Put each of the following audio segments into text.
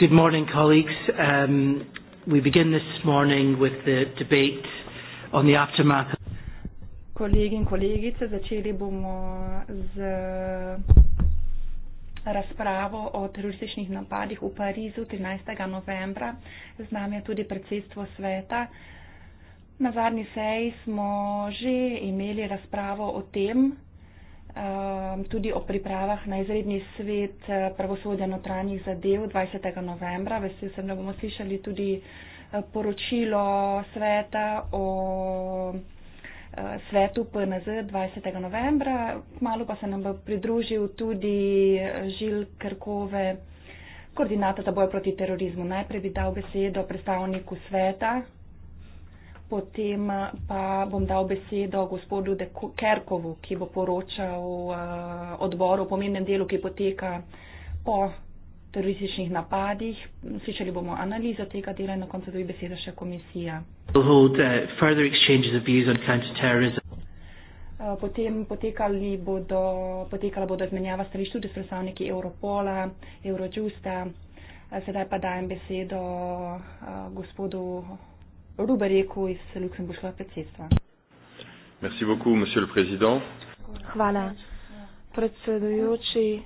Good morning, colleagues. Um, we begin this morning with the debate on the aftermath. Kolegi in kolegice, začeli bomo z razpravo o terorističnih napadih v Parizu 13. novembra. Z nami je tudi predsedstvo sveta. Na zadnji seji smo že imeli razpravo o tem, Ehm, tudi o pripravah na izredni svet eh, pravosodja notranjih zadev 20. novembra. Vesel sem, da bomo slišali tudi eh, poročilo sveta o eh, svetu PNZ 20. novembra. Malo pa se nam bo pridružil tudi Žil Krkove, koordinata za boj proti terorizmu. Najprej bi dal besedo predstavniku sveta, Potem eh, pa bom dal besedo gospodu Kerkovu, ki bo poročal eh, odboru o pomembnem delu, ki poteka po terorističnih napadih. Slišali bomo analizo tega dela in na koncu dobi besedo še komisija. Eh, potem potekali bodo, potekala bodo izmenjava stališč tudi s predstavniki Europola, Eurojusta. Sedaj pa dajem besedo gospodu Rubereku iz Luksemburškega predsedstva. Merci beaucoup, monsieur le président. Hvala, predsedujoči.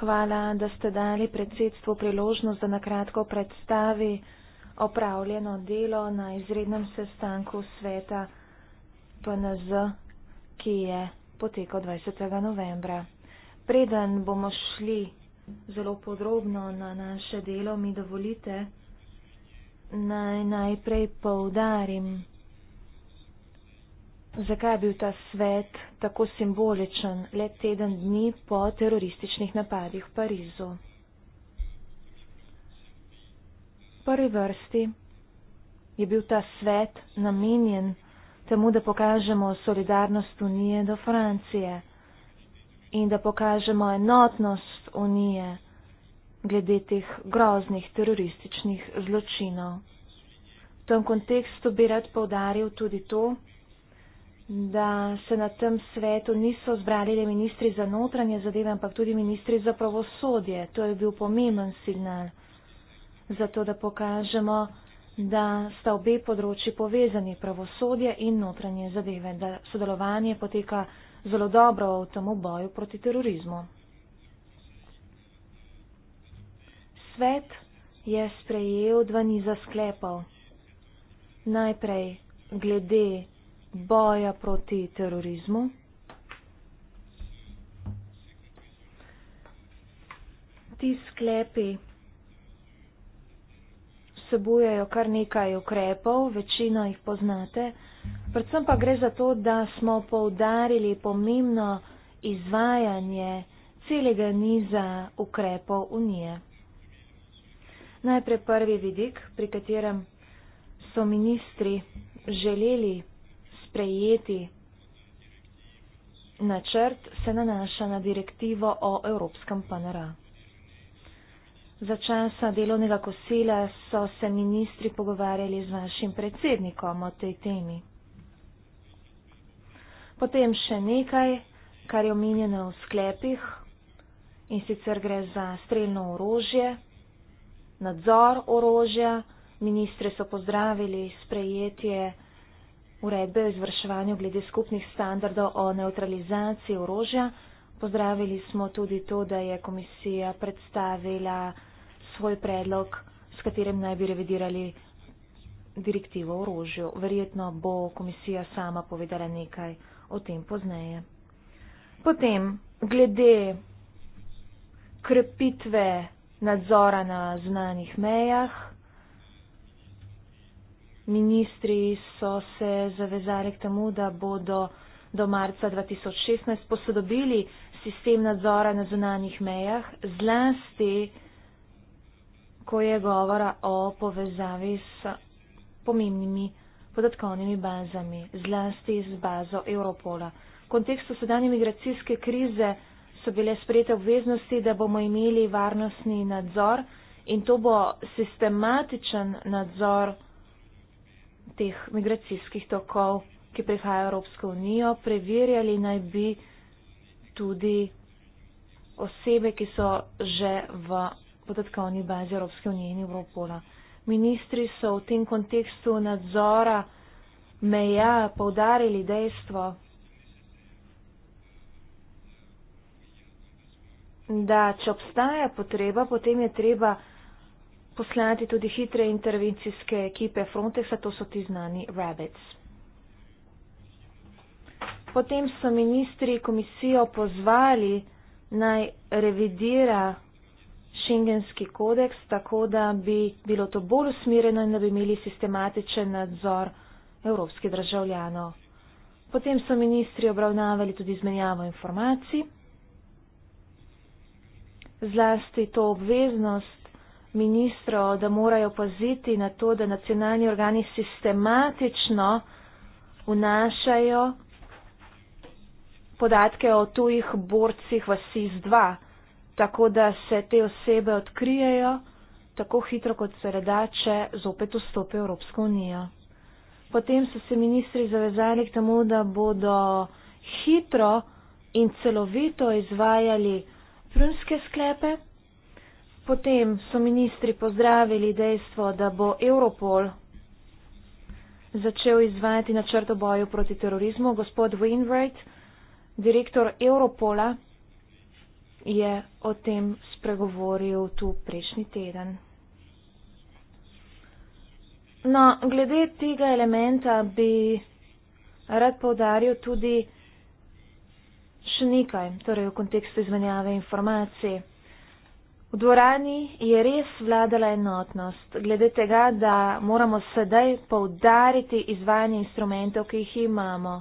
Hvala, da ste dali predsedstvu priložnost, da nakratko predstavi opravljeno delo na izrednem sestanku sveta PNZ, ki je potekal 20. novembra. Preden bomo šli zelo podrobno na naše delo, mi dovolite, da naj najprej poudarim, zakaj je bil ta svet tako simboličen le teden dni po terorističnih napadih v Parizu. V prvi vrsti je bil ta svet namenjen temu, da pokažemo solidarnost Unije do Francije in da pokažemo enotnost Unije glede teh groznih terorističnih zločinov. V tem kontekstu bi rad povdaril tudi to, da se na tem svetu niso zbrali le ministri za notranje zadeve, ampak tudi ministri za pravosodje. To je bil pomemben signal za to, da pokažemo, da sta obe področji povezani, pravosodje in notranje zadeve, da sodelovanje poteka zelo dobro v tem boju proti terorizmu. svet je sprejel dva niza sklepov. Najprej glede boja proti terorizmu. Ti sklepi vsebujejo kar nekaj ukrepov, večino jih poznate. Predvsem pa gre za to, da smo poudarili pomembno izvajanje celega niza ukrepov Unije. Najprej prvi vidik, pri katerem so ministri želeli sprejeti načrt, se nanaša na direktivo o evropskem PNR. Za časa delovnega kosila so se ministri pogovarjali z vašim predsednikom o tej temi. Potem še nekaj, kar je omenjeno v sklepih in sicer gre za streljno orožje nadzor orožja, ministre so pozdravili sprejetje uredbe o izvrševanju glede skupnih standardov o neutralizaciji orožja. Pozdravili smo tudi to, da je komisija predstavila svoj predlog, s katerim naj bi revidirali direktivo o orožju. Verjetno bo komisija sama povedala nekaj o tem pozneje. Potem, glede krepitve nadzora na znanih mejah. Ministri so se zavezali k temu, da bodo do marca 2016 posodobili sistem nadzora na zunanjih mejah, zlasti, ko je govora o povezavi s pomembnimi podatkovnimi bazami, zlasti z bazo Europola. V kontekstu sedanje migracijske krize so bile sprejete obveznosti, da bomo imeli varnostni nadzor in to bo sistematičen nadzor teh migracijskih tokov, ki prihajajo v Evropsko unijo. Preverjali naj bi tudi osebe, ki so že v podatkovni bazi Evropske unije in Evropola. Ministri so v tem kontekstu nadzora meja povdarili dejstvo, da če obstaja potreba, potem je treba poslati tudi hitre intervencijske ekipe Frontexa, to so ti znani rabbits. Potem so ministri komisijo pozvali naj revidira šengenski kodeks, tako da bi bilo to bolj usmireno in da bi imeli sistematičen nadzor evropskih državljanov. Potem so ministri obravnavali tudi izmenjavo informacij zlasti to obveznost ministrov, da morajo paziti na to, da nacionalni organi sistematično vnašajo podatke o tujih borcih v SIS-2, tako da se te osebe odkrijejo tako hitro, kot se reda, če zopet vstopi Evropsko unijo. Potem so se ministri zavezali k temu, da bodo hitro in celovito izvajali prunske sklepe. Potem so ministri pozdravili dejstvo, da bo Europol začel izvajati načrt o boju proti terorizmu. Gospod Wainwright, direktor Europola, je o tem spregovoril tu prejšnji teden. No, glede tega elementa bi rad povdaril tudi, še nekaj, torej v kontekstu izmenjave informacij. V dvorani je res vladala enotnost glede tega, da moramo sedaj poudariti izvajanje instrumentov, ki jih imamo.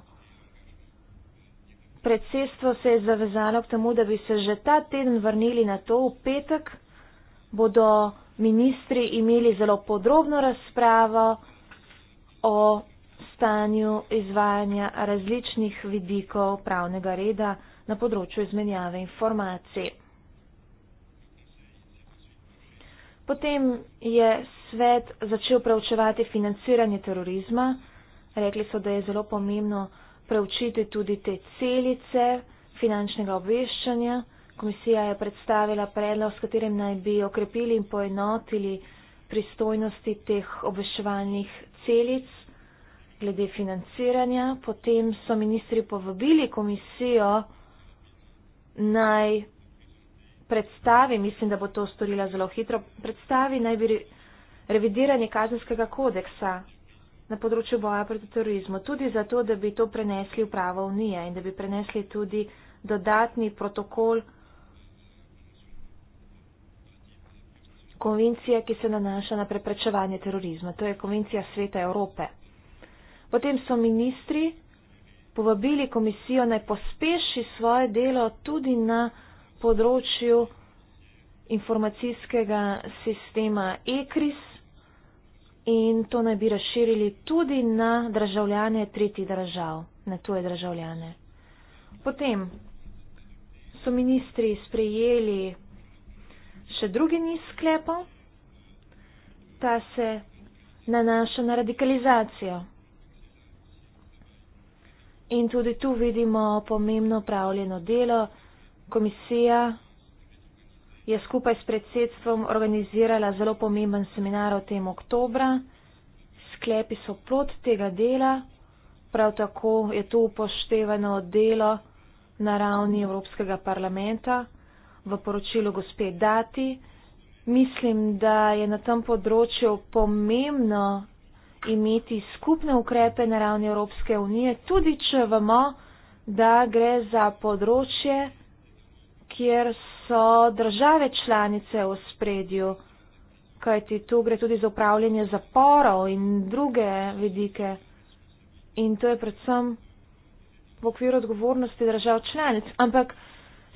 Predsedstvo se je zavezalo k temu, da bi se že ta teden vrnili na to. V petek bodo ministri imeli zelo podrobno razpravo o stanju izvajanja različnih vidikov pravnega reda na področju izmenjave informacij. Potem je svet začel preučevati financiranje terorizma. Rekli so, da je zelo pomembno preučiti tudi te celice finančnega obveščanja. Komisija je predstavila predlog, s katerim naj bi okrepili in poenotili pristojnosti teh obveščevalnih celic glede financiranja. Potem so ministri povabili komisijo naj predstavi, mislim, da bo to storila zelo hitro, predstavi naj bi revidiranje kazenskega kodeksa na področju boja proti terorizmu. Tudi zato, da bi to prenesli v pravo unije in da bi prenesli tudi dodatni protokol konvencije, ki se nanaša na preprečevanje terorizma. To je konvencija sveta Evrope. Potem so ministri povabili komisijo naj pospeši svoje delo tudi na področju informacijskega sistema ECRIS in to naj bi razširili tudi na državljane tretjih držav, na tuje državljane. Potem so ministri sprejeli še drugi niz sklepov, ta se nanaša na radikalizacijo. In tudi tu vidimo pomembno upravljeno delo. Komisija je skupaj s predsedstvom organizirala zelo pomemben seminar o tem oktobra. Sklepi so plot tega dela. Prav tako je tu upoštevano delo na ravni Evropskega parlamenta v poročilu gospe Dati. Mislim, da je na tem področju pomembno imeti skupne ukrepe na ravni Evropske unije, tudi če vemo, da gre za področje, kjer so države članice v spredju, kajti tu gre tudi za upravljanje zaporov in druge vidike. In to je predvsem v okviru odgovornosti držav članic. Ampak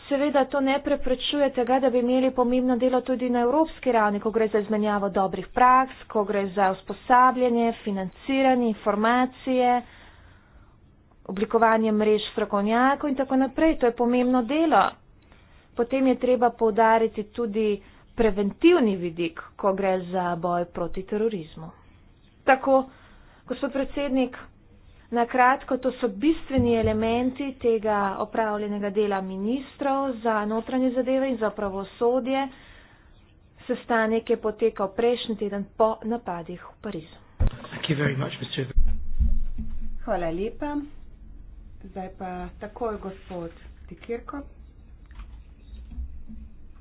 seveda to ne preprečuje tega, da bi imeli pomembno delo tudi na evropski ravni, ko gre za izmenjavo dobrih praks, ko gre za usposabljanje, financiranje, informacije, oblikovanje mrež strokovnjakov in tako naprej. To je pomembno delo. Potem je treba povdariti tudi preventivni vidik, ko gre za boj proti terorizmu. Tako, gospod predsednik, Na kratko, to so bistveni elementi tega opravljenega dela ministrov za notranje zadeve in za pravosodje. Sestanek je potekal prejšnji teden po napadih v Parizu. Much, Hvala lepa. Zdaj pa takoj gospod Tikirko.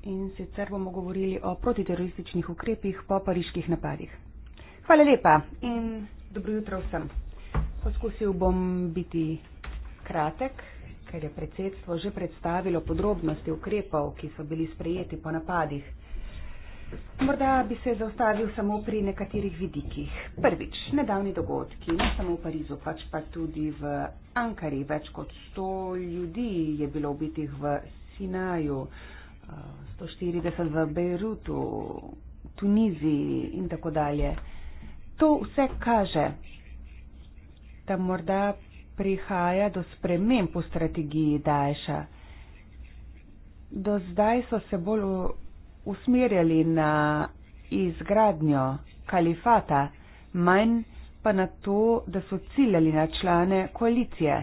In sicer bomo govorili o protiterorističnih ukrepih po pariških napadih. Hvala lepa in dobro jutro vsem. Poskusil bom biti kratek, ker je predsedstvo že predstavilo podrobnosti ukrepov, ki so bili sprejeti po napadih. Morda bi se zaustavil samo pri nekaterih vidikih. Prvič, nedavni dogodki, ne samo v Parizu, pač pa tudi v Ankari. Več kot 100 ljudi je bilo ubitih v Sinaju, 140 eh, v Beirutu, Tuniziji in tako dalje. To vse kaže, da morda prihaja do sprememb v strategiji Daesha. Do zdaj so se bolj usmerjali na izgradnjo kalifata, manj pa na to, da so ciljali na člane koalicije.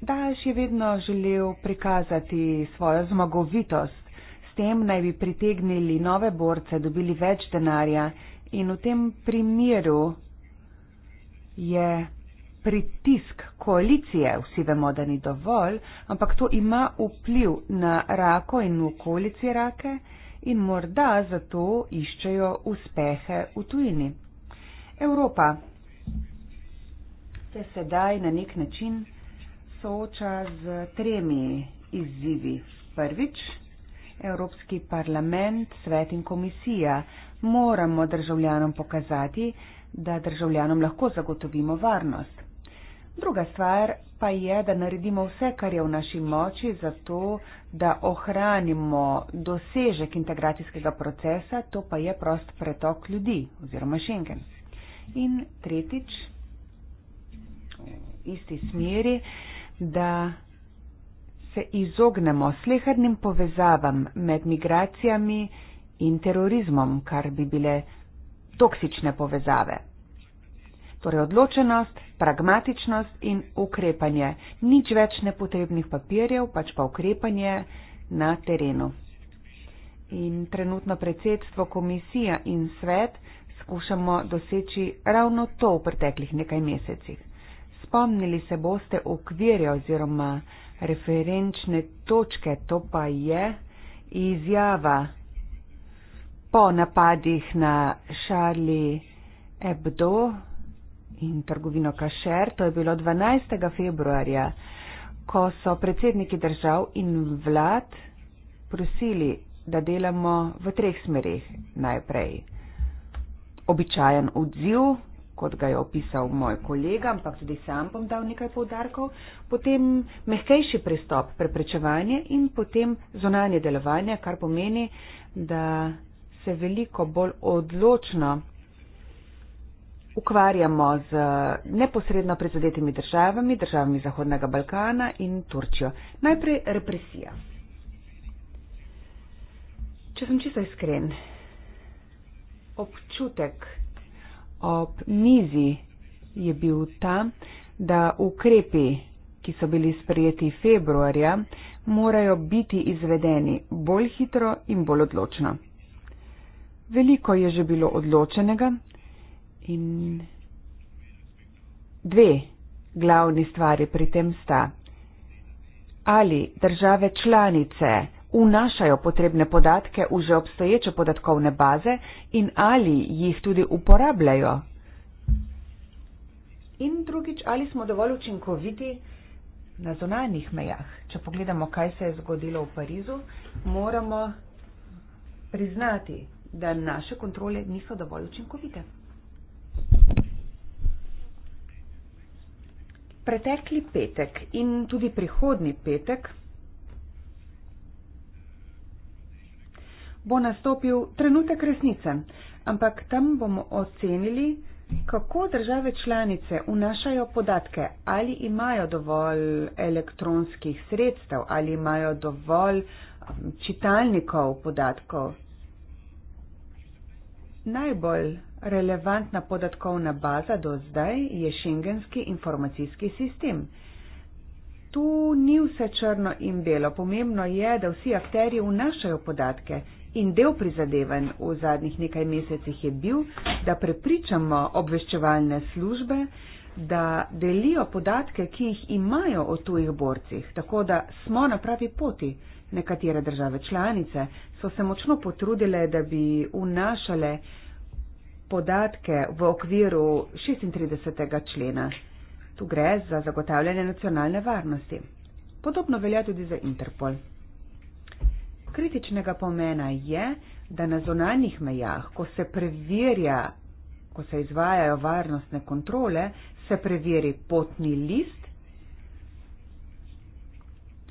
Daesh je vedno želel prikazati svojo zmagovitost, s tem naj bi pritegnili nove borce, dobili več denarja in v tem primeru je pritisk koalicije, vsi vemo, da ni dovolj, ampak to ima vpliv na rako in okolici rake in morda zato iščejo uspehe v tujini. Evropa se sedaj na nek način sooča z tremi izzivi. Prvič, Evropski parlament, svet in komisija moramo državljanom pokazati, da državljanom lahko zagotovimo varnost. Druga stvar pa je, da naredimo vse, kar je v naši moči, zato, da ohranimo dosežek integracijskega procesa, to pa je prost pretok ljudi oziroma Schengen. In tretjič, isti smeri, da se izognemo slehrnim povezavam med migracijami in terorizmom, kar bi bile toksične povezave. Torej odločenost, pragmatičnost in ukrepanje. Nič več nepotrebnih papirjev, pač pa ukrepanje na terenu. In trenutno predsedstvo, komisija in svet skušamo doseči ravno to v preteklih nekaj mesecih. Spomnili se boste okvirja oziroma referenčne točke, to pa je izjava po napadih na Charlie Hebdo in trgovino Kašer, to je bilo 12. februarja, ko so predsedniki držav in vlad prosili, da delamo v treh smerih najprej. Običajen odziv, kot ga je opisal moj kolega, ampak tudi sam bom dal nekaj povdarkov, potem mehkejši pristop, preprečevanje in potem zonanje delovanje, kar pomeni, da se veliko bolj odločno ukvarjamo z eh, neposredno prizadetimi državami, državami Zahodnega Balkana in Turčijo. Najprej represija. Če sem čisto iskren, občutek ob mizi je bil ta, da ukrepi, ki so bili sprejeti februarja, morajo biti izvedeni bolj hitro in bolj odločno. Veliko je že bilo odločenega, In dve glavni stvari pri tem sta. Ali države članice vnašajo potrebne podatke v že obstoječe podatkovne baze in ali jih tudi uporabljajo. In drugič, ali smo dovolj učinkoviti na zonalnih mejah. Če pogledamo, kaj se je zgodilo v Parizu, moramo priznati, da naše kontrole niso dovolj učinkovite. Pretekli petek in tudi prihodni petek bo nastopil trenutek resnice, ampak tam bomo ocenili, kako države članice unašajo podatke, ali imajo dovolj elektronskih sredstev, ali imajo dovolj um, čitalnikov podatkov, Najbolj relevantna podatkovna baza do zdaj je šengenski informacijski sistem. Tu ni vse črno in belo. Pomembno je, da vsi akteri vnašajo podatke in del prizadevanj v zadnjih nekaj mesecih je bil, da prepričamo obveščevalne službe, da delijo podatke, ki jih imajo o tujih borcih, tako da smo na pravi poti. Nekatere države članice so se močno potrudile, da bi vnašale podatke v okviru 36. člena. Tu gre za zagotavljanje nacionalne varnosti. Podobno velja tudi za Interpol. Kritičnega pomena je, da na zonalnih mejah, ko se preverja, ko se izvajajo varnostne kontrole, se preveri potni list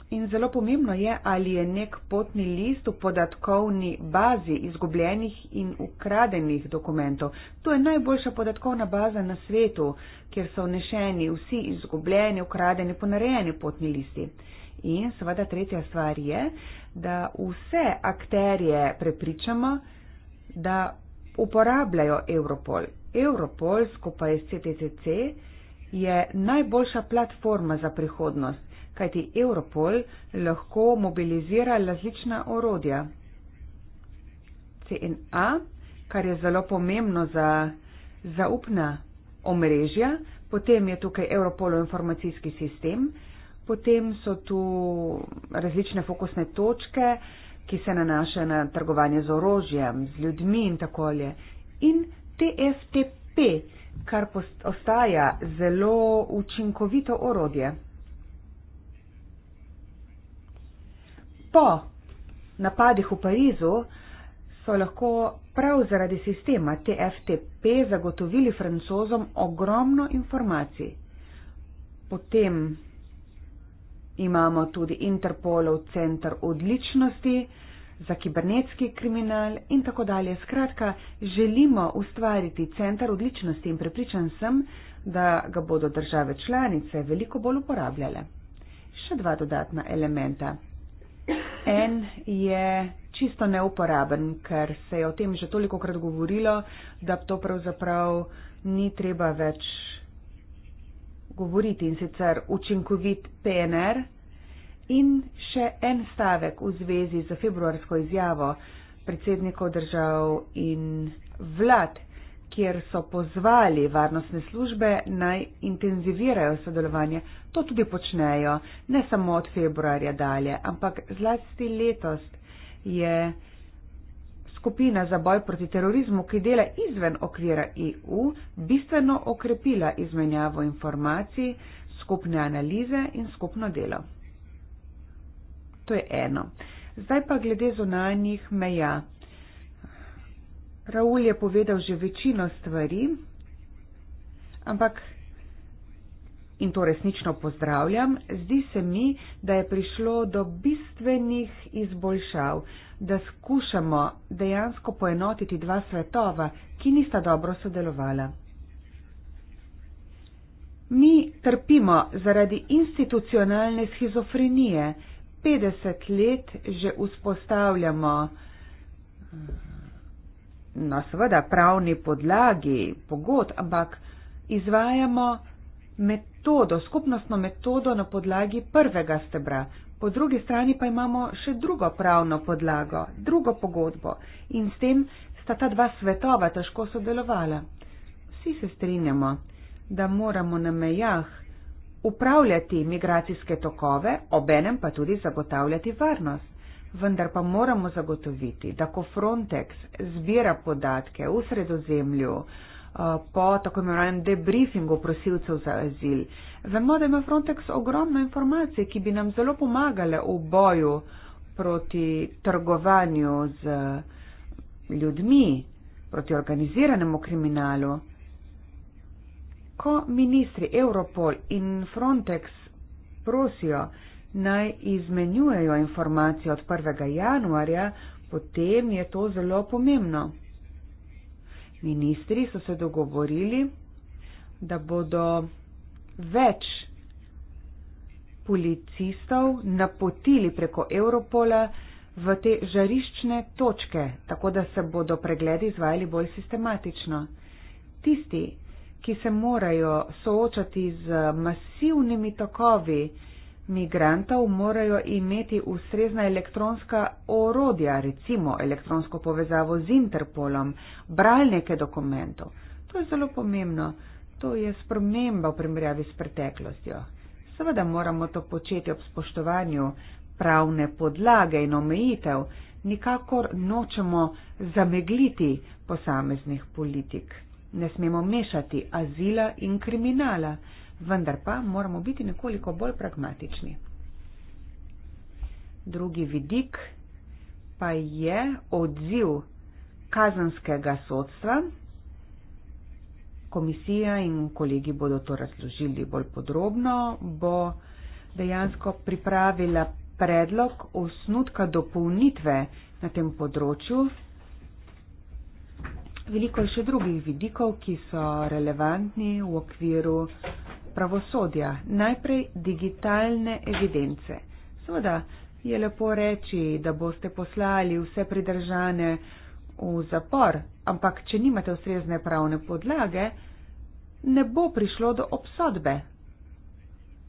In zelo pomembno je, ali je nek potni list v podatkovni bazi izgubljenih in ukradenih dokumentov. To je najboljša podatkovna baza na svetu, kjer so vnešeni vsi izgubljeni, ukradeni, ponarejeni potni listi. In seveda tretja stvar je, da vse akterje prepričamo, da uporabljajo Europol. Europol skupaj s CTCC je najboljša platforma za prihodnost kajti Europol lahko mobilizira različna orodja. CNA, kar je zelo pomembno za zaupna omrežja, potem je tukaj Europolov informacijski sistem, potem so tu različne fokusne točke, ki se nanašajo na trgovanje z orožjem, z ljudmi in tako dalje. In TFTP, kar ostaja zelo učinkovito orodje. po napadih v Parizu so lahko prav zaradi sistema TFTP zagotovili francozom ogromno informacij. Potem imamo tudi Interpolov centr odličnosti za kibernetski kriminal in tako dalje. Skratka, želimo ustvariti centr odličnosti in prepričan sem, da ga bodo države članice veliko bolj uporabljale. Še dva dodatna elementa. En je čisto neuporaben, ker se je o tem že toliko krat govorilo, da to pravzaprav ni treba več govoriti in sicer učinkovit PNR. In še en stavek v zvezi z februarsko izjavo predsednikov držav in vlad kjer so pozvali varnostne službe naj intenzivirajo sodelovanje. To tudi počnejo, ne samo od februarja dalje, ampak zlasti letos je skupina za boj proti terorizmu, ki dela izven okvira EU, bistveno okrepila izmenjavo informacij, skupne analize in skupno delo. To je eno. Zdaj pa glede zunanjih meja. Raul je povedal že večino stvari, ampak in to resnično pozdravljam, zdi se mi, da je prišlo do bistvenih izboljšav, da skušamo dejansko poenotiti dva svetova, ki nista dobro sodelovala. Mi trpimo zaradi institucionalne schizofrenije. 50 let že vzpostavljamo no seveda pravni podlagi, pogod, ampak izvajamo metodo, skupnostno metodo na podlagi prvega stebra. Po drugi strani pa imamo še drugo pravno podlago, drugo pogodbo in s tem sta ta dva svetova težko sodelovala. Vsi se strinjamo, da moramo na mejah upravljati migracijske tokove, obenem pa tudi zagotavljati varnost vendar pa moramo zagotoviti, da ko Frontex zbira podatke v sredozemlju eh, po tako imenovanem debriefingu prosilcev za azil, vemo, da ima Frontex ogromno informacij, ki bi nam zelo pomagale v boju proti trgovanju z ljudmi, proti organiziranemu kriminalu. Ko ministri Europol in Frontex prosijo, naj izmenjujejo informacije od 1. januarja, potem je to zelo pomembno. Ministri so se dogovorili, da bodo več policistov napotili preko Europola v te žariščne točke, tako da se bodo pregledi izvajali bolj sistematično. Tisti, ki se morajo soočati z masivnimi tokovi, migrantov morajo imeti ustrezna elektronska orodja, recimo elektronsko povezavo z Interpolom, bralnike dokumentov. To je zelo pomembno. To je sprememba v primerjavi s preteklostjo. Seveda moramo to početi ob spoštovanju pravne podlage in omejitev, nikakor nočemo zamegliti posameznih politik. Ne smemo mešati azila in kriminala vendar pa moramo biti nekoliko bolj pragmatični. Drugi vidik pa je odziv kazanskega sodstva. Komisija in kolegi bodo to razložili bolj podrobno, bo dejansko pripravila predlog osnutka dopolnitve na tem področju. Veliko je še drugih vidikov, ki so relevantni v okviru pravosodja, najprej digitalne evidence. Seveda je lepo reči, da boste poslali vse pridržane v zapor, ampak če nimate ustrezne pravne podlage, ne bo prišlo do obsodbe.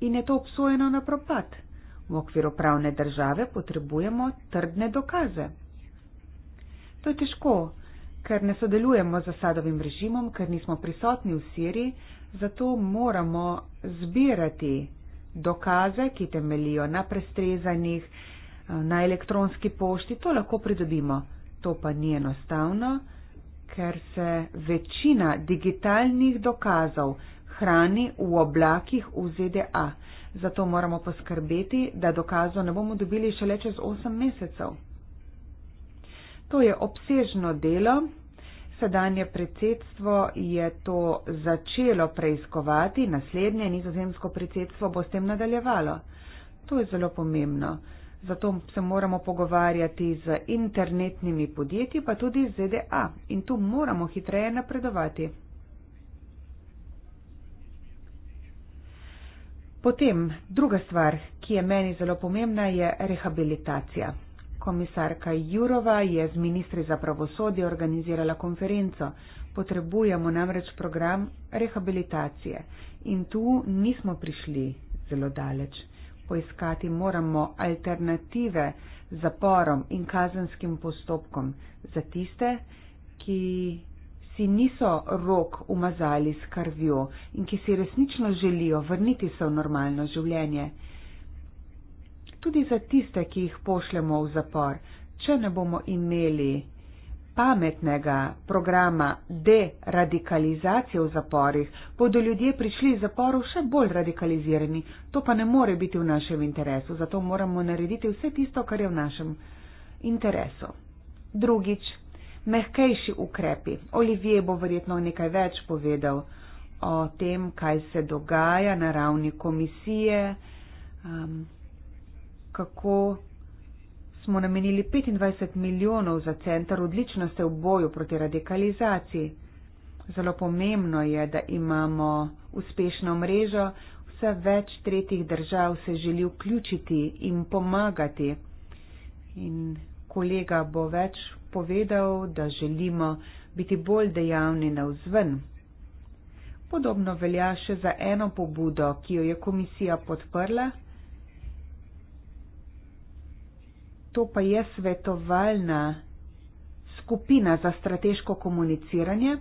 In je to obsojeno na propad. V okviru pravne države potrebujemo trdne dokaze. To je težko, ker ne sodelujemo z zasadovim režimom, ker nismo prisotni v Siriji, zato moramo zbirati dokaze, ki temelijo na prestrezanih, eh, na elektronski pošti, to lahko pridobimo. To pa ni enostavno, ker se večina digitalnih dokazov hrani v oblakih v ZDA. Zato moramo poskrbeti, da dokazo ne bomo dobili šele čez 8 mesecev. To je obsežno delo, Sedanje predsedstvo je to začelo preiskovati, naslednje nizozemsko predsedstvo bo s tem nadaljevalo. To je zelo pomembno. Zato se moramo pogovarjati z internetnimi podjetji, pa tudi z ZDA. In tu moramo hitreje napredovati. Potem druga stvar, ki je meni zelo pomembna, je rehabilitacija komisarka Jurova je z ministri za pravosodje organizirala konferenco. Potrebujemo namreč program rehabilitacije in tu nismo prišli zelo daleč. Poiskati moramo alternative zaporom in kazenskim postopkom za tiste, ki si niso rok umazali s krvjo in ki si resnično želijo vrniti se v normalno življenje tudi za tiste, ki jih pošljemo v zapor, če ne bomo imeli pametnega programa deradikalizacije v zaporih, bodo ljudje prišli iz zaporov še bolj radikalizirani. To pa ne more biti v našem interesu, zato moramo narediti vse tisto, kar je v našem interesu. Drugič, mehkejši ukrepi. Olivier bo verjetno nekaj več povedal o tem, kaj se dogaja na ravni komisije. Um, kako smo namenili 25 milijonov za center odličnosti v boju proti radikalizaciji. Zelo pomembno je, da imamo uspešno mrežo, vse več tretjih držav se želi vključiti in pomagati. In kolega bo več povedal, da želimo biti bolj dejavni na vzven. Podobno velja še za eno pobudo, ki jo je komisija podprla. to pa je svetovalna skupina za strateško komuniciranje.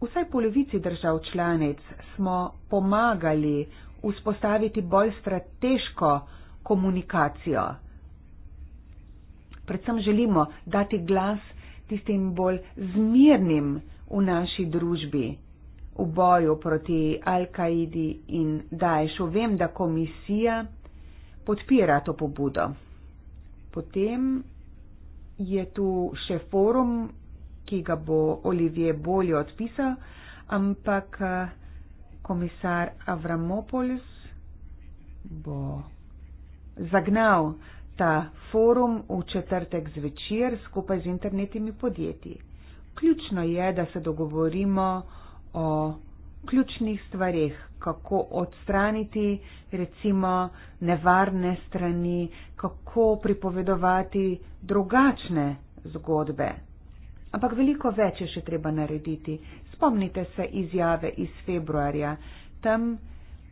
Vsaj polovici držav članic smo pomagali vzpostaviti bolj strateško komunikacijo. Predvsem želimo dati glas tistim bolj zmirnim v naši družbi v boju proti Al-Kaidi in Daješu. Vem, da komisija podpira to pobudo. Potem je tu še forum, ki ga bo Olivier bolje odpisal, ampak eh, komisar Avramopolis bo zagnal ta forum v četrtek zvečer skupaj z internetnimi podjetji. Ključno je, da se dogovorimo, o ključnih stvarih, kako odstraniti recimo nevarne strani, kako pripovedovati drugačne zgodbe. Ampak veliko več je še treba narediti. Spomnite se izjave iz februarja. Tam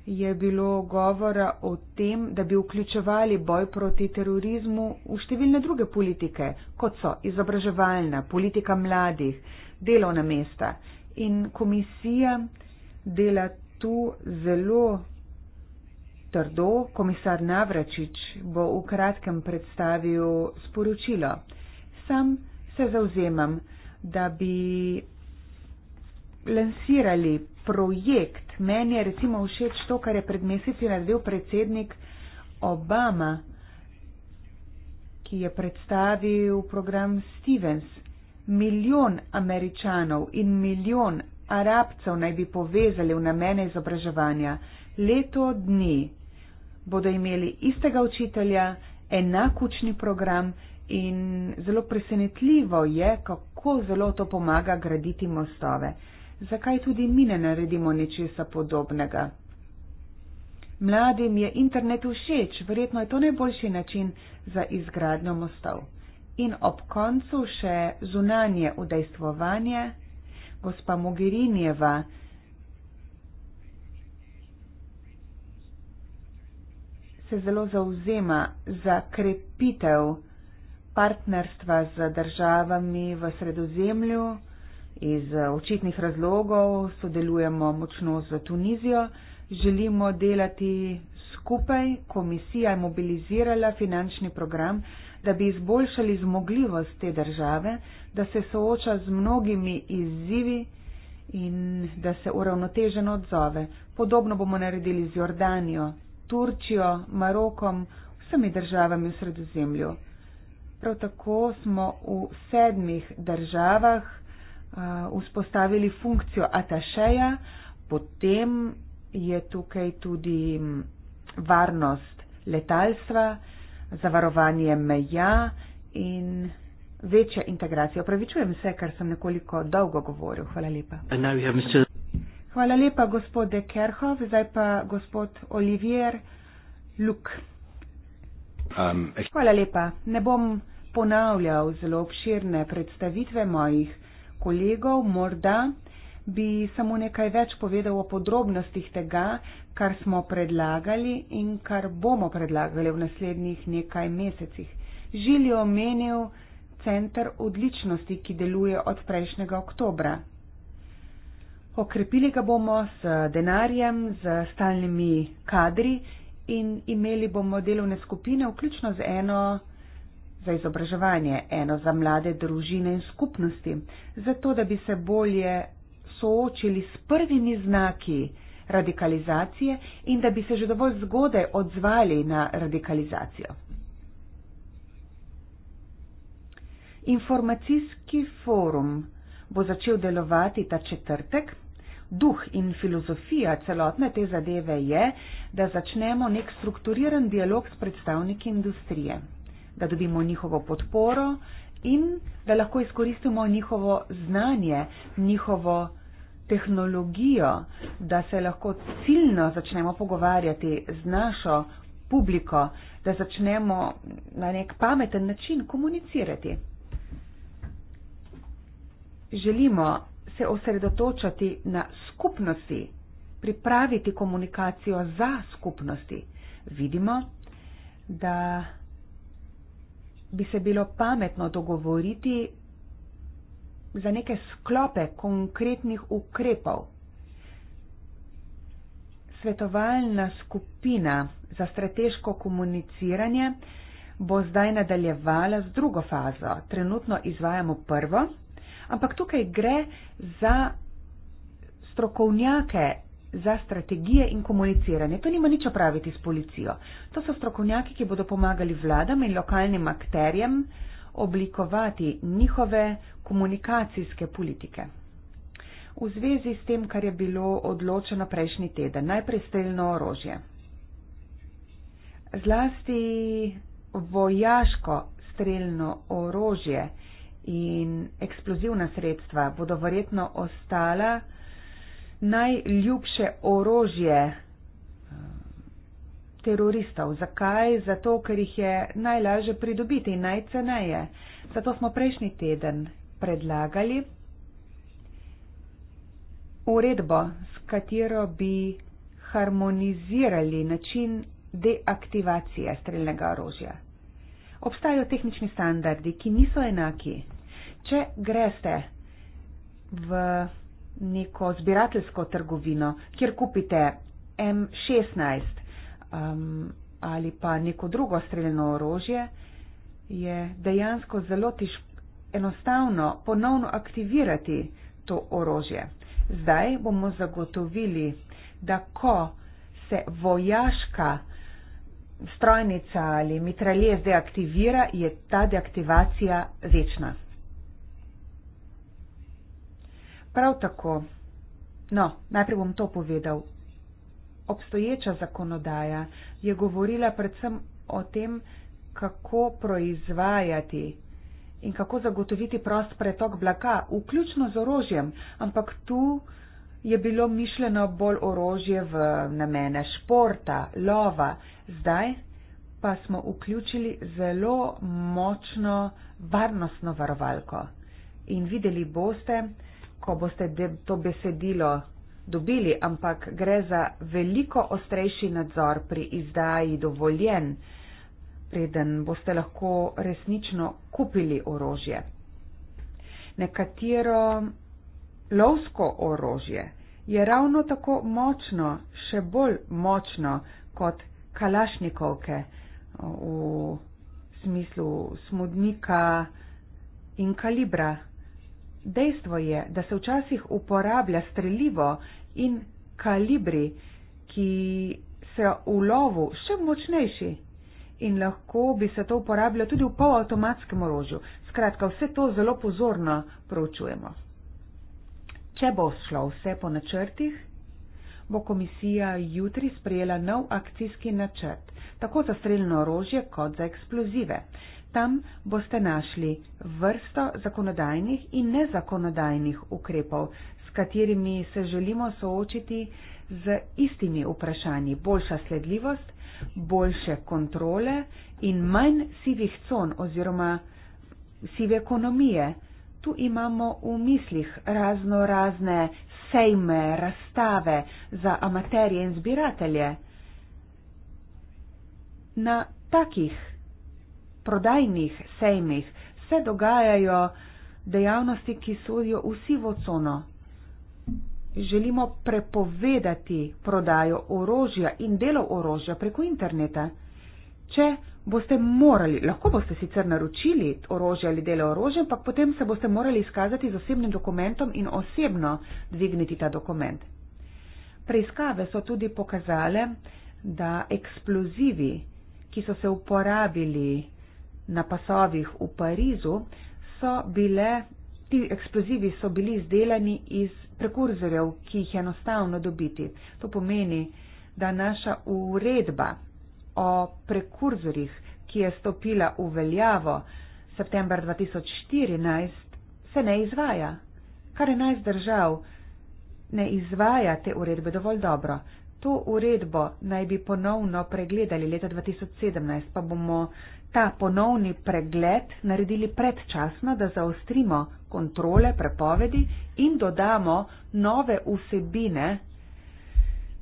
je bilo govora o tem, da bi vključevali boj proti terorizmu v številne druge politike, kot so izobraževalna, politika mladih, delovna mesta. In komisija dela tu zelo trdo. Komisar Navračič bo v kratkem predstavil sporočilo. Sam se zauzemam, da bi lansirali projekt. Meni je recimo všeč to, kar je pred meseci naredil predsednik Obama, ki je predstavil program Stevens milijon američanov in milijon arabcev naj bi povezali v namene izobraževanja, leto dni bodo imeli istega učitelja, enak učni program in zelo presenetljivo je, kako zelo to pomaga graditi mostove. Zakaj tudi mi ne naredimo nečesa podobnega? Mladim je internet všeč, verjetno je to najboljši način za izgradnjo mostov in ob koncu še zunanje udejstvovanje, gospa Mogirinjeva. Se zelo zauzema za krepitev partnerstva z državami v sredozemlju. Iz eh, očitnih razlogov sodelujemo močno z Tunizijo, želimo delati skupaj. Komisija je mobilizirala finančni program da bi izboljšali zmogljivost te države, da se sooča z mnogimi izzivi in da se uravnoteženo odzove. Podobno bomo naredili z Jordanijo, Turčijo, Marokom, vsemi državami v sredozemlju. Prav tako smo v sedmih državah uh, vzpostavili funkcijo atašeja, potem je tukaj tudi varnost letalstva, uh, zavarovanje meja in večjo integracijo. Pravičujem se, ker sem nekoliko dolgo govoril. Hvala lepa. Hvala lepa, gospod De Kerhov. Zdaj pa gospod Olivier Luk. Um, Hvala lepa. Ne bom ponavljal zelo obširne predstavitve mojih kolegov. Morda bi samo nekaj več povedal o podrobnostih tega, kar smo predlagali in kar bomo predlagali v naslednjih nekaj mesecih. Žil je omenil Centr odličnosti, ki deluje od prejšnjega oktobra. Okrepili ga bomo s denarjem, z stalnimi kadri in imeli bomo delovne skupine, vključno z eno za izobraževanje, eno za mlade družine in skupnosti, zato da bi se bolje soočili s prvimi znaki radikalizacije in da bi se že dovolj zgodaj odzvali na radikalizacijo. Informacijski forum bo začel delovati ta četrtek. Duh in filozofija celotne te zadeve je, da začnemo nek strukturiran dialog s predstavniki industrije, da dobimo njihovo podporo in da lahko izkoristimo njihovo znanje, njihovo tehnologijo, da se lahko ciljno začnemo pogovarjati z našo publiko, da začnemo na nek pameten način komunicirati. Želimo se osredotočati na skupnosti, pripraviti komunikacijo za skupnosti. Vidimo, da bi se bilo pametno dogovoriti za neke sklope konkretnih ukrepov. Svetovalna skupina za strateško komuniciranje bo zdaj nadaljevala z drugo fazo. Trenutno izvajamo prvo, ampak tukaj gre za strokovnjake za strategije in komuniciranje. To nima nič opraviti s policijo. To so strokovnjaki, ki bodo pomagali vladam in lokalnim akterjem oblikovati njihove komunikacijske politike. V zvezi s tem, kar je bilo odločeno prejšnji teden, najprej streljno orožje. Zlasti vojaško streljno orožje in eksplozivna sredstva bodo verjetno ostala najljubše orožje teroristov. Zakaj? Zato, ker jih je najlažje pridobiti in najceneje. Zato smo prejšnji teden predlagali uredbo, s katero bi harmonizirali način deaktivacije streljnega orožja. Obstajajo tehnični standardi, ki niso enaki. Če greste v neko zbirateljsko trgovino, kjer kupite M16, um, ali pa neko drugo streljeno orožje, je dejansko zelo težko enostavno ponovno aktivirati to orožje. Zdaj bomo zagotovili, da ko se vojaška strojnica ali mitralje zdaj aktivira, je ta deaktivacija večna. Prav tako, no, najprej bom to povedal, obstoječa zakonodaja je govorila predvsem o tem, kako proizvajati in kako zagotoviti prost pretok blaga, vključno z orožjem, ampak tu je bilo mišljeno bolj orožje v namene športa, lova, zdaj pa smo vključili zelo močno varnostno varovalko. In videli boste, ko boste to besedilo dobili, ampak gre za veliko ostrejši nadzor pri izdaji dovoljen, preden boste lahko resnično kupili orožje. Nekatero lovsko orožje je ravno tako močno, še bolj močno kot kalašnikovke v smislu smodnika in kalibra. Dejstvo je, da se včasih uporablja streljivo in kalibri, ki se v lovu še močnejši in lahko bi se to uporabljalo tudi v polavtomatskem orožju. Skratka, vse to zelo pozorno proučujemo. Če bo šlo vse po načrtih, bo komisija jutri sprejela nov akcijski načrt, tako za streljno orožje kot za eksplozive. Tam boste našli vrsto zakonodajnih in nezakonodajnih ukrepov, s katerimi se želimo soočiti z istimi vprašanji. Boljša sledljivost, boljše kontrole in manj sivih con oziroma sive ekonomije. Tu imamo v mislih razno razne sejme, razstave za amaterje in zbiratelje. Na takih prodajnih sejmih se dogajajo dejavnosti, ki sodijo v sivo cono. Želimo prepovedati prodajo orožja in delov orožja preko interneta. Če boste morali, lahko boste sicer naročili orožje ali delo orožja, ampak potem se boste morali izkazati z osebnim dokumentom in osebno dvigniti ta dokument. Preiskave so tudi pokazale, da eksplozivi, ki so se uporabili na pasovih v Parizu, so bile, ti eksplozivi so bili izdelani iz prekurzorjev, ki jih je enostavno dobiti. To pomeni, da naša uredba o prekurzorjih, ki je stopila v veljavo september 2014, se ne izvaja. Kar je naj zdržal, ne izvaja te uredbe dovolj dobro. To uredbo naj bi ponovno pregledali leta 2017, pa bomo ta ponovni pregled naredili predčasno, da zaostrimo kontrole prepovedi in dodamo nove vsebine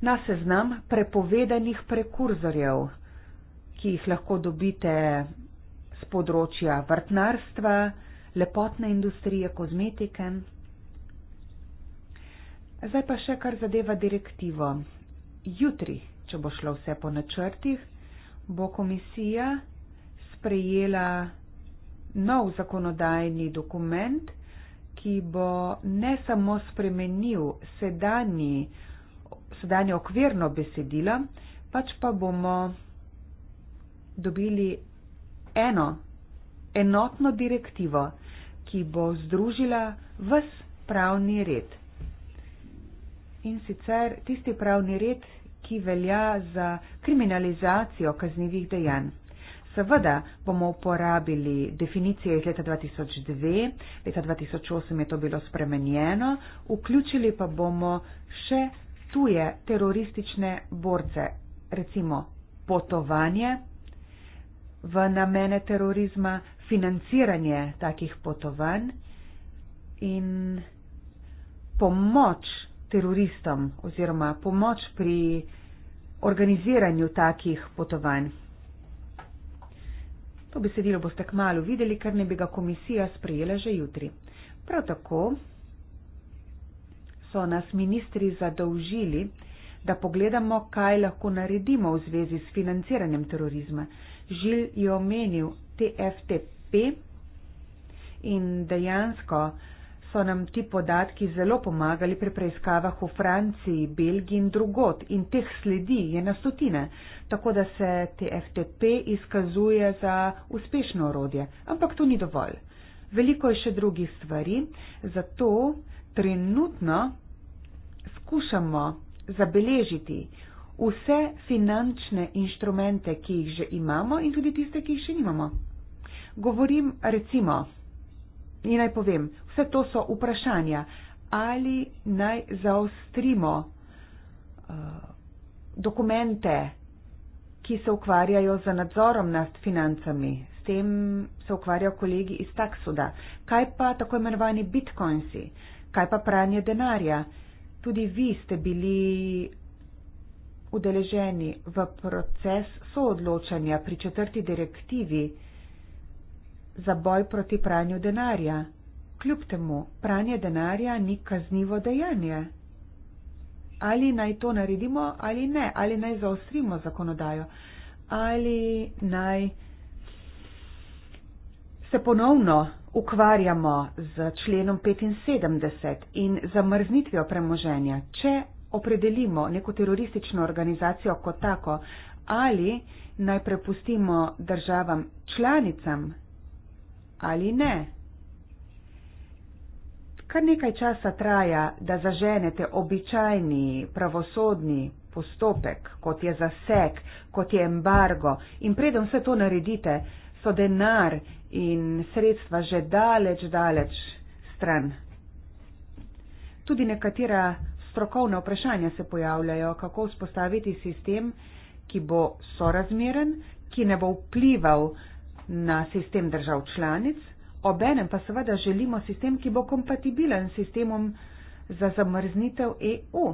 na seznam prepovedanih prekurzorjev, ki jih lahko dobite z področja vrtnarstva, lepotne industrije, kozmetike. Zdaj pa še kar zadeva direktivo. Jutri, če bo šlo vse po načrtih, bo komisija sprejela nov zakonodajni dokument, ki bo ne samo spremenil sedanji, sedanje okvirno besedilo, pač pa bomo dobili eno enotno direktivo, ki bo združila vs pravni red. In sicer tisti pravni red, ki velja za kriminalizacijo kaznjivih dejanj seveda bomo uporabili definicije iz leta 2002, leta 2008 je to bilo spremenjeno, vključili pa bomo še tuje teroristične borce, recimo potovanje v namene terorizma, financiranje takih potovanj in pomoč teroristom oziroma pomoč pri organiziranju takih potovanj. To besedilo boste k malu videli, ker ne bi ga komisija sprejela že jutri. Prav tako so nas ministri zadolžili, da pogledamo, kaj lahko naredimo v zvezi s financiranjem terorizma. Žil je omenil TFTP in dejansko so nam ti podatki zelo pomagali pri preiskavah v Franciji, Belgiji in drugot in teh sledi je na stotine, tako da se TFTP izkazuje za uspešno orodje. Ampak to ni dovolj. Veliko je še drugih stvari, zato trenutno skušamo zabeležiti vse finančne inštrumente, ki jih že imamo in tudi tiste, ki jih še nimamo. Govorim recimo, In naj povem, vse to so vprašanja, ali naj zaostrimo uh, dokumente, ki se ukvarjajo z nadzorom nad financami. S tem se ukvarjajo kolegi iz taksuda. Kaj pa tako imenovani bitcoinsi? Kaj pa pranje denarja? Tudi vi ste bili udeleženi v proces soodločanja pri četrti direktivi za boj proti pranju denarja. Kljub temu, pranje denarja ni kaznivo dejanje. Ali naj to naredimo ali ne, ali naj zaostrimo zakonodajo, ali naj se ponovno ukvarjamo z členom 75 in zamrznitvijo premoženja, če opredelimo neko teroristično organizacijo kot tako, ali naj prepustimo državam članicam ali ne. Kar nekaj časa traja, da zaženete običajni pravosodni postopek, kot je zasek, kot je embargo in predem vse to naredite, so denar in sredstva že daleč, daleč stran. Tudi nekatera strokovna vprašanja se pojavljajo, kako vzpostaviti sistem, ki bo sorazmeren, ki ne bo vplival na sistem držav članic, obenem pa seveda želimo sistem, ki bo kompatibilen s sistemom za zamrznitev EU.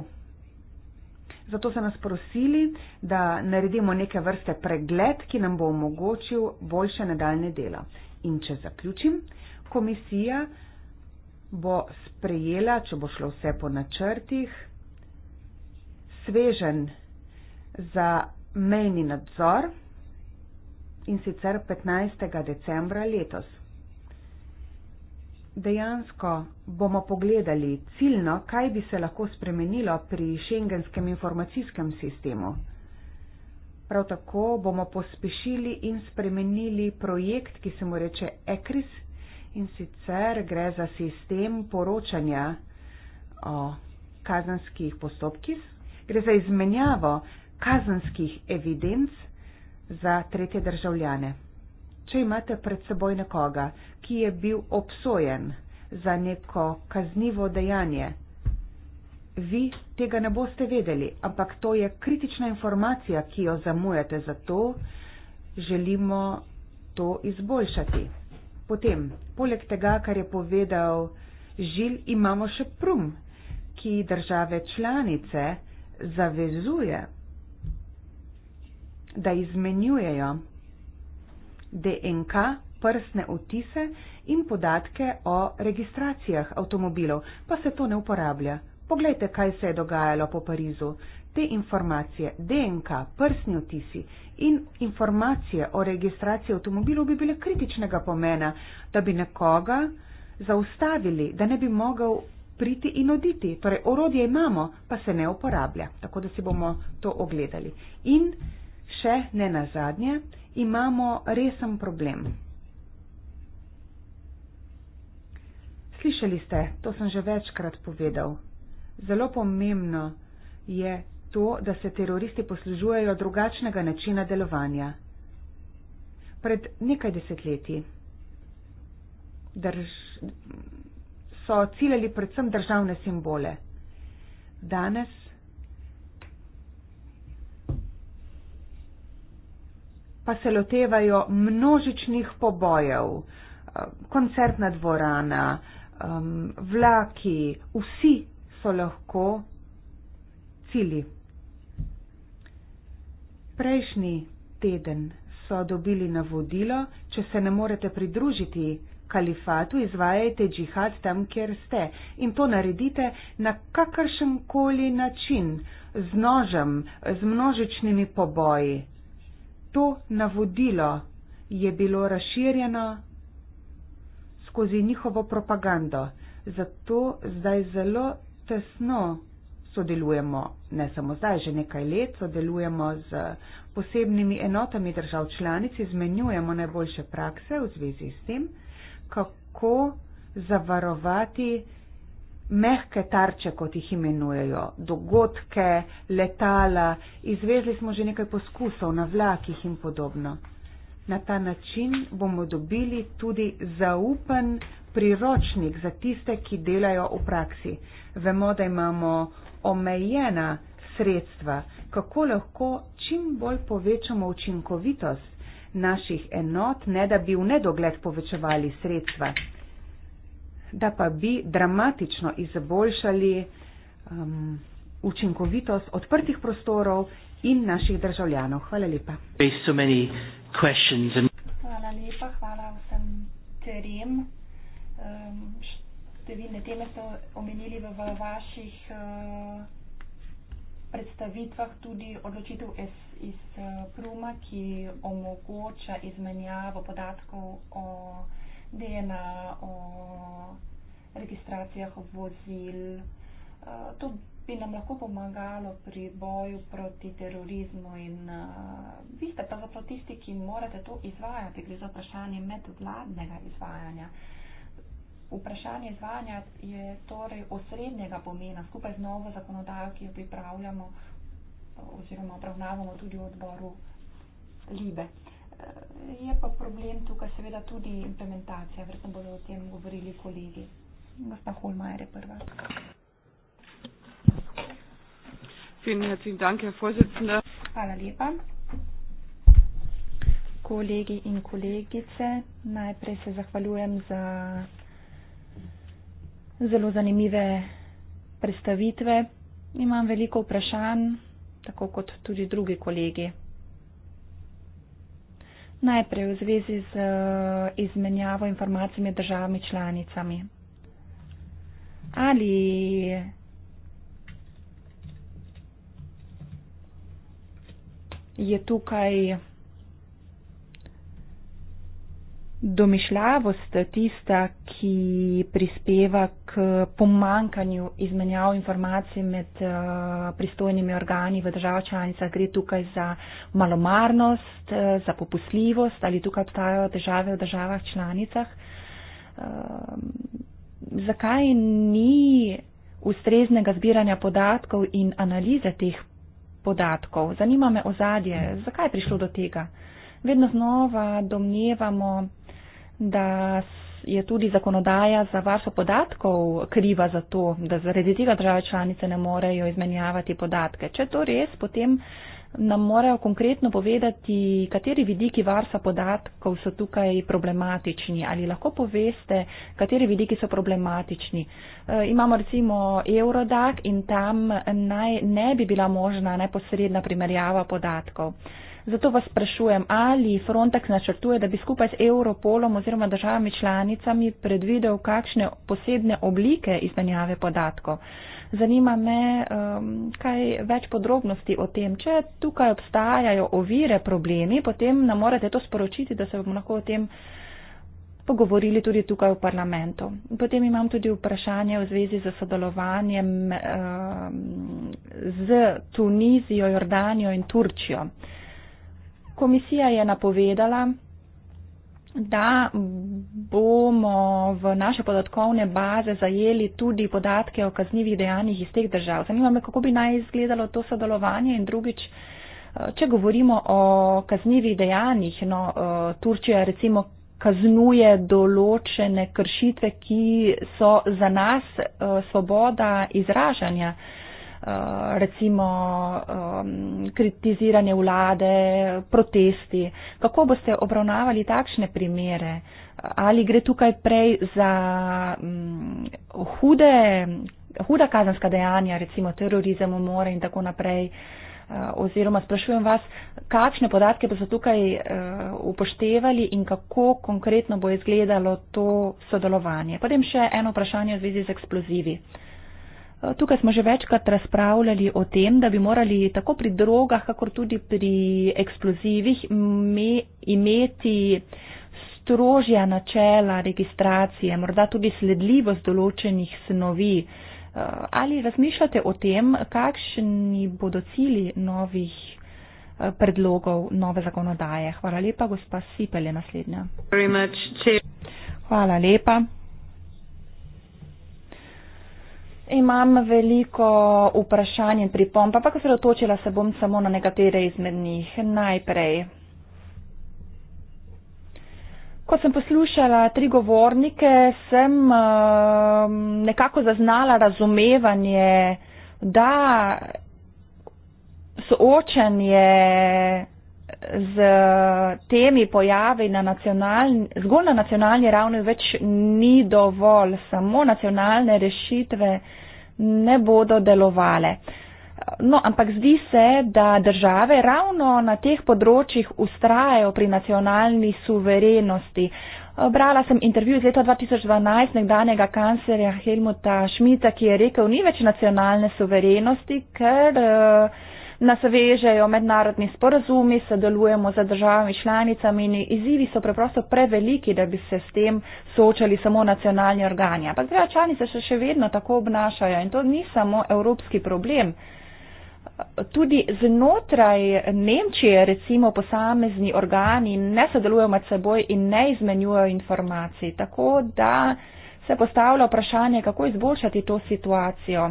Zato so nas prosili, da naredimo neke vrste pregled, ki nam bo omogočil boljše nadaljne delo. In če zaključim, komisija bo sprejela, če bo šlo vse po načrtih, svežen za mejni nadzor, in sicer 15. decembra letos. Dejansko bomo pogledali ciljno, kaj bi se lahko spremenilo pri šengenskem informacijskem sistemu. Prav tako bomo pospešili in spremenili projekt, ki se mu reče ECRIS in sicer gre za sistem poročanja o kazanskih postopkih, gre za izmenjavo kazanskih evidenc za tretje državljane. Če imate pred seboj nekoga, ki je bil obsojen za neko kaznivo dejanje, vi tega ne boste vedeli, ampak to je kritična informacija, ki jo zamujate, zato želimo to izboljšati. Potem, poleg tega, kar je povedal Žil, imamo še prum, ki države članice zavezuje da izmenjujejo DNK, prsne otise in podatke o registracijah avtomobilov, pa se to ne uporablja. Poglejte, kaj se je dogajalo po Parizu. Te informacije, DNK, prsni otisi in informacije o registraciji avtomobilov bi bile kritičnega pomena, da bi nekoga zaustavili, da ne bi mogel priti in oditi. Torej, orodje imamo, pa se ne uporablja. Tako da si bomo to ogledali. In še ne na zadnje, imamo resen problem. Slišali ste, to sem že večkrat povedal. Zelo pomembno je to, da se teroristi poslužujejo drugačnega načina delovanja. Pred nekaj desetletji drž... so ciljali predvsem državne simbole. Danes pa se lotevajo množičnih pobojev, koncertna dvorana, um, vlaki, vsi so lahko cili. Prejšnji teden so dobili navodilo, če se ne morete pridružiti kalifatu, izvajajte džihad tam, kjer ste in to naredite na kakršen koli način, z nožem, z množičnimi poboji to navodilo je bilo razširjeno skozi njihovo propagando. Zato zdaj zelo tesno sodelujemo, ne samo zdaj, že nekaj let sodelujemo z posebnimi enotami držav članic, izmenjujemo najboljše prakse v zvezi s tem, kako zavarovati mehke tarče, kot jih imenujejo, dogodke, letala, izvezli smo že nekaj poskusov na vlakih in podobno. Na ta način bomo dobili tudi zaupen priročnik za tiste, ki delajo v praksi. Vemo, da imamo omejena sredstva, kako lahko čim bolj povečamo učinkovitost naših enot, ne da bi v nedogled povečevali sredstva da pa bi dramatično izboljšali um, učinkovitost odprtih prostorov in naših državljanov. Hvala lepa. Hvala lepa, hvala vsem trem. Um, številne teme ste omenili v, v vaših uh, predstavitvah, tudi odločitev iz, iz uh, Pruma, ki omogoča izmenjavo podatkov o dela, o registracijah vozil. Eh, to bi nam lahko pomagalo pri boju proti terorizmu in eh, vi ste pravzaprav tisti, ki morate to izvajati. Gre za vprašanje medvladnega izvajanja. Vprašanje izvajanja je torej osrednjega pomena skupaj z novo zakonodajo, ki jo pripravljamo eh, oziroma obravnavamo tudi v odboru Libe je pa problem tukaj seveda tudi implementacija. Verjetno bodo o tem govorili kolegi. Gospa Holmajer je prva. Hvala lepa. Kolegi in kolegice, najprej se zahvaljujem za zelo zanimive predstavitve. Imam veliko vprašanj, tako kot tudi drugi kolegi. Najprej v zvezi z eh, izmenjavo informacij med državami članicami. Ali je tukaj domišljavost tista, ki prispeva k pomankanju izmenjav informacij med uh, pristojnimi organi v državah članicah. Gre tukaj za malomarnost, uh, za popustljivost ali tukaj obstajajo države v državah članicah. Uh, zakaj ni ustreznega zbiranja podatkov in analize teh podatkov? Zanima me ozadje, zakaj je prišlo do tega. Vedno znova domnevamo, da je tudi zakonodaja za varstvo podatkov kriva za to, da zaradi tega države članice ne morejo izmenjavati podatke. Če je to res, potem nam morajo konkretno povedati, kateri vidiki varstva podatkov so tukaj problematični ali lahko poveste, kateri vidiki so problematični. E, imamo recimo Eurodac in tam naj, ne bi bila možna neposredna primerjava podatkov. E, Zato vas sprašujem, ali Frontex načrtuje, da bi skupaj s Europolom oziroma državami članicami predvidel kakšne posebne oblike izmenjave podatkov. Zanima me um, kaj več podrobnosti o tem. Če tukaj obstajajo ovire, problemi, potem nam morate to sporočiti, da se bomo lahko o tem pogovorili tudi tukaj v parlamentu. Potem imam tudi vprašanje v zvezi z sodelovanjem uh, z Tunizijo, Jordanijo in Turčijo. Uh, komisija je napovedala, da bomo v naše podatkovne baze zajeli tudi podatke o kaznjivih dejanjih iz teh držav. Zanima me, kako bi naj izgledalo to sodelovanje in drugič, eh, če govorimo o kaznjivih dejanjih, no, eh, Turčija recimo kaznuje določene kršitve, ki so za nas eh, svoboda izražanja. Eh, recimo kritiziranje vlade, protesti. Kako boste obravnavali takšne primere? Ali gre tukaj prej za hude, huda kazanska dejanja, recimo terorizem, umore in tako naprej? Eh, oziroma sprašujem vas, kakšne podatke boste tukaj eh, upoštevali in kako konkretno bo izgledalo to sodelovanje? Potem še eno vprašanje v zvezi z eksplozivi. Eh, tukaj smo že večkrat razpravljali o tem, da bi morali tako pri drogah, kakor tudi pri eksplozivih imeti strožja načela registracije, morda tudi sledljivost določenih snovi. Eh, ali razmišljate o tem, kakšni bodo cili novih eh, predlogov nove zakonodaje? Hvala lepa, gospa Sipele, naslednja. Hvala lepa. Imam veliko vprašanj in pripomb, ampak osredotočila se bom samo na nekatere izmed njih. Najprej. Ko sem poslušala tri govornike, sem um, nekako zaznala razumevanje, da soočanje z temi pojavi na zgolj na nacionalni ravni več ni dovolj, samo nacionalne rešitve ne bodo delovale. No, ampak zdi se, da države ravno na teh področjih ustrajajo pri nacionalni suverenosti. Brala sem intervju iz leta 2012 nekdanjega kanclerja Helmuta Šmita, ki je rekel, ni več nacionalne suverenosti, ker uh, nas vežejo mednarodni sporazumi, sodelujemo z državami članicami in izzivi so preprosto preveliki, da bi se s tem soočali samo nacionalni organi. Ampak zdaj članice se še vedno tako obnašajo in to ni samo evropski problem. Tudi znotraj Nemčije recimo posamezni organi ne sodelujo med seboj in ne izmenjujo informacij. Tako da se postavlja vprašanje, kako izboljšati to situacijo.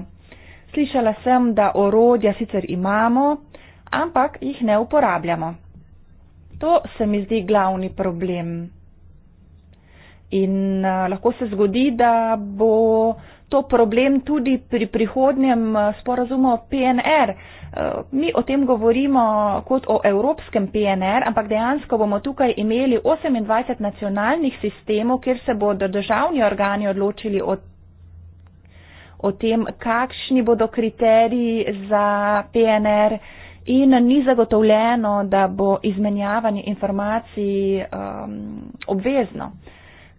Slišala sem, da orodja sicer imamo, ampak jih ne uporabljamo. To se mi zdi glavni problem. In uh, lahko se zgodi, da bo to problem tudi pri prihodnjem eh, sporazumu PNR. Uh, eh, mi o tem govorimo kot o evropskem PNR, ampak dejansko bomo tukaj imeli 28 nacionalnih sistemov, kjer se bodo državni organi odločili o o tem, kakšni bodo kriteriji za PNR in ni zagotovljeno, da bo izmenjavanje informacij um, obvezno.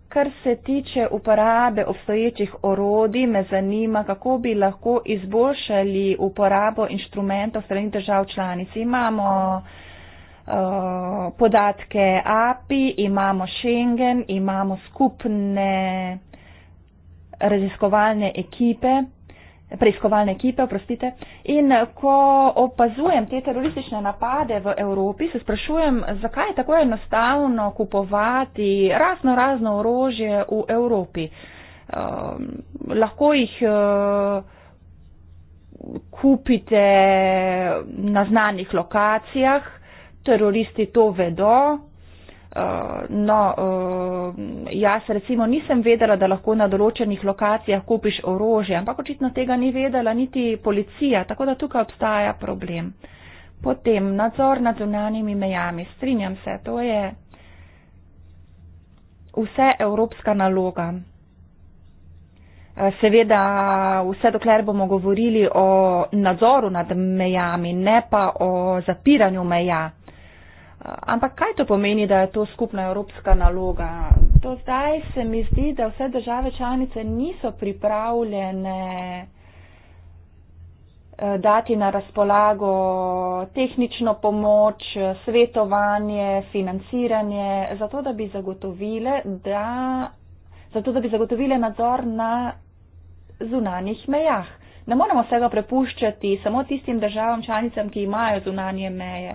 Kar se tiče uporabe obstoječih orodij, me zanima, kako bi lahko izboljšali uporabo inštrumentov strani držav članic. Imamo uh, podatke API, imamo Schengen, imamo skupne raziskovalne ekipe, preiskovalne ekipe, oprostite. In eh, ko opazujem te teroristične napade v Evropi, se sprašujem, zakaj je tako enostavno kupovati razno razno orožje v Evropi. Uh, lahko jih uh, kupite na znanih lokacijah, teroristi to vedo, Eh, no, uh, jaz recimo nisem vedela, da lahko na določenih lokacijah kupiš orožje, ampak očitno tega ni vedela niti policija, tako da tukaj obstaja problem. Potem nadzor nad zunanimi mejami, strinjam se, to je vse evropska naloga. Eh, seveda, vse dokler bomo govorili o nadzoru nad mejami, ne pa o zapiranju meja. Ampak kaj to pomeni, da je to skupna evropska naloga? Do zdaj se mi zdi, da vse države članice niso pripravljene eh, dati na razpolago tehnično pomoč, svetovanje, financiranje, zato da bi zagotovile, da, zato, da bi zagotovile nadzor na zunanjih mejah. Ne moremo vsega prepuščati samo tistim državam članicam, ki imajo zunanje meje.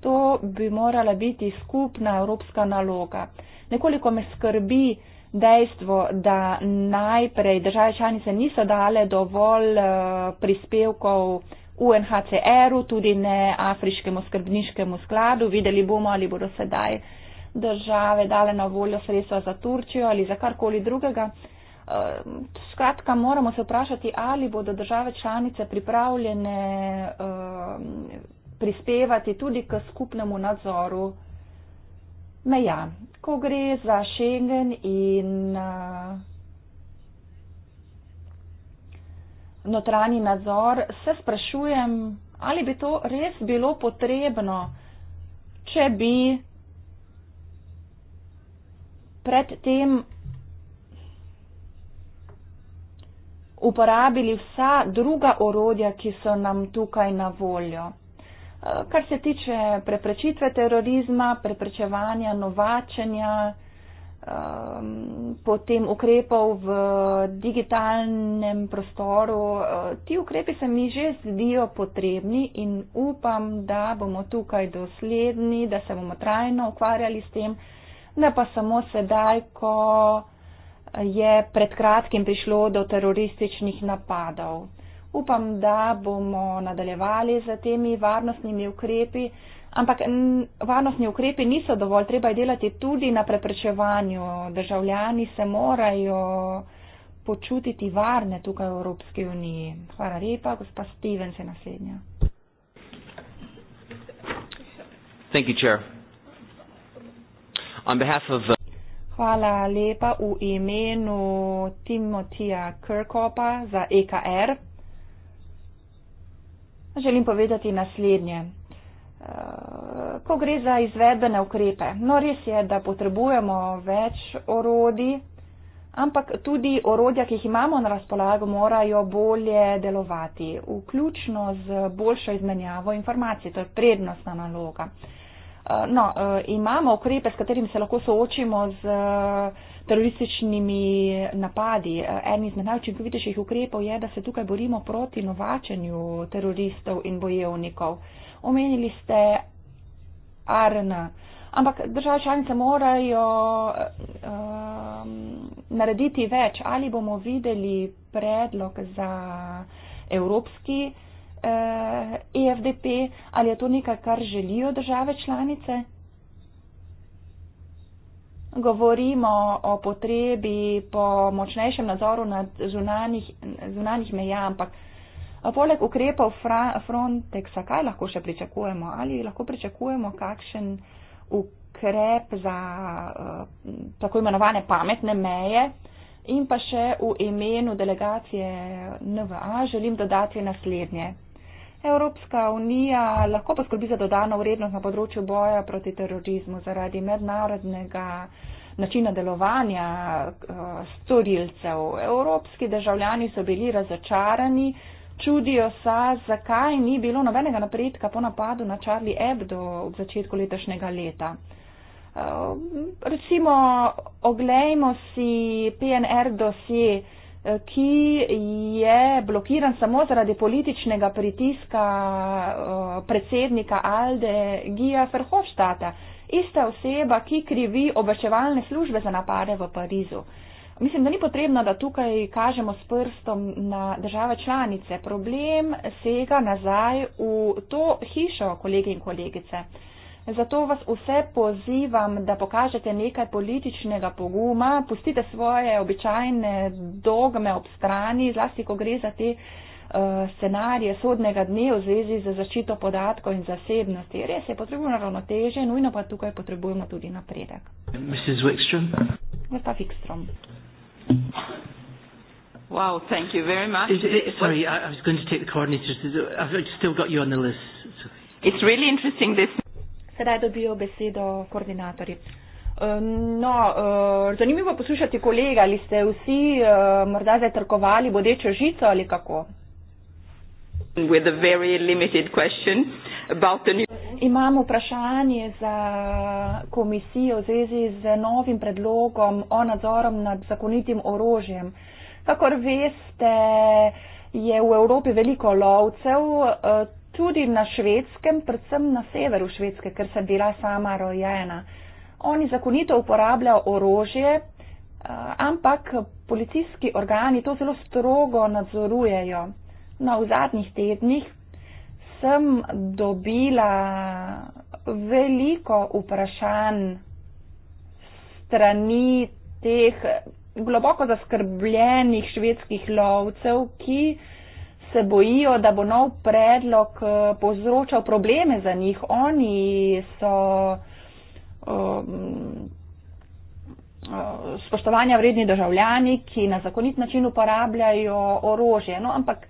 To bi morala biti skupna evropska naloga. Nekoliko me skrbi dejstvo, da najprej države članice niso dale dovolj eh, prispevkov UNHCR-u, tudi ne Afriškemu skrbniškemu skladu. Videli bomo, ali bodo sedaj države dale na voljo sredstva za Turčijo ali za karkoli drugega. Eh, skratka, moramo se vprašati, ali bodo države članice pripravljene eh, prispevati tudi k skupnemu nadzoru meja. Ko gre za Schengen in uh, notranji nadzor, se sprašujem, ali bi to res bilo potrebno, če bi predtem uporabili vsa druga orodja, ki so nam tukaj na voljo. Eh, kar se tiče preprečitve terorizma, preprečevanja novačenja, ehm, potem ukrepov v digitalnem prostoru. Eh, ti ukrepi se mi že zdijo potrebni in upam, da bomo tukaj dosledni, da se bomo trajno ukvarjali s tem, ne pa samo sedaj, ko je pred kratkim prišlo do terorističnih napadov upam, da bomo nadaljevali z temi varnostnimi ukrepi, ampak varnostni ukrepi niso dovolj, treba je delati tudi na preprečevanju. Državljani se morajo počutiti varne tukaj v Evropski uniji. Hvala lepa, gospa Steven, se naslednja. Thank you, chair. On behalf of the... Uh, Hvala lepa v imenu Timotija Kirkopa za EKR. Želim povedati naslednje. Eh, ko gre za izvedbene ukrepe, no res je, da potrebujemo več orodij, ampak tudi orodja, ki jih imamo na razpolago, morajo bolje delovati, vključno z boljšo izmenjavo informacij. To je prednostna naloga. Eh, no, eh, imamo ukrepe, s katerim se lahko soočimo z terorističnimi eh, napadi. Eh, en izmed najučinkovitejših ukrepov je, da se tukaj borimo proti novačenju teroristov in bojevnikov. Omenili ste Arna, ampak države članice morajo eh, um, narediti več. Ali bomo videli predlog za evropski uh, EFDP, ali je to nekaj, kar želijo države članice? govorimo o potrebi po močnejšem nadzoru nad zunanjih, zunanjih meja, ampak poleg ukrepov Fra Frontexa, kaj lahko še pričakujemo? Ali lahko pričakujemo kakšen ukrep za uh, tako imenovane pametne meje? In pa še v imenu delegacije NVA želim dodati naslednje. Evropska unija lahko poskrbi za dodano vrednost na področju boja proti terorizmu zaradi mednarodnega načina delovanja eh, storilcev. Evropski državljani so bili razočarani, čudijo se, zakaj ni bilo nobenega napredka po napadu na Charlie Hebdo v začetku letošnjega leta. Eh, recimo, oglejmo si PNR dosje. Eh, ki je blokiran samo zaradi političnega pritiska eh, predsednika Alde Gija Ferhofstata, ista oseba, ki krivi obveščevalne službe za napade v Parizu. Mislim, da ni potrebno, da tukaj kažemo s prstom na države članice. Problem sega nazaj v to hišo, kolege in kolegice. Uh, Zato vas vse pozivam, da pokažete nekaj političnega poguma, pustite svoje običajne dogme ob strani, zlasti ko gre za te eh, scenarije sodnega dne v zvezi za zaščito podatkov in zasebnosti. Res je potrebno ravnoteže, nujno pa tukaj potrebujemo tudi napredek. Mrs. Wickstrom. Gospa Wickstrom. Wow, thank you very much. It, sorry, I, I was going to take the coordinators. I've still got you on the list. Sorry. It's really interesting this. Sedaj dobijo besedo koordinatorji. No, e, zanimivo poslušati kolega, ali ste vsi e, morda zatrkovali bodečo žico ali kako? Imam vprašanje za komisijo v zvezi z novim predlogom o nadzorom nad zakonitim orožjem. Kakor veste, je v Evropi veliko lovcev, e, tudi na švedskem, predvsem na severu švedske, ker sem bila sama rojena. Oni zakonito uporabljajo orožje, eh, ampak policijski organi to zelo strogo nadzorujejo. Na no, zadnjih tednih sem dobila veliko vprašanj strani teh globoko zaskrbljenih švedskih lovcev, ki se bojijo, da bo nov predlog eh, povzročal probleme za njih. Oni so um, eh, spoštovanja vredni državljani, ki na zakonit način uporabljajo orožje. No, ampak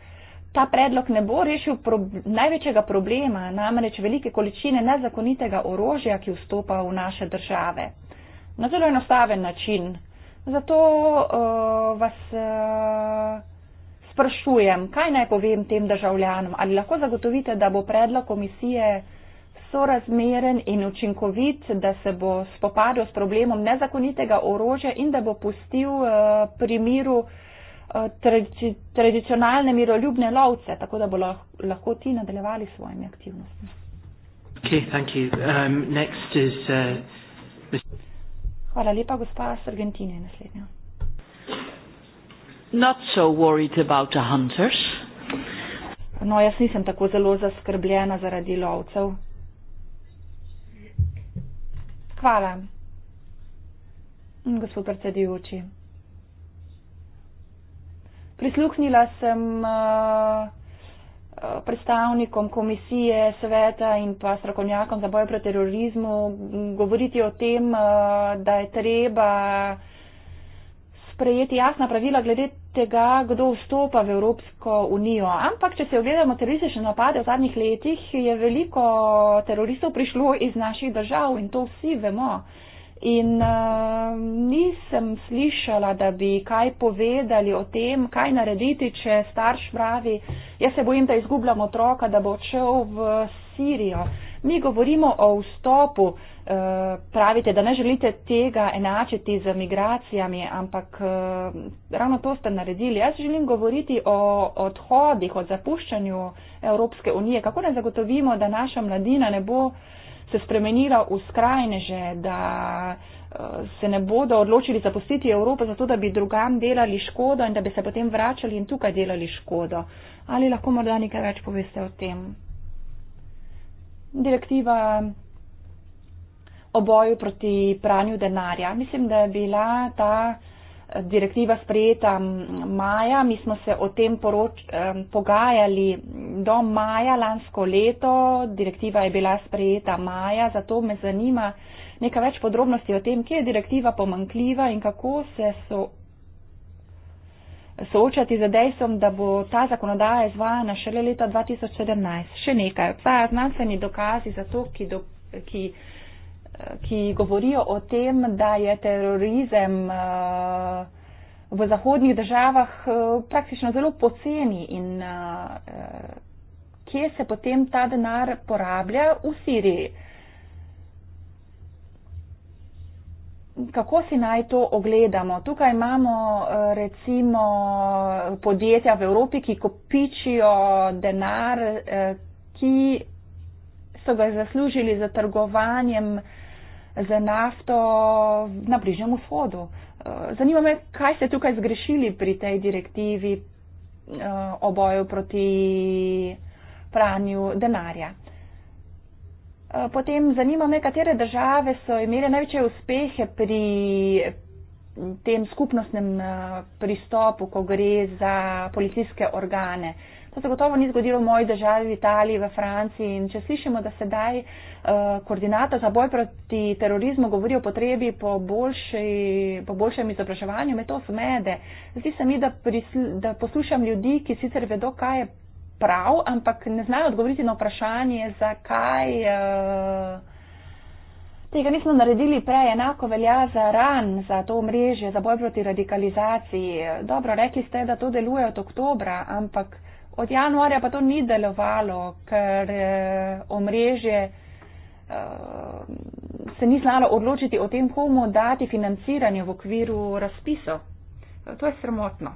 ta predlog ne bo rešil pro, največjega problema, namreč velike količine nezakonitega orožja, ki vstopa v naše države. Na zelo enostaven način. Zato uh, vas. Uh, sprašujem, kaj naj povem tem državljanom, ali lahko zagotovite, da bo predlog komisije sorazmeren in učinkovit, da se bo spopadil s problemom nezakonitega orožja in da bo pustil uh, pri miru uh, eh, tradi tradicionalne miroljubne lovce, tako da bo lahko, lahko ti nadaljevali s svojimi aktivnostmi. Okay, um, is, uh, Hvala lepa, gospa Sargentina je naslednja not so worried about the hunters. No, jaz nisem tako zelo zaskrbljena zaradi lovcev. Hvala, gospod predsedujoči. Prisluhnila sem uh, uh, predstavnikom komisije, sveta in pa strokovnjakom za boj proti terorizmu govoriti o tem, uh, da je treba sprejeti jasna pravila glede tega, kdo vstopa v Evropsko unijo. Ampak, če se ogledamo teroristične napade v zadnjih letih, je veliko teroristov prišlo iz naših držav in to vsi vemo. In uh, nisem slišala, da bi kaj povedali o tem, kaj narediti, če starš pravi, jaz se bojim, da izgubljam otroka, da bo odšel v Sirijo. Mi govorimo o vstopu. Eh, pravite, da ne želite tega enačiti z migracijami, ampak eh, ravno to ste naredili. Jaz želim govoriti o odhodih, o zapuščanju Evropske unije. Kako ne zagotovimo, da naša mladina ne bo se spremenila v skrajneže, da eh, se ne bodo odločili zapustiti Evropo, zato da bi drugam delali škodo in da bi se potem vračali in tukaj delali škodo. Ali lahko morda nekaj več poveste o tem? Direktiva o boju proti pranju denarja. Mislim, da je bila ta eh, direktiva sprejeta maja. Mi smo se o tem poroč, eh, pogajali do maja lansko leto. Direktiva je bila sprejeta maja, zato me zanima nekaj več podrobnosti o tem, kje je direktiva pomankljiva in kako se so. Soočati z dejstvom, da bo ta zakonodaja izvajana šele leta 2017. Še nekaj. Obstaja znanstveni dokazi za to, ki, do, ki ki govorijo o tem, da je terorizem eh, v zahodnih državah eh, praktično zelo poceni in eh, kje se potem ta denar porablja v Siriji. Kako si naj to ogledamo? Tukaj imamo recimo podjetja v Evropi, ki kopičijo denar, ki so ga zaslužili za trgovanjem z nafto na Bližnjem vzhodu. Eh, zanima me, kaj ste tukaj zgrešili pri tej direktivi eh, o boju proti pranju denarja. Eh, potem zanima me, katere države so imele največje uspehe pri tem skupnostnem pristopu, ko gre za policijske organe. To se gotovo ni zgodilo v moji državi, v Italiji, v Franciji. In če slišimo, da sedaj uh, eh, koordinator za boj proti terorizmu govori o potrebi po, boljši, po boljšem izobraževanju, me to smede. Zdi se mi, da, prisl, da poslušam ljudi, ki sicer vedo, kaj je prav, ampak ne znajo odgovoriti na vprašanje, zakaj. Uh, eh, Tega nismo naredili prej, enako velja za ran, za to mrežje, za boj proti radikalizaciji. Dobro, rekli ste, da to deluje od oktobra, ampak Od januarja pa to ni delovalo, ker eh, omrežje eh, se ni znalo odločiti o tem, komu dati financiranje v okviru razpisov. Eh, to je sramotno.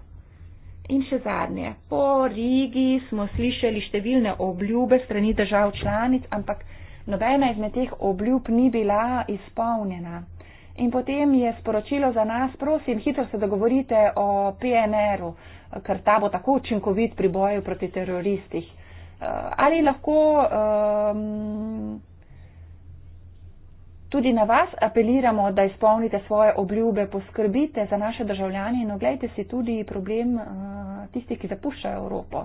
In še zadnje. Po Rigi smo slišali številne obljube strani držav članic, ampak nobena izmed teh obljub ni bila izpolnjena. In potem je sporočilo za nas, prosim, hitro se dogovorite o PNR-u. Uh, ker ta bo tako učinkovit pri boju proti teroristih. Eh, ali lahko um, tudi na vas apeliramo, da izpolnite svoje obljube, poskrbite za naše državljanje in oglejte si tudi problem uh, tistih, ki zapuščajo Evropo.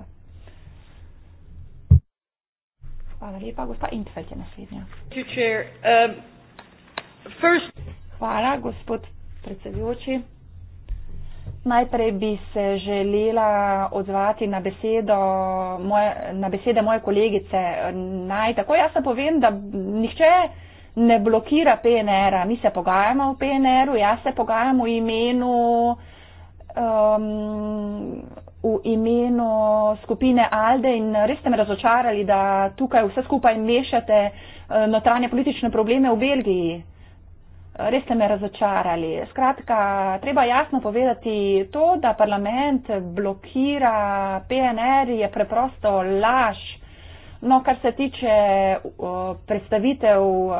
Hvala lepa, gospa Intfeld je naslednja. Um, Hvala, gospod predsedujoči. Najprej bi se želela odzvati na, besedo, moje, na besede moje kolegice. Eh, naj tako jaz povem, da nihče ne blokira PNR-a. Mi se pogajamo v PNR-u, jaz se pogajam v imenu, um, v imenu skupine Alde in res ste me razočarali, da tukaj vse skupaj mešate eh, notranje politične probleme v Belgiji res ste me razočarali. Skratka, treba jasno povedati to, da parlament blokira PNR, je preprosto laž. No, kar se tiče uh, predstavitev uh,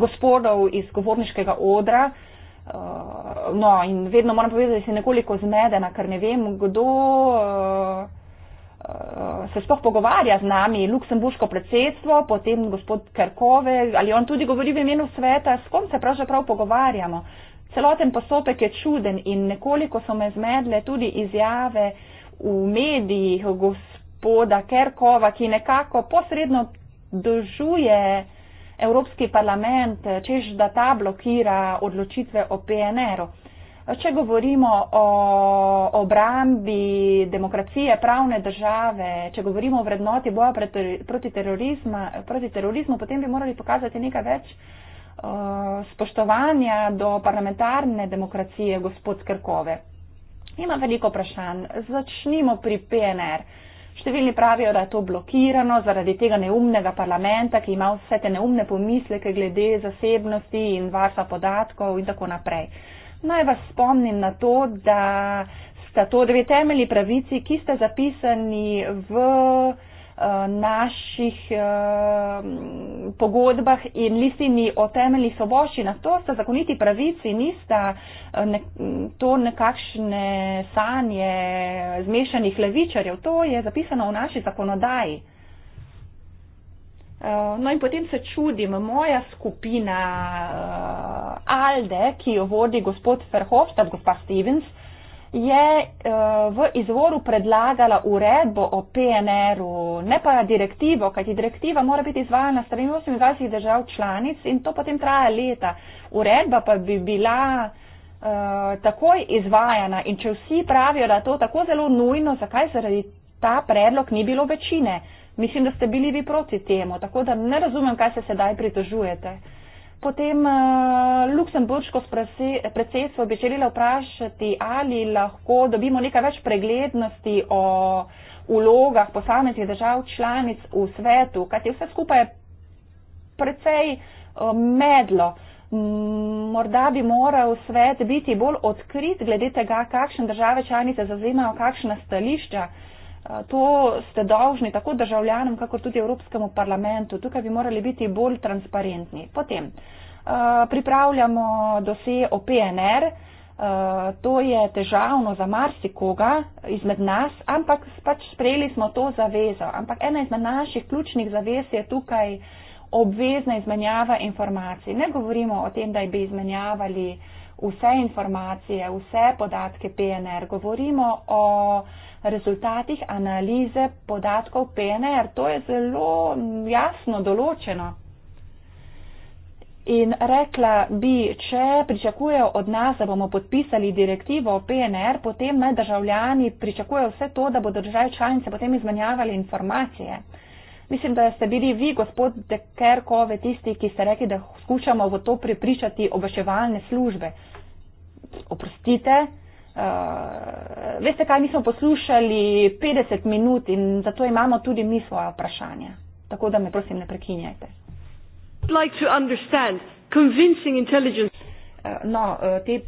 gospodov iz govorniškega odra, uh, no, in vedno moram povedati, da se nekoliko zmedena, ker ne vem, kdo. Uh, Eh, se sploh pogovarja z nami, luksemburško predsedstvo, potem gospod Kerkove, ali on tudi govori v imenu sveta, s kom se pravzaprav pogovarjamo. Celoten postopek je čuden in nekoliko so me zmedle tudi izjave v medijih gospoda Kerkova, ki nekako posredno dožuje Evropski parlament, čež da ta blokira odločitve o PNR-u. Če govorimo o obrambi demokracije, pravne države, če govorimo o vrednoti boja proti, proti terorizmu, potem bi morali pokazati nekaj več eh, spoštovanja do parlamentarne demokracije, gospod Skrkove. Ima veliko vprašanj. Začnimo pri PNR. Številni pravijo, da je to blokirano zaradi tega neumnega parlamenta, ki ima vse te neumne pomisleke glede zasebnosti in varstva podatkov in tako naprej. Naj vas spomnim na to, da sta to dve temeljni pravici, ki sta zapisani v eh, naših eh, pogodbah in listini o temeljnih soboščinah. To sta zakoniti pravici, nista eh, ne, to nekakšne sanje zmešanih levičarjev. To je zapisano v naši zakonodaji. Eh, no in potem se čudim, moja skupina uh, Alde, ki jo vodi gospod Verhofstadt, gospa Stevens, je uh, v izvoru predlagala uredbo o PNR-u, ne pa direktivo, kajti direktiva mora biti izvajana strani 28 držav članic in to potem traja leta. Uredba pa bi bila uh, takoj izvajana in če vsi pravijo, da je to tako zelo nujno, zakaj zaradi ta predlog ni bilo večine? Uh, Mislim, da ste bili vi proti temu, tako da ne razumem, kaj se sedaj pritožujete. Potem uh, Luksemburško predsedstvo bi želela vprašati, ali lahko dobimo nekaj več preglednosti o ulogah posameznih držav članic v svetu, kajti vse skupaj je precej uh, medlo. Mm, morda bi moral svet biti bolj odkrit glede tega, kakšne države članice zazemajo, kakšna stališča. Uh, To ste dolžni tako državljanom, kakor tudi Evropskemu parlamentu. Tukaj bi morali biti bolj transparentni. Potem pripravljamo dose o PNR. To je težavno za marsikoga izmed nas, ampak pač sprejeli smo to zavezo. Ampak ena izmed naših ključnih zavez je tukaj obvezna izmenjava informacij. Ne govorimo o tem, da bi izmenjavali vse informacije, vse podatke PNR. Govorimo o rezultatih analize podatkov PNR. To je zelo jasno določeno. In rekla bi, če pričakujejo od nas, da bomo podpisali direktivo o PNR, potem naj državljani pričakujejo vse to, da bodo države članice potem izmenjavali informacije. Mislim, da ste bili vi, gospod Dekerkove, tisti, ki ste rekli, da skušamo v to pripričati obaševalne službe. Oprostite, uh, veste kaj, nismo poslušali 50 minut in zato imamo tudi mi svoje vprašanje. Tako da me prosim ne prekinjajte. Like uh, no, uh, te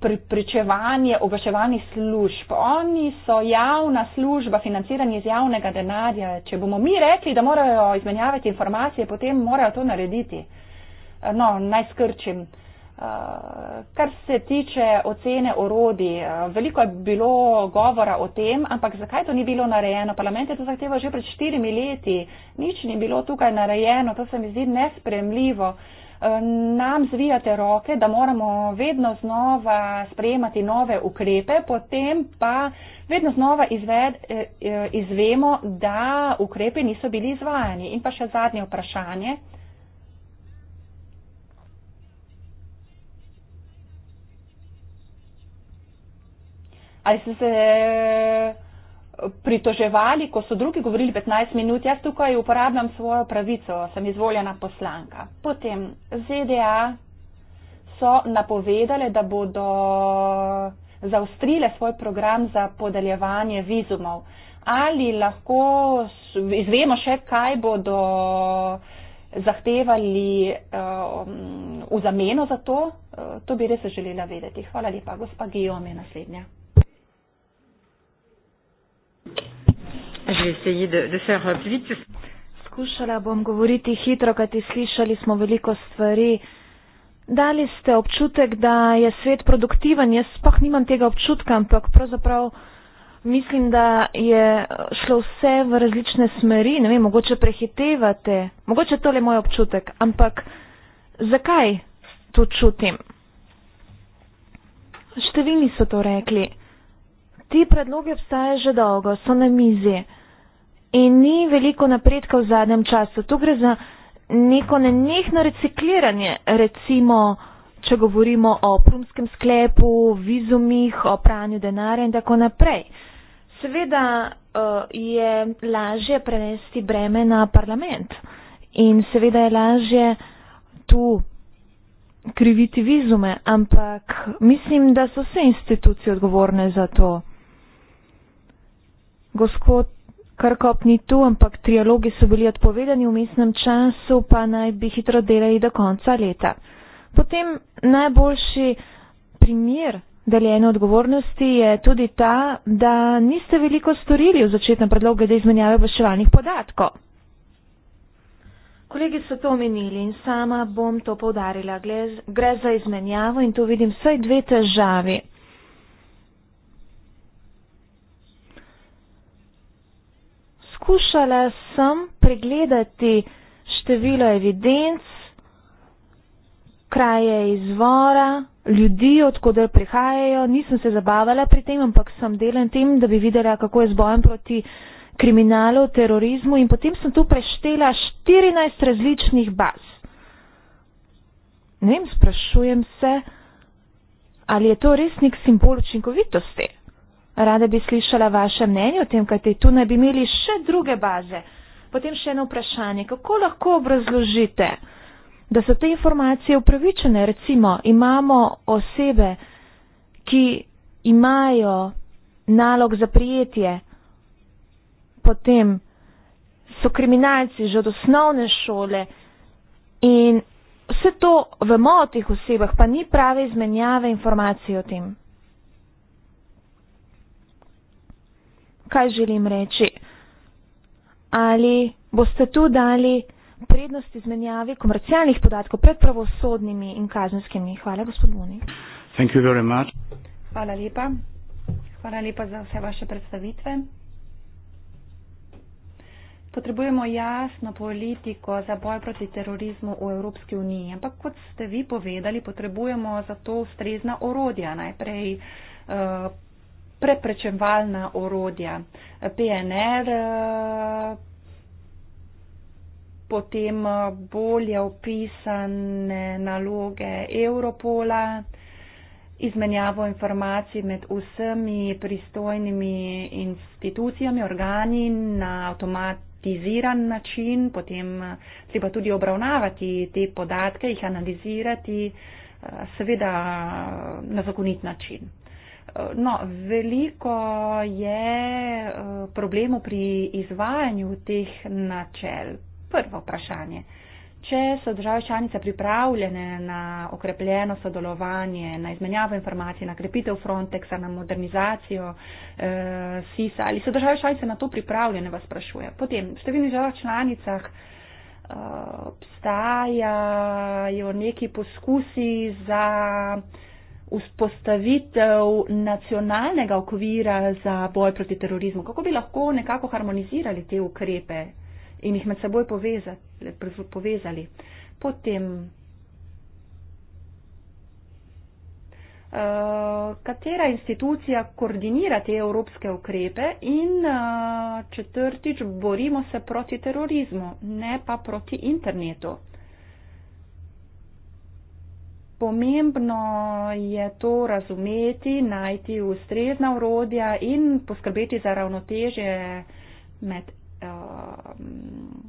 pri, pričevanje oglaševanih služb, oni so javna služba, financiranje iz javnega denarja. Če bomo mi rekli, da morajo izmenjavati informacije, potem morajo to narediti. No, naj skrčim. Uh, Kar se tiče ocene orodij, veliko je bilo govora o tem, ampak zakaj to ni bilo narejeno? Parlament je to zahteval že pred štirimi leti, nič ni bilo tukaj narejeno, to se mi zdi nespremljivo. Nam zvijate roke, da moramo vedno znova sprejemati nove ukrepe, potem pa vedno znova izved, e, e, izvemo, da ukrepe niso bili izvajani. In pa še zadnje vprašanje. ali ste se eh, pritoževali, ko so drugi govorili 15 minut, jaz tukaj uporabljam svojo pravico, sem izvoljena poslanka. Potem ZDA so napovedale, da bodo zaustrile svoj program za podeljevanje vizumov. Ali lahko izvemo še, kaj bodo zahtevali um, v zameno za to? Eh, to bi res želela vedeti. Hvala lepa, gospa Gijom je naslednja. Euh, Skušala bom govoriti hitro, kajti slišali smo veliko stvari. Dali ste občutek, da je svet produktiven. Jaz pa nimam tega občutka, ampak pravzaprav mislim, da je šlo vse v različne smeri. Ne vem, mogoče prehitevate, mogoče tole je moj občutek, ampak zakaj to čutim? Številni so to rekli. Ti predlogi obstajajo že dolgo, so na mizi in ni veliko napredka v zadnjem času. Tu gre za neko nenehno recikliranje, recimo, če govorimo o prumskem sklepu, vizumih, o pranju denarja in tako naprej. Seveda eh, je lažje prenesti breme na parlament in seveda je lažje tu kriviti vizume, ampak mislim, da so vse institucije odgovorne za to. Gospod kar kopni tu, ampak trialogi so bili odpovedani v mestnem času, pa naj bi hitro delali do konca leta. Potem najboljši primer deljene odgovornosti je tudi ta, da niste veliko storili v začetnem predlogu glede izmenjave obveščevalnih podatkov. Kolegi so to omenili in sama bom to povdarila. Gre za izmenjavo in tu vidim vsaj dve težavi. poskušala sem pregledati število evidenc, kraje izvora, ljudi, odkudar prihajajo. Nisem se zabavala pri tem, ampak sem delen tem, da bi videla, kako je z bojem proti kriminalu, terorizmu in potem sem tu preštela 14 različnih baz. Ne vem, sprašujem se, ali je to res nek simbol učinkovitosti. Rada bi slišala vaše mnenje o tem, kaj te tu naj bi imeli še druge baze. Potem še eno vprašanje, kako lahko obrazložite, da so te informacije upravičene, recimo imamo osebe, ki imajo nalog za prijetje, potem so kriminalci že od osnovne šole in vse to vemo o teh osebah, pa ni prave izmenjave informacij o tem. kaj želim reči. Ali boste tu dali prednost izmenjavi komercialnih podatkov pred pravosodnimi in kazenskimi? Hvala, gospod Buni. Hvala lepa. Hvala lepa za vse vaše predstavitve. Potrebujemo jasno politiko za boj proti terorizmu v Evropski uniji, ampak kot ste vi povedali, potrebujemo za to ustrezna orodja. Najprej uh, preprečevalna orodja. PNR eh, potem eh, bolje opisane naloge Europola, izmenjavo informacij med vsemi pristojnimi institucijami, organi na avtomatiziran način, potem eh, treba tudi obravnavati te podatke, jih analizirati, seveda na zakonit način. No, veliko je eh, problemov pri izvajanju teh načel. Prvo vprašanje. Če so države članice pripravljene na okrepljeno sodelovanje, na izmenjavo informacij, na krepitev Frontexa, na modernizacijo eh, SIS-a, ali so države članice na to pripravljene, vas sprašuje. Potem, v številnih državah članicah eh, obstajajo neki poskusi za eh, vzpostavitev nacionalnega okvira za boj proti terorizmu? Kako bi lahko nekako harmonizirali te ukrepe in jih med seboj povezali? Potem, eh, katera institucija koordinira te evropske ukrepe in eh, četrtič, borimo se proti terorizmu, ne pa proti internetu. Pomembno je to razumeti, najti ustrezna urodja in poskrbeti za ravnoteže med, um,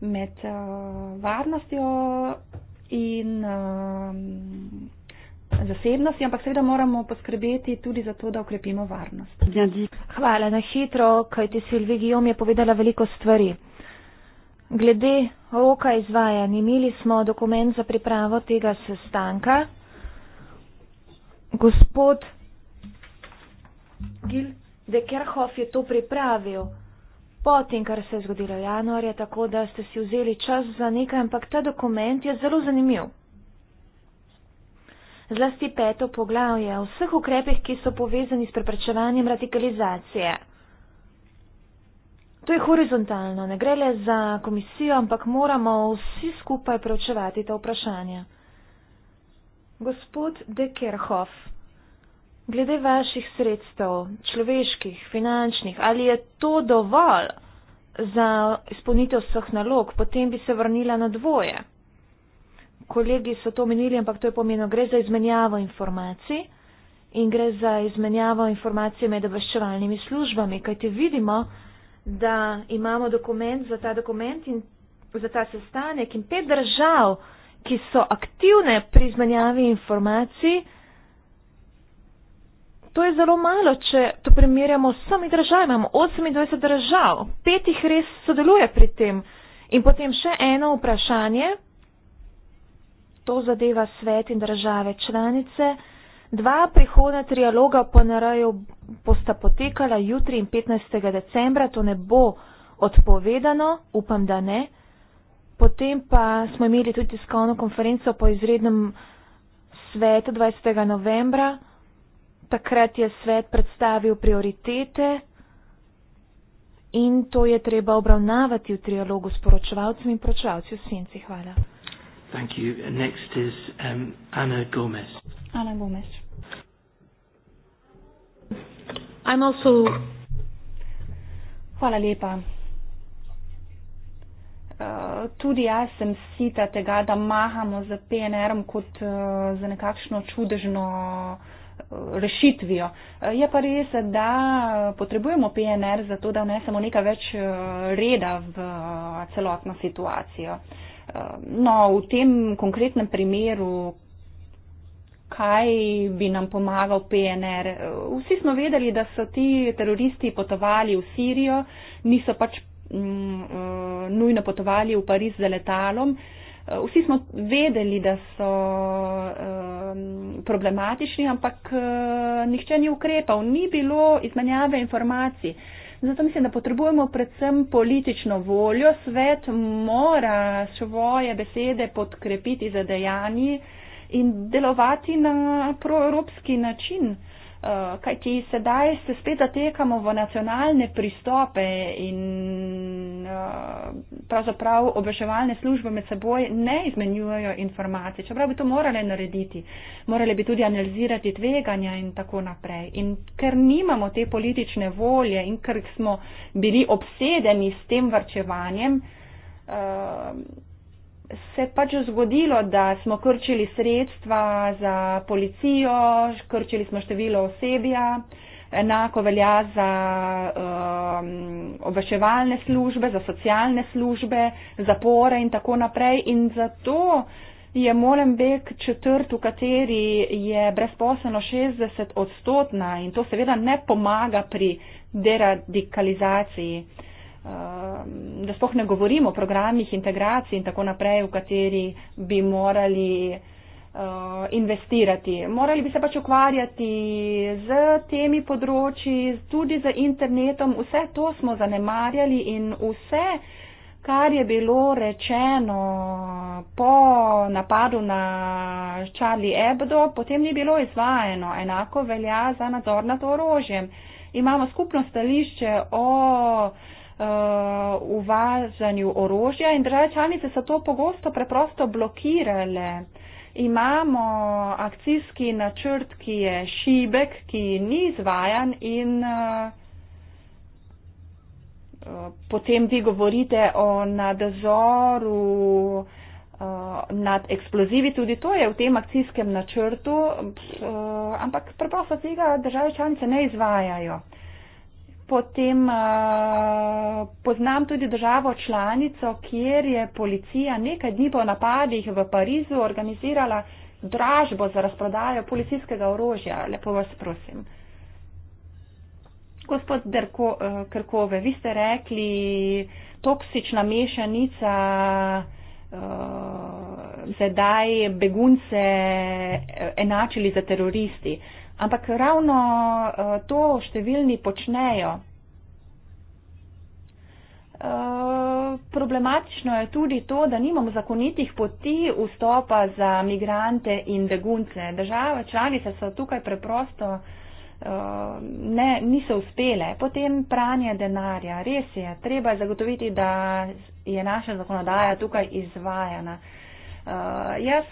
med uh, varnostjo in um, zasebnostjo, ampak seveda moramo poskrbeti tudi za to, da okrepimo varnost. Hvala na hitro, kajti Silvi Gijom je povedala veliko stvari. Glede roka izvajanja, imeli smo dokument za pripravo tega sestanka. Gospod Gil de Kerhoff je to pripravil po tem, kar se je zgodilo januarja, tako da ste si vzeli čas za nekaj, ampak ta dokument je zelo zanimiv. Zlasti peto poglavje o vseh ukrepih, ki so povezani s preprečevanjem radikalizacije. To je horizontalno, ne gre le za komisijo, ampak moramo vsi skupaj preučevati ta vprašanja. Gospod De Kerhoff, glede vaših sredstev, človeških, finančnih, ali je to dovolj za izpolnitev vseh nalog, potem bi se vrnila na dvoje. Kolegi so to menili, ampak to je pomenilo, gre za izmenjavo informacij in gre za izmenjavo informacij med obveščevalnimi službami, kajti vidimo, da imamo dokument za ta dokument in za ta sestanek in pet držav, ki so aktivne pri izmenjavi informacij, to je zelo malo, če to primerjamo s sami državami. Imamo 28 držav, pet jih res sodeluje pri tem. In potem še eno vprašanje, to zadeva svet in države članice. Dva prihodna trialoga po NRJ-u bosta potekala jutri in 15. decembra, to ne bo odpovedano, upam, da ne. Potem pa smo imeli tudi tiskovno konferenco po izrednem svetu 20. novembra. Takrat je svet predstavil prioritete in to je treba obravnavati v trialogu s poročevalcem in poročevalci v senci. Hvala. Thank you. Next is um, Ana Gomez. Ana Gomez. Hvala lepa. Eh, tudi jaz sem sita tega, da mahamo za PNR-om kot eh, za nekakšno čudežno eh, rešitvijo. Je pa res, da potrebujemo PNR za to, da vnesemo nekaj več reda v celotno situacijo. No, v tem konkretnem primeru, kaj bi nam pomagal PNR. Vsi smo vedeli, da so ti teroristi potovali v Sirijo, niso pač mm, eh, nujno potovali v Pariz z letalom. Eh, vsi smo vedeli, da so um, problematični, ampak uh, nihče ni ukrepal, ni bilo izmenjave informacij. Zato mislim, da potrebujemo predvsem politično voljo. Svet mora svoje besede podkrepiti za dejanje. Uh, in delovati na proevropski način. Eh, Kaj ti sedaj se spet zatekamo v nacionalne pristope in eh, pravzaprav obveševalne službe med seboj ne izmenjujejo informacije, čeprav bi to morali narediti, morali bi tudi analizirati tveganja in tako naprej. In ker nimamo te politične volje in ker smo bili obsedeni s tem vrčevanjem, eh, se pač zgodilo, da smo krčili sredstva za policijo, krčili smo število osebja, enako velja za um, obveševalne službe, za socialne službe, zapore in tako naprej. In zato je Molen Bek četrt, v kateri je brezposelno 60 odstotna in to seveda ne pomaga pri deradikalizaciji. Uh, Ehm, da spoh ne govorimo o programih integracij in tako naprej, v kateri bi morali eh, investirati. Morali bi se pač ukvarjati z temi področji, tudi z internetom. Vse to smo zanemarjali in vse, kar je bilo rečeno po napadu na Charlie Hebdo, potem ni bilo izvajeno. Enako velja za nadzor nad orožjem. Imamo skupno stališče o Uh, uvažanju orožja in države članice so to pogosto preprosto blokirale. Imamo akcijski načrt, ki je šibek, ki ni izvajan in uh, potem vi govorite o nadzoru uh, nad eksplozivi, tudi to je v tem akcijskem načrtu, ampak preprosto tega države članice ne izvajajo. Potem eh, poznam tudi državo članico, kjer je policija nekaj dni po napadih v Parizu organizirala dražbo za razprodajo policijskega orožja. Lepo vas prosim. Gospod Derko, eh, Krkove, vi ste rekli, toksična mešanica uh, sedaj begunce enačili za teroristi. Uh, Ampak ravno uh, to številni počnejo. Uh, problematično je tudi to, da nimamo zakonitih poti vstopa za migrante in begunce. Države članice so tukaj preprosto uh, ne, niso uspele. Potem pranje denarja. Res je, treba je zagotoviti, da je naša zakonodaja tukaj izvajana. Uh, Uh, jaz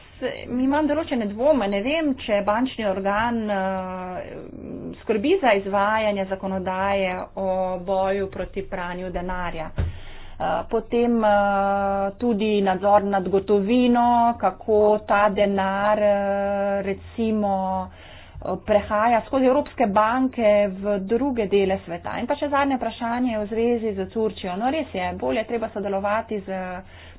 imam določene dvome, ne vem, če bančni organ uh, skrbi za izvajanje zakonodaje o boju proti pranju denarja. Eh, potem tudi nadzor nad gotovino, kako ta denar recimo prehaja skozi evropske banke v druge dele sveta. In pa še zadnje vprašanje v zvezi z Turčijo. No res je, bolje treba sodelovati z.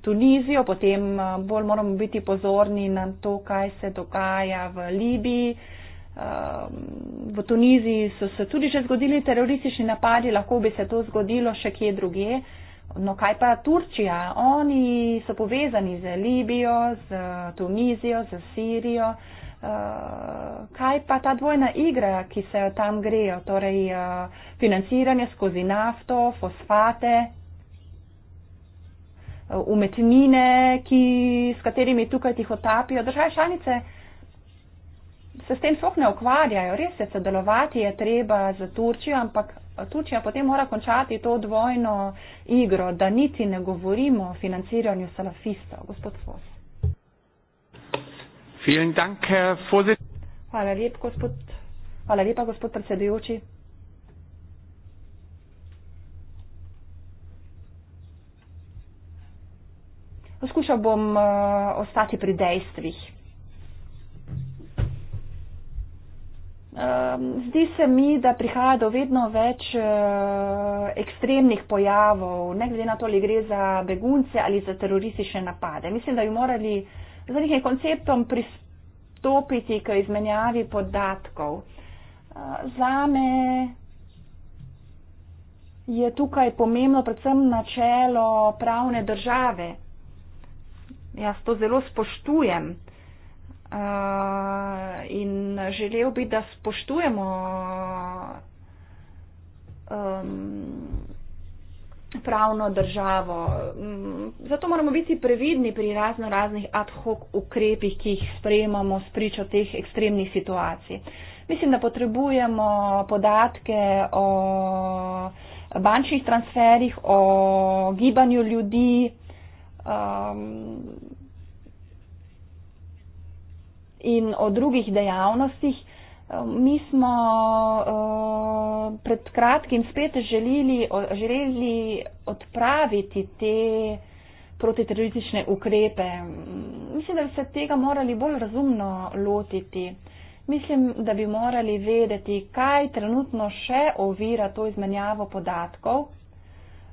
Tunizijo, potem eh, bolj moramo biti pozorni na to, kaj se dogaja v Libiji. Ehm, v Tuniziji so se tudi že zgodili teroristični napadi, lahko bi se to zgodilo še kje druge. No kaj pa Turčija? Oni so povezani z Libijo, z Tunizijo, z Sirijo. Ehm, kaj pa ta dvojna igra, ki se tam grejo, torej eh, financiranje skozi nafto, fosfate, umetnine, ki, s katerimi tukaj tih otapijo. Države članice se s tem sploh ne ukvarjajo, res je, sodelovati je treba z Turčijo, ampak Turčija potem mora končati to dvojno igro, da niti ne govorimo o financiranju salafistov, gospod Fos. Hvala lepa, gospod, gospod predsedujoči. Poskušal bom uh, ostati pri dejstvih. Ehm, zdi se mi, da prihaja do vedno več eh, ekstremnih pojavov, ne glede na to, ali gre za begunce ali za teroristične napade. Mislim, da bi morali z nekim konceptom pristopiti k izmenjavi podatkov. Eh, zame je tukaj pomembno predvsem načelo pravne države jaz to zelo spoštujem uh, in želel bi, da spoštujemo um, pravno državo. Mm, zato moramo biti previdni pri razno raznih ad hoc ukrepih, ki jih sprejemamo s pričo teh ekstremnih situacij. Mislim, da potrebujemo podatke o bančnih transferih, o gibanju ljudi, um, in o drugih dejavnostih. Ehm, mi smo uh, pred kratkim spet želeli, želeli odpraviti te protiteroristične ukrepe. Mislim, da bi se tega morali bolj razumno lotiti. Mislim, da bi morali vedeti, kaj trenutno še ovira to izmenjavo podatkov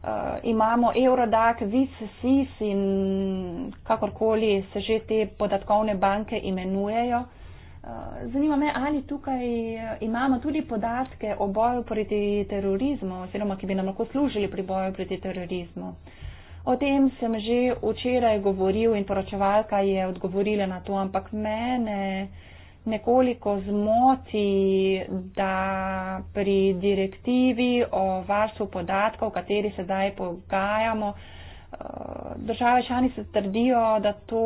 uh, imamo Eurodac, VCCIS in kakorkoli se že te podatkovne banke imenujejo. Uh, zanima me, ali tukaj eh, imamo tudi podatke o boju proti terorizmu, oziroma ki bi nam lahko služili pri boju proti terorizmu. O tem sem že včeraj govoril in poročevalka je odgovorila na to, ampak mene. Uh, nekoliko zmoti, da pri direktivi o varstvu podatkov, v kateri se zdaj pogajamo, eh, države članice trdijo, da to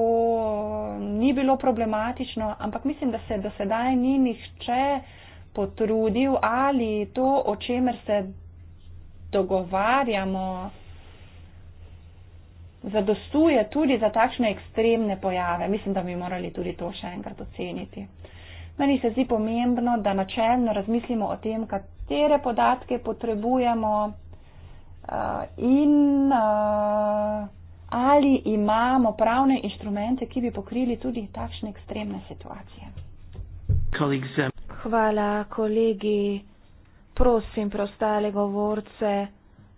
ni bilo problematično, ampak mislim, da se do sedaj ni nihče potrudil ali to, o čemer se dogovarjamo, zadostuje tudi za takšne ekstremne pojave. Mislim, da bi morali tudi to še enkrat oceniti. Meni se zdi pomembno, da načelno razmislimo o tem, katere podatke potrebujemo uh, in uh, ali imamo pravne inštrumente, ki bi pokrili tudi takšne ekstremne situacije. Hvala, kolegi. Prosim, preostale govorce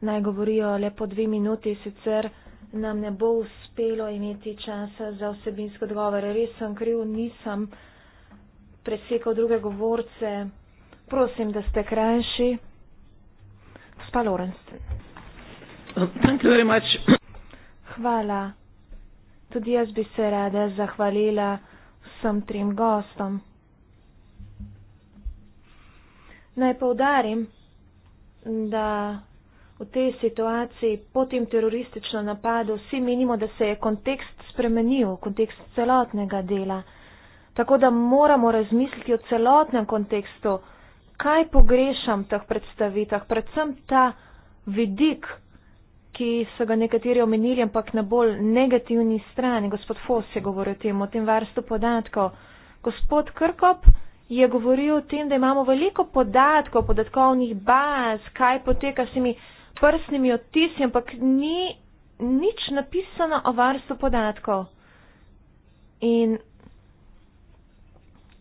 naj govorijo le po dve minuti, sicer nam ne bo uspelo imeti časa za vsebinsko dogovore. Res sem kriv, nisem presekal druge govorce. Prosim, da ste krajši. Gospa Lorenzen. Hvala. Tudi jaz bi se rada zahvalila vsem trim gostom. Naj povdarim, da v tej situaciji po tem terorističnem napadu vsi menimo, da se je kontekst spremenil, kontekst celotnega dela. Tako da moramo razmisliti o celotnem kontekstu, kaj pogrešam v teh predstavitvah, predvsem ta vidik, ki so ga nekateri omenili, ampak na bolj negativni strani. Gospod Fos je govoril o tem, o tem varstvu podatkov. Gospod Krkop je govoril o tem, da imamo veliko podatkov, podatkovnih baz, kaj poteka s temi prstnimi odtisi, ampak ni nič napisano o varstvu podatkov. In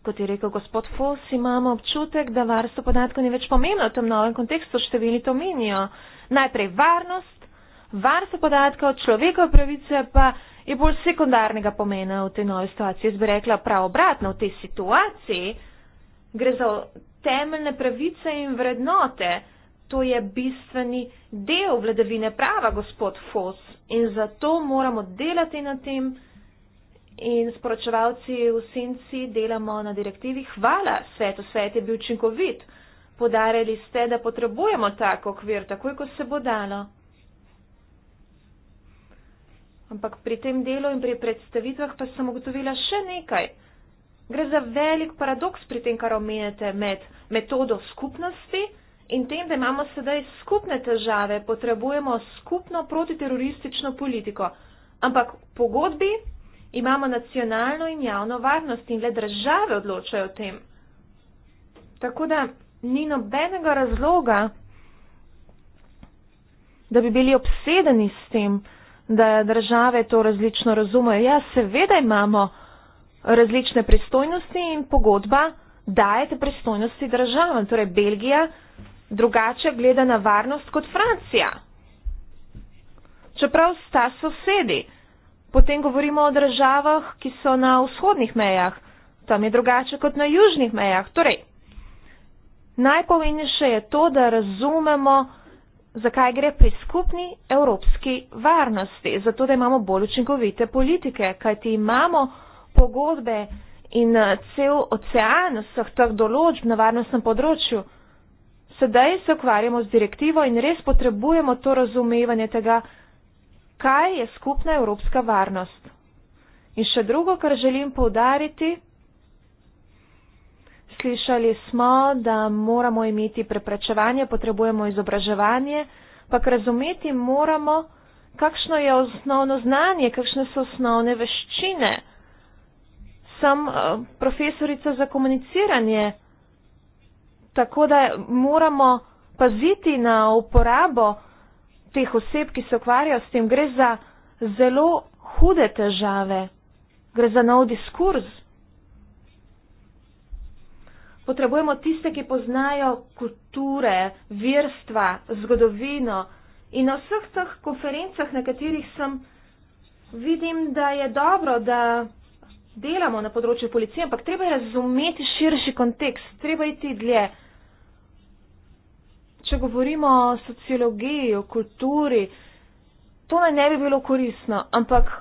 kot je rekel gospod Foss, imamo občutek, da varstvo podatkov ni več pomembno v tem novem kontekstu, številni to menijo. Najprej varnost, varstvo podatkov, človekove pravice pa je bolj sekundarnega pomena v tej novi situaciji. Jaz bi rekla prav obratno, v tej situaciji gre za temeljne pravice in vrednote to je bistveni del vladavine prava, gospod Fos. In zato moramo delati na tem in sporočevalci v senci delamo na direktivi. Hvala svetu, svet je bil učinkovit. Podarili ste, da potrebujemo tako okvir, takoj, ko se bo dalo. Ampak pri tem delu in pri predstavitvah pa sem ugotovila še nekaj. Gre za velik paradoks pri tem, kar omenjate med metodo skupnosti in tem, da imamo sedaj skupne težave, potrebujemo skupno protiteroristično politiko. Ampak v pogodbi imamo nacionalno in javno varnost in le države odločajo o tem. Tako da ni nobenega razloga, da bi bili obsedeni s tem, da države to različno razumejo. Ja, seveda imamo različne pristojnosti in pogodba dajete pristojnosti državam. Torej, Belgija drugače gleda na varnost kot Francija. Čeprav sta sosedi, potem govorimo o državah, ki so na vzhodnih mejah, tam je drugače kot na južnih mejah. Torej, najpomembnejše je to, da razumemo, zakaj gre pri skupni evropski varnosti, zato da imamo bolj učinkovite politike, kajti imamo pogodbe in eh, cel ocean vseh teh določb na varnostnem področju sedaj se ukvarjamo z direktivo in res potrebujemo to razumevanje tega, kaj je skupna evropska varnost. In še drugo, kar želim povdariti, slišali smo, da moramo imeti preprečevanje, potrebujemo izobraževanje, pa razumeti moramo, kakšno je osnovno znanje, kakšne so osnovne veščine. Sem eh, profesorica za komuniciranje Tako da moramo paziti na uporabo teh oseb, ki se ukvarjajo s tem. Gre za zelo hude težave, gre za nov diskurs. Potrebujemo tiste, ki poznajo kulture, verstva, zgodovino. In na vseh teh konferencah, na katerih sem, vidim, da je dobro, da delamo na področju policije, ampak treba je razumeti širši kontekst, treba je iti dlje če govorimo o sociologiji, o kulturi, to naj ne bi bilo korisno, ampak v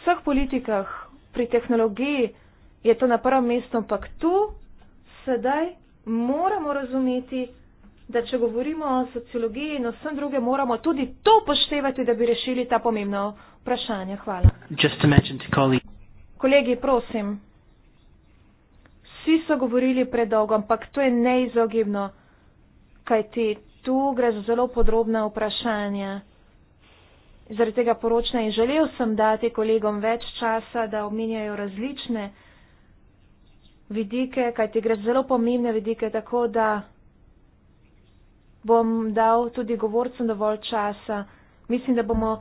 vseh politikah, pri tehnologiji je to na prvem mestu, ampak tu sedaj moramo razumeti, da če govorimo o sociologiji in vsem druge, moramo tudi to poštevati, da bi rešili ta pomembna vprašanja. Hvala. Kolegi, prosim. Vsi so govorili predolgo, ampak to je neizogibno kajti tu gre za zelo podrobne vprašanja. Zaradi tega poročna in želel sem dati kolegom več časa, da omenjajo različne vidike, kajti gre za zelo pomembne vidike, tako da bom dal tudi govorcem dovolj časa. Mislim, da bomo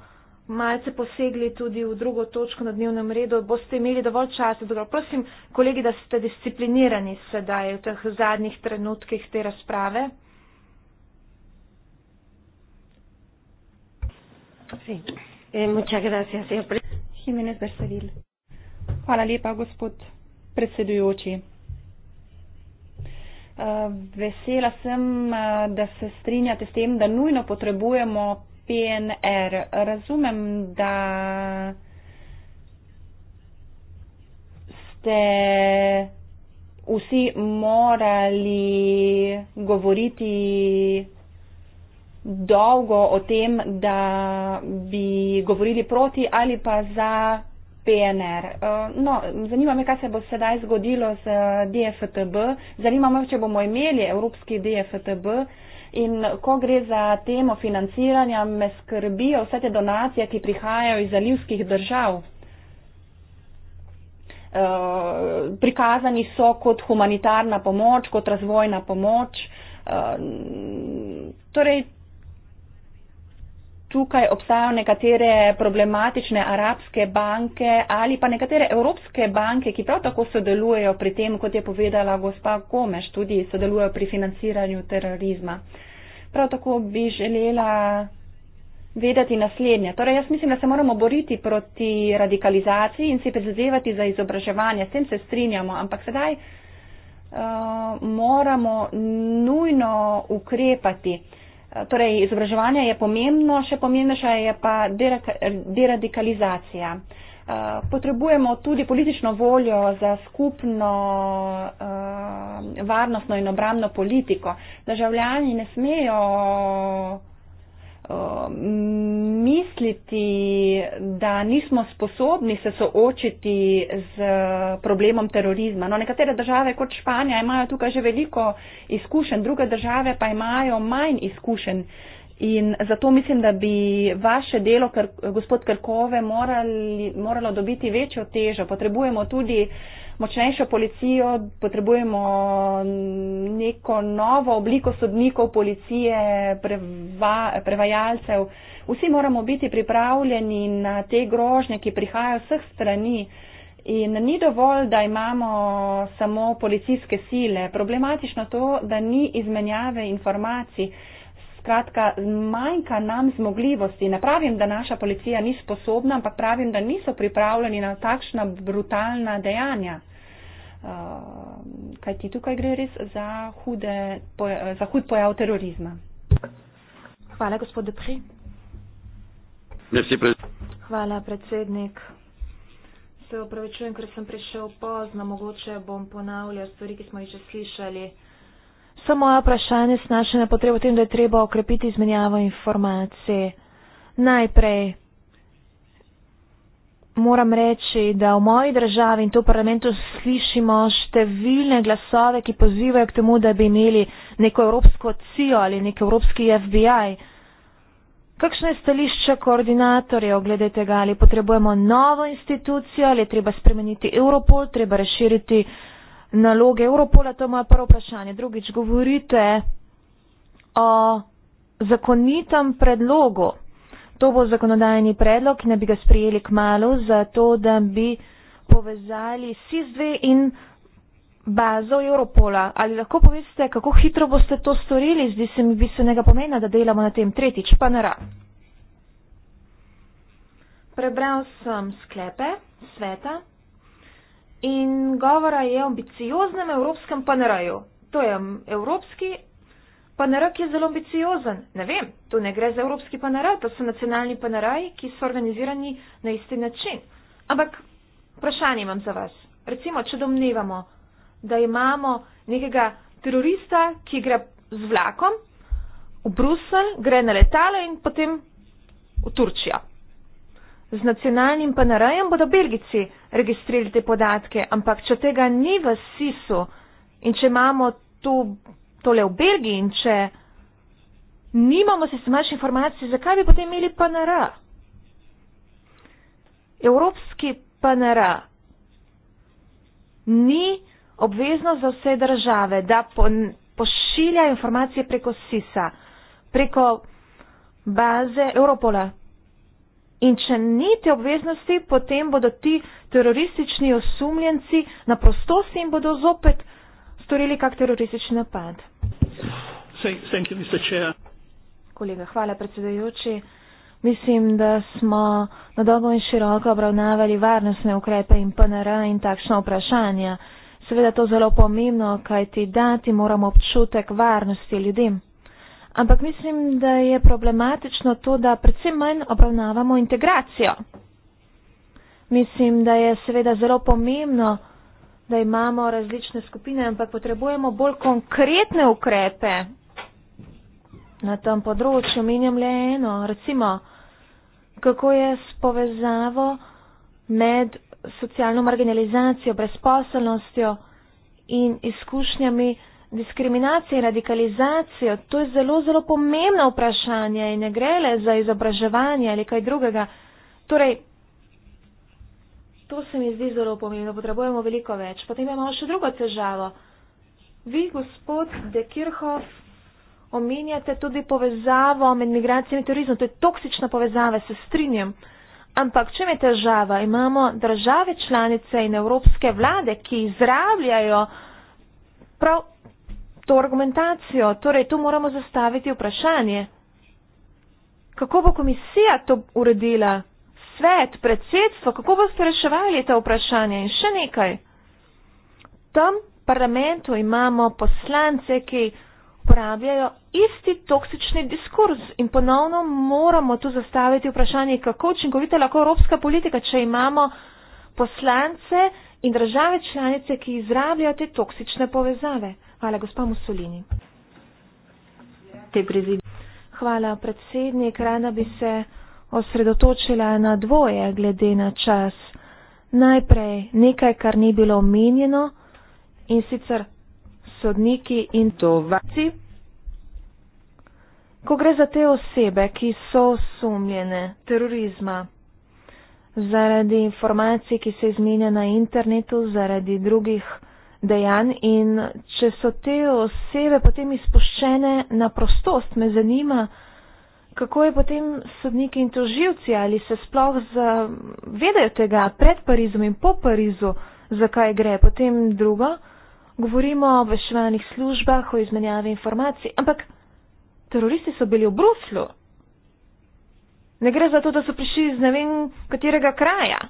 malce posegli tudi v drugo točko na dnevnem redu. Boste imeli dovolj časa. Dobro, prosim, kolegi, da ste disciplinirani sedaj v teh zadnjih trenutkih te razprave. Sí. Eh, muchas gracias, señor Jiménez Bercedil. Hvala lepa, gospod predsedujoči. Eh, vesela sem, eh, da se strinjate s tem, da nujno potrebujemo PNR. Razumem, da ste vsi morali govoriti dolgo o tem, da bi govorili proti ali pa za PNR. Eh, no, zanima me, kaj se bo sedaj zgodilo z DFTB. Zanima me, če bomo imeli evropski DFTB. In ko gre za temo financiranja, me skrbijo vse te donacije, ki prihajajo iz zalivskih držav. Uh, prikazani so kot humanitarna pomoč, kot razvojna pomoč. Uh, torej, tukaj obstajajo nekatere problematične arabske banke ali pa nekatere evropske banke, ki prav tako sodelujejo pri tem, kot je povedala gospa Gomeš, tudi sodelujejo pri financiranju terorizma. Prav tako bi želela vedeti naslednje. Torej, jaz mislim, da se moramo boriti proti radikalizaciji in si prizadevati za izobraževanje. S tem se strinjamo, ampak sedaj uh, moramo nujno ukrepati. Torej, izobraževanje je pomembno, še pomembnejša je pa deradikalizacija. Eh, potrebujemo tudi politično voljo za skupno eh, varnostno in obramno politiko. Državljani ne smejo Um, misliti, da nismo sposobni se soočiti z problemom terorizma. No, nekatere države kot Španija imajo tukaj že veliko izkušenj, druge države pa imajo manj izkušenj. In zato mislim, da bi vaše delo, gospod Krkove, morali, moralo dobiti večjo težo. Potrebujemo tudi uh, močnejšo policijo, potrebujemo neko novo obliko sodnikov, policije, preva, prevajalcev. Vsi moramo biti pripravljeni na te grožnje, ki prihajajo vseh strani. In ni dovolj, da imamo samo policijske sile. Problematično to, da ni izmenjave informacij. Skratka, manjka nam zmogljivosti. Ne pravim, da naša policija ni sposobna, ampak pravim, da niso pripravljeni na takšna brutalna dejanja. Uh, kaj ti tukaj gre res za, hude, poja, za hud pojav terorizma? Hvala, gospod Depri. Merci, Hvala, predsednik. Se opravičujem, ker sem prišel pozno, mogoče bom ponavljal stvari, ki smo jih že slišali. Samo moja vprašanje snaša na potrebo tem, da je treba okrepiti izmenjavo informacij. Najprej moram reči, da v moji državi in to parlamentu slišimo številne glasove, ki pozivajo k temu, da bi imeli neko evropsko CIO ali nek evropski FBI. Kakšno je stališče koordinatorjev glede tega, ali potrebujemo novo institucijo, ali je treba spremeniti Europol, treba razširiti naloge Europola, to je moje prvo vprašanje. Drugič, govorite o zakonitem predlogu. To bo zakonodajni predlog, ki ne bi ga sprijeli k malu, zato da bi povezali SIS-2 in bazo Europola. Ali lahko poveste, kako hitro boste to storili? Zdi se mi bistvenega pomena, da delamo na tem tretjič, pa ne rad. Prebral sem sklepe sveta in govora je o ambicioznem evropskem PNR-ju. To je evropski PNR, ki je zelo ambiciozen. Ne vem, to ne gre za evropski PNR, to so nacionalni PNR-ji, ki so organizirani na isti način. Ampak vprašanje imam za vas. Recimo, če domnevamo, da imamo nekega terorista, ki gre z vlakom v Bruselj, gre na letalo in potem v Turčijo. Z nacionalnim PNR-jem bodo Belgici registrirali te podatke, ampak če tega ni v SIS-u in če imamo to, tole v Belgiji in če nimamo sistematične informacije, zakaj bi potem imeli PNR? Evropski PNR ni obvezno za vse države, da pošilja informacije preko SIS-a, preko baze Europola. In če ni te obveznosti, potem bodo ti teroristični osumljenci na prostosti in bodo zopet storili kak teroristični napad. Thank you, Mr. Chair. Kolega, hvala predsedajoči. Mislim, da smo na dobo in široko obravnavali varnostne ukrepe in PNR in takšno vprašanje. Seveda to zelo pomembno, kaj ti dati moramo občutek varnosti ljudem ampak mislim, da je problematično to, da predvsem manj obravnavamo integracijo. Mislim, da je seveda zelo pomembno, da imamo različne skupine, ampak potrebujemo bolj konkretne ukrepe na tem področju. Menjam le eno, recimo, kako je s povezavo med socialno marginalizacijo, brezposelnostjo in izkušnjami, diskriminacije in radikalizacijo, to je zelo, zelo pomembno vprašanje in ne gre le za izobraževanje ali kaj drugega. Torej, to se mi zdi zelo pomembno, potrebujemo veliko več. Potem imamo še drugo težavo. Vi, gospod De Kirchhoff, omenjate tudi povezavo med migracijami in turizmom. To je toksična povezava, se strinjam. Ampak čem je težava? Imamo države članice in evropske vlade, ki izrabljajo prav to argumentacijo, torej tu moramo zastaviti vprašanje, kako bo komisija to uredila, svet, predsedstvo, kako boste reševali ta vprašanja in še nekaj. V tom parlamentu imamo poslance, ki uporabljajo isti toksični diskurs in ponovno moramo tu zastaviti vprašanje, kako učinkovita lahko evropska politika, če imamo poslance in države članice, ki izrabljajo te toksične povezave. Hvala, gospa Mussolini. Hvala, predsednik. Rada bi se osredotočila na dvoje glede na čas. Najprej nekaj, kar ni bilo omenjeno in sicer sodniki in tovaci. Ko gre za te osebe, ki so osumljene terorizma zaradi informacij, ki se izmenja na internetu, zaradi drugih dejanj in če so te osebe potem izpuščene na prostost, me zanima, kako je potem sodniki in toživci ali se sploh zavedajo tega pred Parizom in po Parizu, zakaj gre. Potem drugo, govorimo o obveščevalnih službah, o izmenjavi informacij, ampak teroristi so bili v Bruslju. Ne gre za to, da so prišli iz ne vem katerega kraja.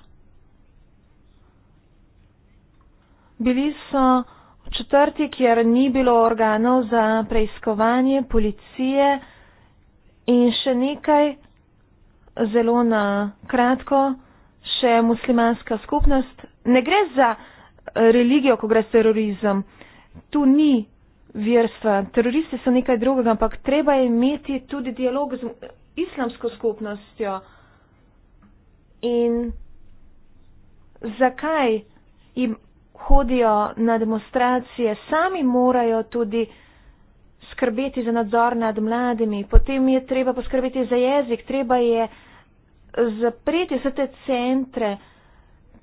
Bili so v četrti, kjer ni bilo organov za preiskovanje, policije in še nekaj, zelo na kratko, še muslimanska skupnost. Ne gre za eh, religijo, ko gre za terorizem. Tu ni verstva. Teroristi so nekaj drugega, ampak treba je imeti tudi dialog z islamsko skupnostjo. In zakaj hodijo na demonstracije, sami morajo tudi skrbeti za nadzor nad mladimi, potem je treba poskrbeti za jezik, treba je zapreti vse te centre,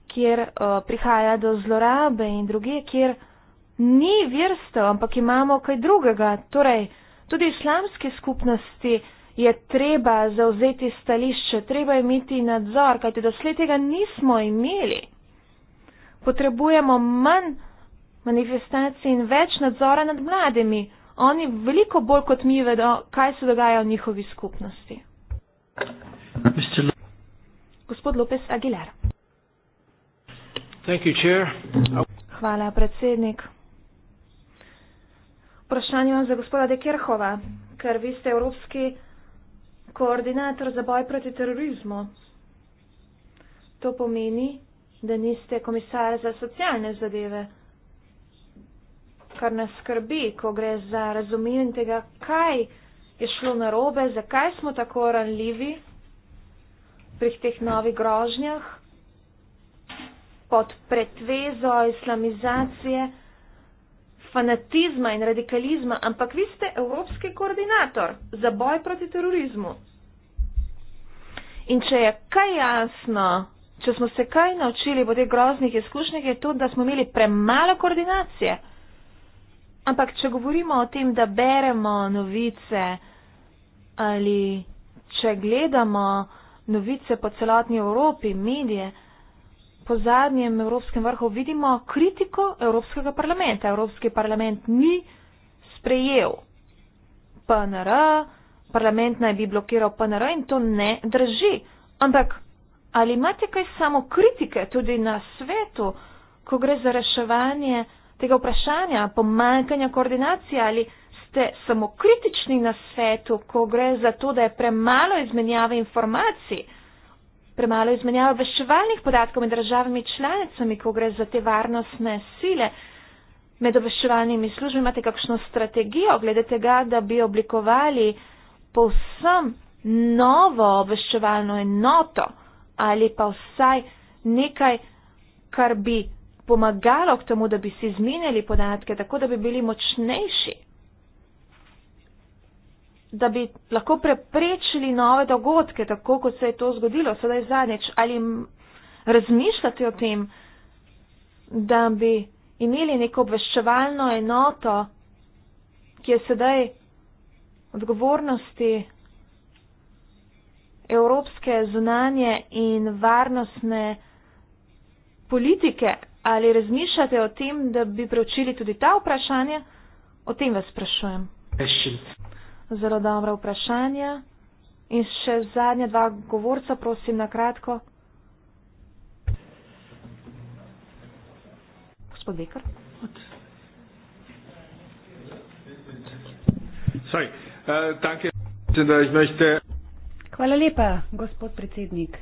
kjer uh, prihaja do zlorabe in druge, kjer ni virstev, ampak imamo kaj drugega. Torej, tudi islamski skupnosti je treba zauzeti stališče, treba imeti nadzor, kajti do sletega nismo imeli potrebujemo manj manifestacij in več nadzora nad mladimi. Oni veliko bolj kot mi vedo, kaj se dogaja v njihovi skupnosti. Gospod Lopes Aguilar. You, Hvala, predsednik. Vprašanje vam za gospoda De Kerhova, ker vi ste evropski koordinator za boj proti terorizmu. To pomeni, da niste komisar za socialne zadeve, kar nas skrbi, ko gre za razumijem tega, kaj je šlo narobe, zakaj smo tako ranljivi pri teh novih grožnjah pod pretvezo islamizacije, fanatizma in radikalizma, ampak vi ste evropski koordinator za boj proti terorizmu. In če je kaj jasno, če smo se kaj naučili po teh groznih izkušnjah, je to, da smo imeli premalo koordinacije. Ampak, če govorimo o tem, da beremo novice ali če gledamo novice po celotni Evropi, medije, po zadnjem Evropskem vrhu vidimo kritiko Evropskega parlamenta. Evropski parlament ni sprejel PNR, parlament naj bi blokiral PNR in to ne drži. Ampak, ali imate kaj samo kritike tudi na svetu, ko gre za reševanje tega vprašanja, pomankanja koordinacije ali ste samo kritični na svetu, ko gre za to, da je premalo izmenjave informacij, premalo izmenjave obveščevalnih podatkov med državami članicami, ko gre za te varnostne sile. Med obveščevalnimi službami imate kakšno strategijo glede tega, da bi oblikovali povsem novo obveščevalno enoto ali pa vsaj nekaj, kar bi pomagalo k temu, da bi si izmenjali podatke, tako da bi bili močnejši, da bi lahko preprečili nove dogodke, tako kot se je to zgodilo sedaj zadnjič, ali razmišljati o tem, da bi imeli neko obveščevalno enoto, ki je sedaj odgovornosti evropske zunanje in varnostne politike, ali razmišljate o tem, da bi preučili tudi ta vprašanja? O tem vas sprašujem. Zelo dobra vprašanja. In še zadnja dva govorca, prosim, na kratko. Gospod Bekar. Sorry, uh, danke, da ich möchte Hvala lepa, gospod predsednik.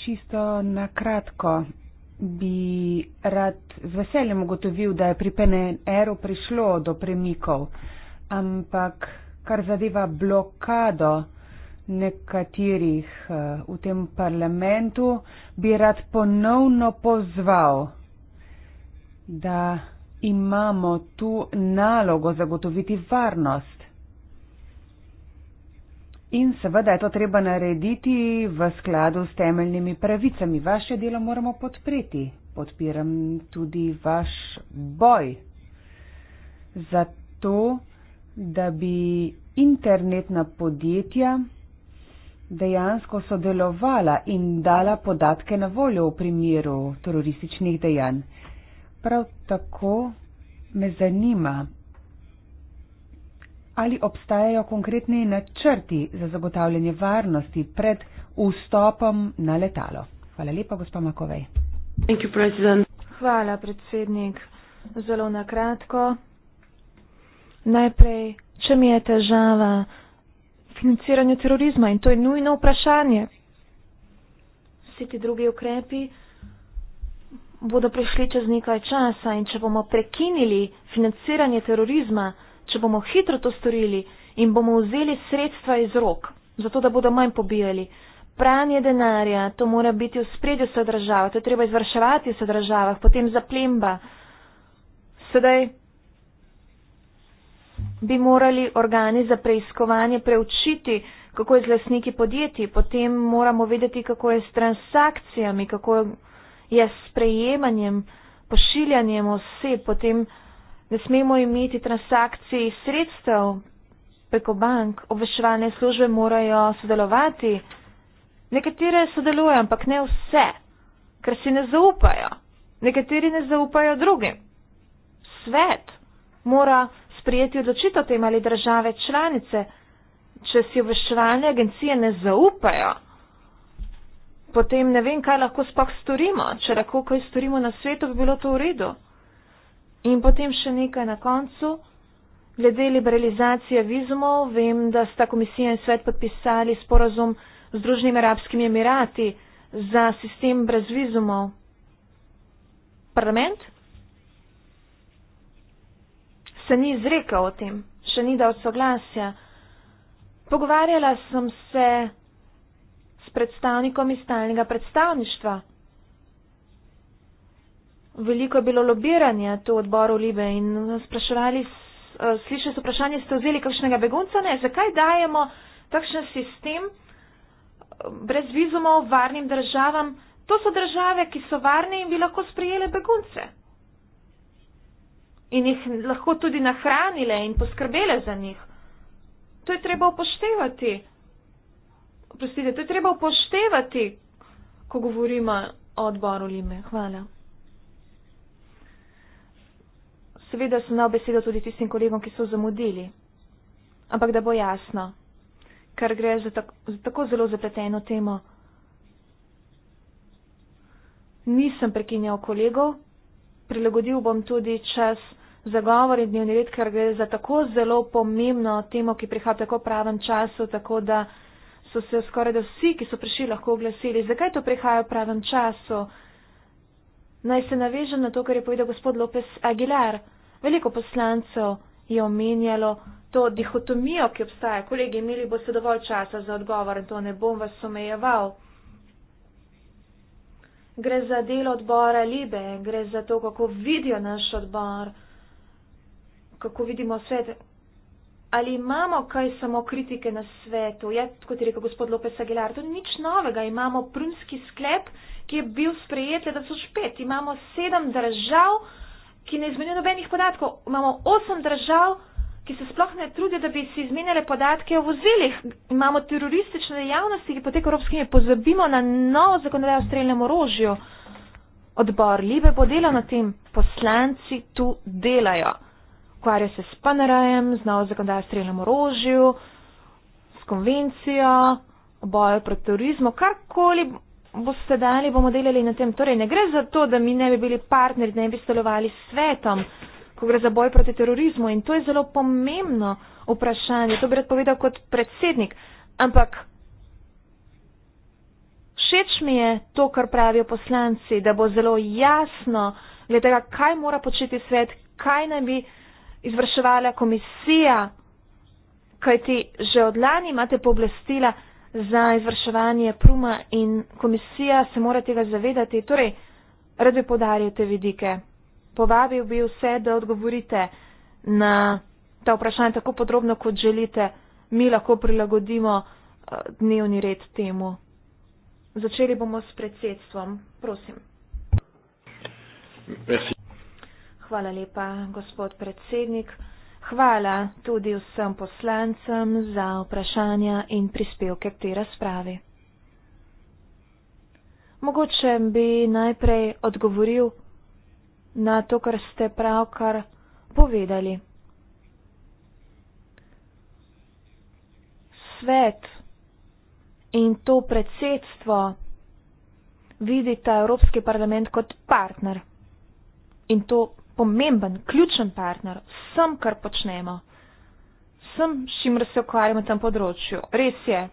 Čisto na kratko bi rad z veseljem ugotovil, da je pri PNR-u prišlo do premikov, ampak kar zadeva blokado nekaterih eh, v tem parlamentu, bi rad ponovno pozval, da imamo tu nalogo zagotoviti varnost. In seveda je to treba narediti v skladu s temeljnimi pravicami. Vaše delo moramo podpreti. Podpiram tudi vaš boj za to, da bi internetna podjetja dejansko sodelovala in dala podatke na voljo v primeru terorističnih dejanj prav tako me zanima, ali obstajajo konkretni načrti za zagotavljanje varnosti pred vstopom na letalo. Hvala lepa, gospod Makovej. Hvala, predsednik. Zelo na kratko. Najprej, če mi je težava financiranje terorizma in to je nujno vprašanje. Vsi ti drugi ukrepi bodo prišli čez nekaj časa in če bomo prekinili financiranje terorizma, če bomo hitro to storili in bomo vzeli sredstva iz rok, zato da bodo manj pobijali. Pranje denarja, to mora biti v spredju vseh držav, to je treba izvrševati v vseh državah, potem zaplemba. Sedaj bi morali organi za preiskovanje preučiti, kako je z lasniki podjetij, potem moramo vedeti, kako je s transakcijami, kako je s sprejemanjem, pošiljanjem oseb, potem ne smemo imeti transakcij sredstev preko bank, obveščevalne službe morajo sodelovati. Nekatere sodelujejo, ampak ne vse, ker si ne zaupajo. Nekateri ne zaupajo drugim. Svet mora sprijeti odločitev tem ali države članice, če si obveščevalne agencije ne zaupajo potem ne vem, kaj lahko spak storimo. Če lahko kaj storimo na svetu, bi bilo to v redu. In potem še nekaj na koncu. Glede liberalizacije vizumov, vem, da sta komisija in svet podpisali sporazum z Združenimi arabskimi emirati za sistem brez vizumov. Parlament se ni izrekel o tem, še ni dal soglasja. Pogovarjala sem se s predstavnikom iz stalnega predstavništva. Veliko je bilo lobiranja tu v odboru Libe in spraševali, eh, slišali so vprašanje, ste vzeli kakšnega begunca? Ne, zakaj dajemo takšen sistem eh, brez vizumov varnim državam? To so države, ki so varne in bi lahko sprijele begunce. In jih lahko tudi nahranile in poskrbele za njih. To je treba upoštevati. Prostite, to je treba upoštevati, ko govorimo o odboru Lime. Hvala. Seveda sem dal besedo tudi tistim kolegom, ki so zamudili. Ampak da bo jasno, ker gre za tako, za tako zelo zapleteno temo. Nisem prekinjal kolegov, prilagodil bom tudi čas. Zagovor in dnevni red, ker gre za tako zelo pomembno temo, ki prihaja tako pravem času, tako da so se skoraj da vsi, ki so prišli, lahko oglasili. Zakaj to prihaja v pravem času? Naj se navežem na to, kar je povedal gospod López Aguilar. Veliko poslancev je omenjalo to dihotomijo, ki obstaja. Kolegi, imeli boste dovolj časa za odgovor in to ne bom vas omejeval. Gre za delo odbora Libe, gre za to, kako vidijo naš odbor, kako vidimo svet, ali imamo kaj samo kritike na svetu. Ja, kot je rekel gospod Lopes Aguilar, to ni nič novega. Imamo prunski sklep, ki je bil sprejet leta 2005. Imamo sedem držav, ki ne izmenjujejo nobenih podatkov. Imamo osem držav, ki se sploh ne trudijo, da bi si izmenjale podatke o vozilih. Imamo teroristične dejavnosti, ki potekajo evropskimi. Pozabimo na novo zakonodajo o streljnem orožju. Odbor Libe bo delal na tem. Poslanci tu delajo ukvarja se s panerajem, z novo zakonodajo o streljnem orožju, s konvencijo, boju proti terorizmu, karkoli boste dali, bomo delali na tem. Torej, ne gre za to, da mi ne bi bili partneri, da ne bi stolovali s svetom, ko gre za boj proti terorizmu in to je zelo pomembno vprašanje. To bi rad povedal kot predsednik. Ampak všeč mi je to, kar pravijo poslanci, da bo zelo jasno, glede tega, kaj mora početi svet, kaj naj bi izvrševala komisija, kajti že od lani imate pooblastila za izvrševanje pruma in komisija se mora tega zavedati. Torej, rade podarjate vidike. Povabil bi vse, da odgovorite na ta vprašanja tako podrobno, kot želite. Mi lahko prilagodimo eh, dnevni red temu. Začeli bomo s predsedstvom. Prosim. Merci. Hvala lepa, gospod predsednik. Hvala tudi vsem poslancem za vprašanja in prispevke k tej razpravi. Mogoče bi najprej odgovoril na to, kar ste pravkar povedali. Svet in to predsedstvo vidita Evropski parlament kot partner in to pomemben, ključen partner vsem, kar počnemo, vsem, s čimer se ukvarjamo na tem področju. Res je.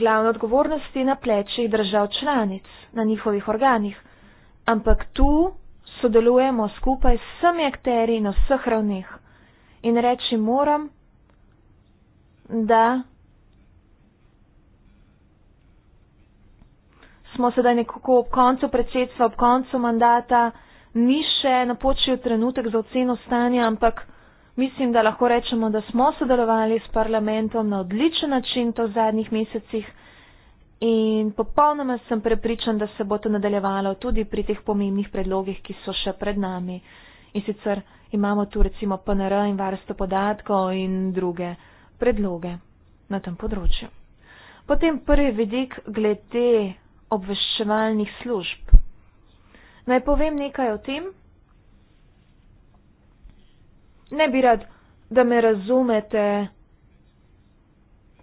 Glavna odgovornost je na plečih držav članic, na njihovih organih, ampak tu sodelujemo skupaj s vsemi akteri na vseh ravneh. In reči moram, da smo sedaj nekako ob koncu predsedstva, ob koncu mandata, ni še napočil trenutek za oceno stanja, ampak mislim, da lahko rečemo, da smo sodelovali s parlamentom na odličen način to v zadnjih mesecih in popolnoma sem prepričan, da se bo to nadaljevalo tudi pri teh pomembnih predlogih, ki so še pred nami. In sicer imamo tu recimo PNR in varstvo podatkov in druge predloge na tem področju. Potem prvi vidik glede obveščevalnih služb. Naj povem nekaj o tem. Ne bi rad, da me razumete,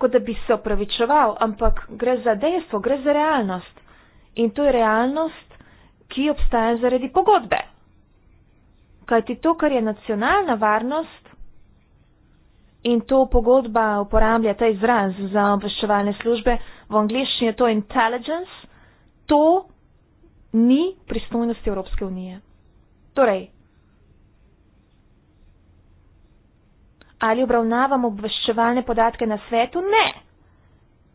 kot da bi se opravičeval, ampak gre za dejstvo, gre za realnost. In to je realnost, ki obstaja zaradi pogodbe. Kajti to, kar je nacionalna varnost in to pogodba uporablja ta izraz za obveščevalne službe, v angliščini je to intelligence, to ni pristojnost Evropske unije. Torej, ali obravnavamo obveščevalne podatke na svetu? Ne,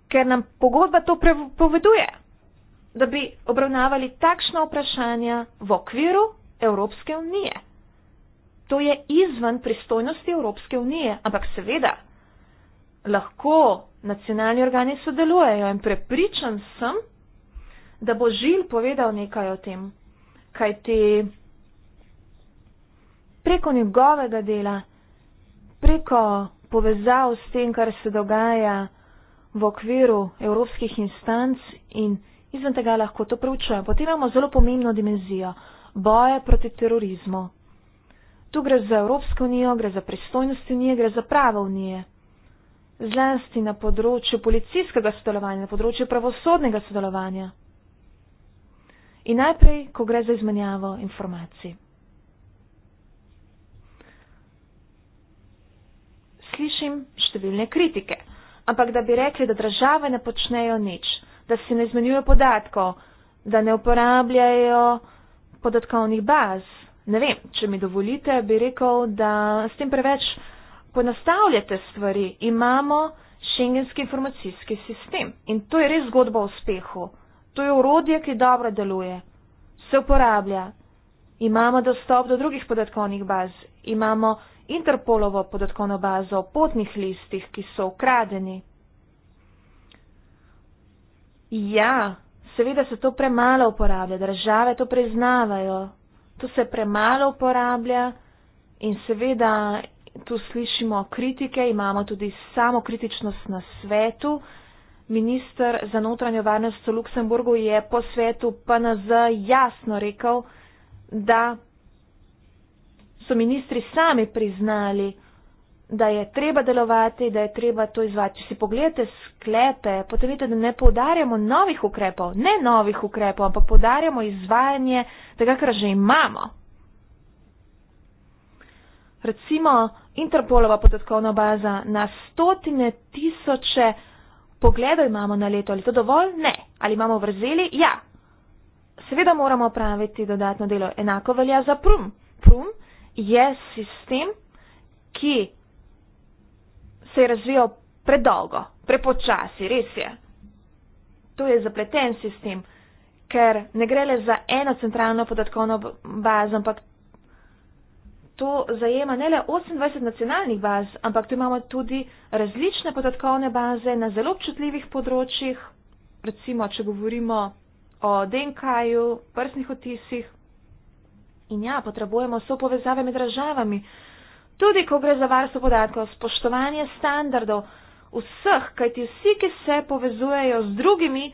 ker nam pogodba to prepoveduje, da bi obravnavali takšna vprašanja v okviru Evropske unije. To je izven pristojnosti Evropske unije, ampak seveda lahko nacionalni organi sodelujejo in prepričan sem, da bo žil povedal nekaj o tem, kaj ti preko njegovega dela, preko povezav s tem, kar se dogaja v okviru evropskih instanc in izven tega lahko to preučujemo. Potem imamo zelo pomembno dimenzijo boje proti terorizmu. Tu gre za Evropsko unijo, gre za pristojnosti unije, gre za pravo unije. Zlasti na področju policijskega sodelovanja, na področju pravosodnega sodelovanja. In najprej, ko gre za izmenjavo informacij. Slišim številne kritike, ampak da bi rekli, da države ne počnejo nič, da se ne izmenjujejo podatkov, da ne uporabljajo podatkovnih baz. Ne vem, če mi dovolite, bi rekel, da s tem preveč ponastavljate stvari. Imamo šengenski informacijski sistem in to je res zgodba o uspehu. To je urodje, ki dobro deluje, se uporablja. Imamo dostop do drugih podatkovnih baz, imamo Interpolovo podatkovno bazo o potnih listih, ki so ukradeni. Ja, seveda se to premalo uporablja, države to priznavajo, to se premalo uporablja in seveda tu slišimo kritike, imamo tudi samo kritičnost na svetu. Ministr za notranjo varnost v Luksemburgu je po svetu PNZ jasno rekel, da so ministri sami priznali, da je treba delovati, da je treba to izvati. Če si pogledate sklepe, potem vidite, da ne podarjamo novih ukrepov, ne novih ukrepov, ampak podarjamo izvajanje tega, kar že imamo. Recimo Interpolova podatkovna baza na stotine tisoče pogledov imamo na leto, ali je to dovolj? Ne. Ali imamo vrzeli? Ja. Seveda moramo opraviti dodatno delo. Enako velja za prum. Prum je sistem, ki se je razvijal predolgo, prepočasi, res je. To je zapleten sistem, ker ne gre le za eno centralno podatkovno bazo, ampak to zajema ne le 28 nacionalnih baz, ampak tu imamo tudi različne podatkovne baze na zelo občutljivih področjih, recimo, če govorimo o DNK-ju, prsnih otisih. In ja, potrebujemo so povezave med državami. Tudi, ko gre za varstvo podatkov, spoštovanje standardov vseh, kajti vsi, ki se povezujejo z drugimi,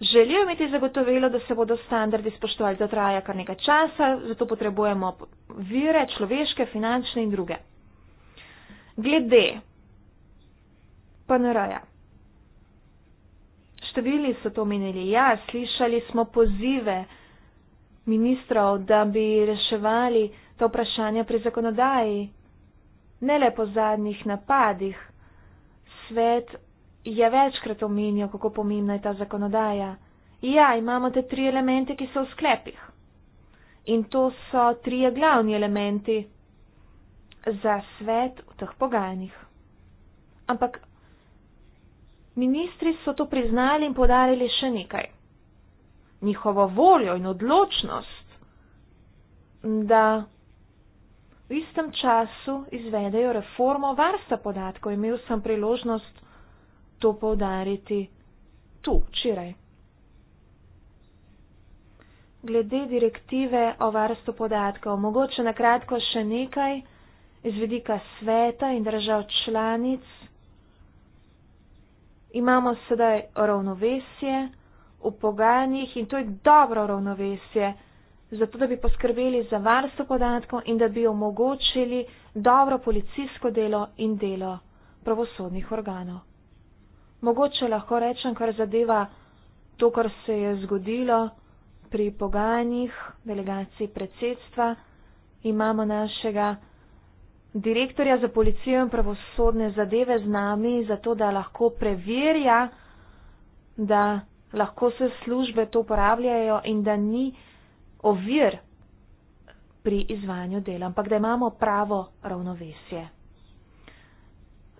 Želijo imeti zagotovilo, da se bodo standardi spoštovali, da traja kar nekaj časa, zato potrebujemo vire, človeške, finančne in druge. Glede PNR-ja. Številni so to menili, ja, slišali smo pozive ministrov, da bi reševali ta vprašanja pri zakonodaji, ne le po zadnjih napadih. Svet je večkrat omenjal, kako pomembna je ta zakonodaja. Ja, imamo te tri elemente, ki so v sklepih. In to so trije glavni elementi za svet v teh pogajanjih. Ampak ministri so to priznali in podarili še nekaj. Njihovo voljo in odločnost, da v istem času izvedejo reformo varstva podatkov. Imel sem priložnost to poudariti tu, včeraj. Glede direktive o varstvu podatkov, mogoče na kratko še nekaj izvedika sveta in držav članic. Imamo sedaj ravnovesje v pogajanjih in to je dobro ravnovesje, zato da bi poskrbeli za varstvo podatkov in da bi omogočili dobro policijsko delo in delo pravosodnih organov mogoče lahko rečem, kar zadeva to, kar se je zgodilo pri pogajanjih delegaciji predsedstva. Imamo našega direktorja za policijo in pravosodne zadeve z nami, zato da lahko preverja, da lahko se službe to uporabljajo in da ni ovir pri izvanju dela, ampak da imamo pravo ravnovesje.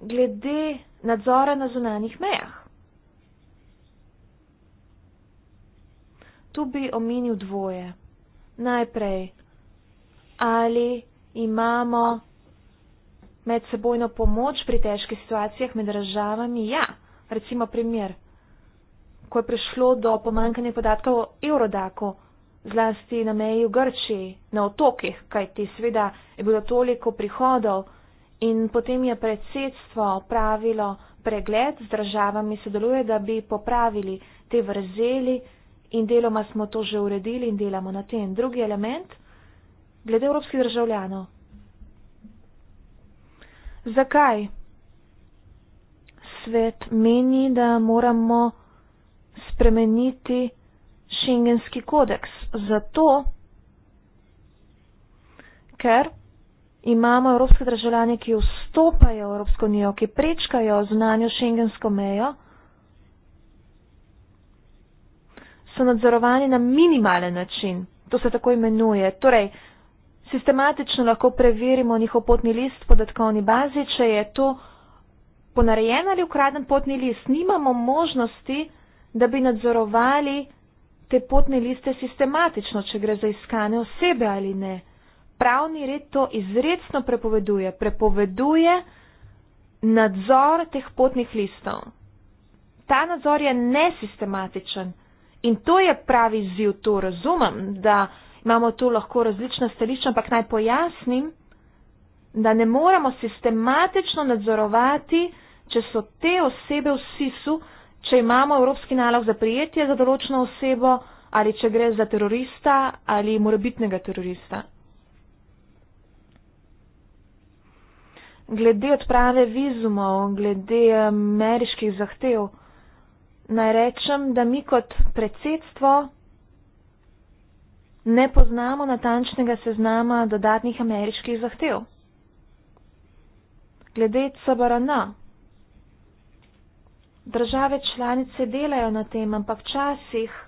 Glede nadzora na zunanih mejah. Tu bi omenil dvoje. Najprej, ali imamo medsebojno pomoč pri težkih situacijah med državami? Ja, recimo primer, ko je prišlo do pomankanja podatkov o Eurodaku, zlasti na meji v Grčiji, na otokih, kajti seveda je bilo toliko prihodov, In potem je predsedstvo pravilo pregled z državami sodeluje, da bi popravili te vrzeli in deloma smo to že uredili in delamo na tem. Drugi element, glede evropskih državljanov. Zakaj svet meni, da moramo spremeniti šengenski kodeks? Zato, ker imamo evropske državljane, ki vstopajo v Evropsko unijo, ki prečkajo zunanjo šengensko mejo, so nadzorovani na minimalen način. To se tako imenuje. Torej, sistematično lahko preverimo njihov potni list v podatkovni bazi, če je to ponarejen ali ukraden potni list. Nimamo možnosti, da bi nadzorovali te potne liste sistematično, če gre za iskane osebe ali ne pravni red to izredno prepoveduje. Prepoveduje nadzor teh potnih listov. Ta nadzor je nesistematičen in to je pravi ziv. To razumem, da imamo tu lahko različna stališča, ampak naj pojasnim, da ne moremo sistematično nadzorovati, če so te osebe v SIS-u, če imamo evropski nalog za prijetje za določeno osebo ali če gre za terorista ali morebitnega terorista. glede odprave vizumov, glede eh, ameriških zahtev, naj rečem, da mi kot predsedstvo ne poznamo natančnega seznama dodatnih ameriških zahtev. Glede CBRN. Države članice delajo na tem, ampak včasih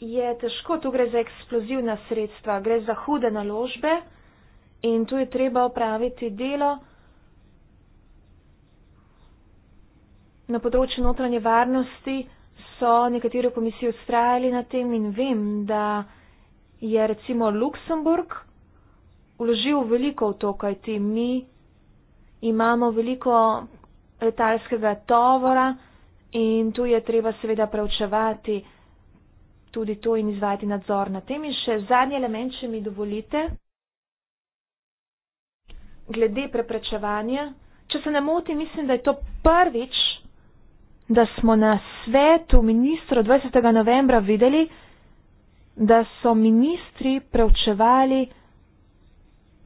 je težko, tu gre za eksplozivna sredstva, gre za hude naložbe in tu je treba opraviti delo na področju notranje varnosti. So nekateri v komisiji ustrajali na tem in vem, da je recimo Luksemburg uložil veliko v to, kaj ti mi imamo veliko letalskega tovora in tu je treba seveda preučevati tudi to in izvajati nadzor na tem. In še zadnji element, če mi dovolite glede preprečevanja. Če se ne motim, mislim, da je to prvič, da smo na svetu ministrov 20. novembra videli, da so ministri preučevali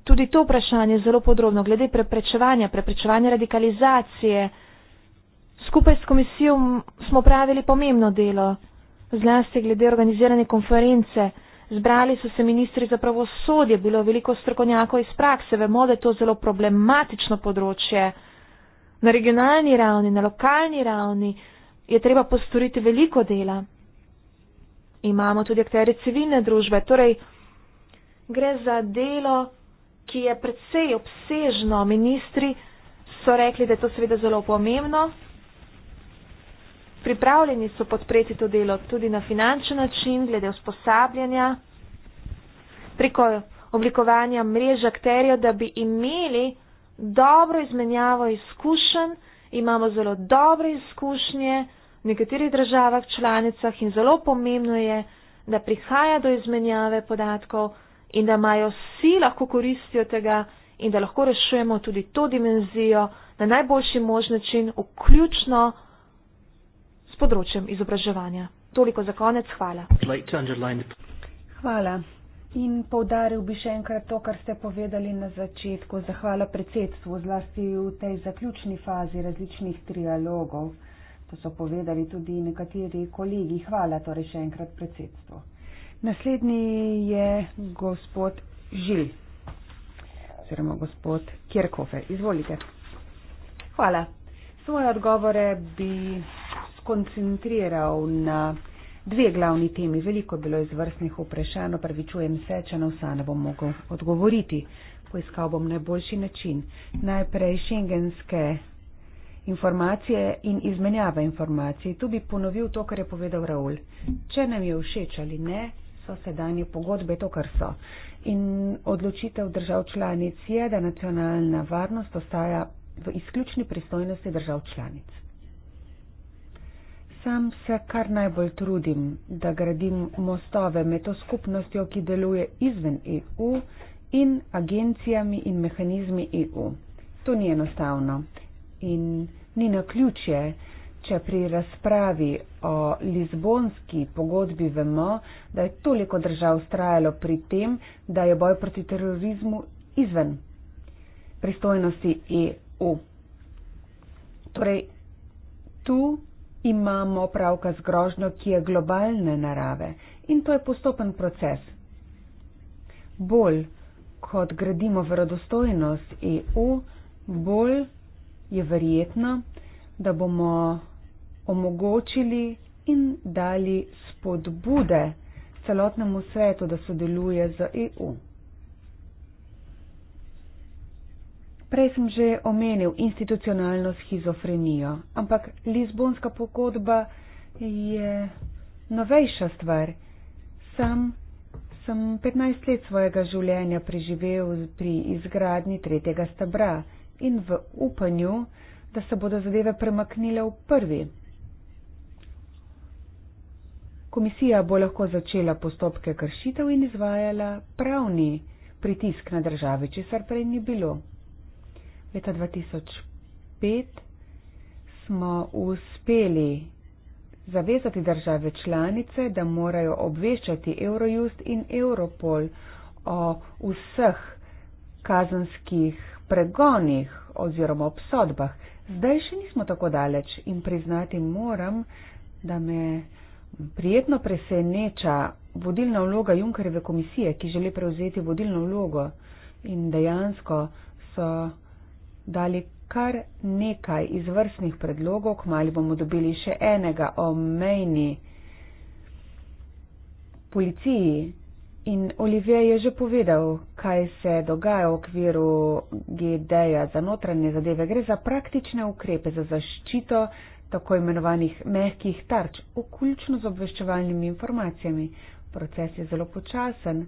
tudi to vprašanje zelo podrobno, glede preprečevanja, preprečevanja radikalizacije. Skupaj s komisijo smo pravili pomembno delo, zlasti glede organizirane konference. Zbrali so se ministri za pravosodje, bilo je veliko strokovnjakov iz prakse, vemo, da je to zelo problematično področje. Na regionalni ravni, na lokalni ravni je treba postoriti veliko dela. Imamo tudi akterje civilne družbe, torej gre za delo, ki je predvsej obsežno. Ministri so rekli, da je to seveda zelo pomembno, Pripravljeni so podpreti to delo tudi na finančen način, glede usposabljanja, preko oblikovanja mreže akterjev, da bi imeli dobro izmenjavo izkušenj, imamo zelo dobre izkušnje v nekaterih državah, članicah in zelo pomembno je, da prihaja do izmenjave podatkov in da imajo vsi lahko koristijo tega in da lahko rešujemo tudi to dimenzijo na najboljši možni način, vključno s področjem izobraževanja. Toliko za konec, hvala. Hvala. In povdaril bi še enkrat to, kar ste povedali na začetku. Zahvala predsedstvu, zlasti v tej zaključni fazi različnih trialogov. To so povedali tudi nekateri kolegi. Hvala torej še enkrat predsedstvu. Naslednji je gospod Žil, oziroma gospod Kirkofe. Izvolite. Hvala. Svoje odgovore bi skoncentriral na dve glavni temi. Veliko je bilo izvrstnih vprašanj, opravičujem se, če na vsa ne bom mogel odgovoriti. Poiskal bom najboljši način. Najprej šengenske informacije in izmenjava informacij. Tu bi ponovil to, kar je povedal Raul. Če nam je všeč ali ne, so sedanje pogodbe to, kar so. In odločitev držav članic je, da nacionalna varnost ostaja v izključni pristojnosti držav članic. Sam se kar najbolj trudim, da gradim mostove med to skupnostjo, ki deluje izven EU in agencijami in mehanizmi EU. To ni enostavno in ni na ključje, če pri razpravi o Lizbonski pogodbi vemo, da je toliko držav ustrajalo pri tem, da je boj proti terorizmu izven pristojnosti EU. Torej, tu imamo opravka z grožnjo, ki je globalne narave in to je postopen proces. Bolj kot gradimo verodostojnost EU, bolj je verjetno, da bomo omogočili in dali spodbude celotnemu svetu, da sodeluje z EU. Prej sem že omenil institucionalno schizofrenijo, ampak Lizbonska pogodba je novejša stvar. Sam sem 15 let svojega življenja preživel pri izgradnji tretjega stebra in v upanju, da se bodo zadeve premaknile v prvi. Komisija bo lahko začela postopke kršitev in izvajala pravni pritisk na države, česar prej ni bilo leta 2005 smo uspeli zavezati države članice, da morajo obveščati Eurojust in Europol o vseh kazanskih pregonih oziroma obsodbah. Zdaj še nismo tako daleč in priznati moram, da me prijetno preseneča vodilna vloga Junkareve komisije, ki želi prevzeti vodilno vlogo in dejansko so dali kar nekaj izvrstnih predlogov, kmali bomo dobili še enega o mejni policiji. In Olivier je že povedal, kaj se dogaja v okviru GD-ja za notranje zadeve. Gre za praktične ukrepe za zaščito tako imenovanih mehkih tarč, vključno z obveščevalnimi informacijami. Proces je zelo počasen,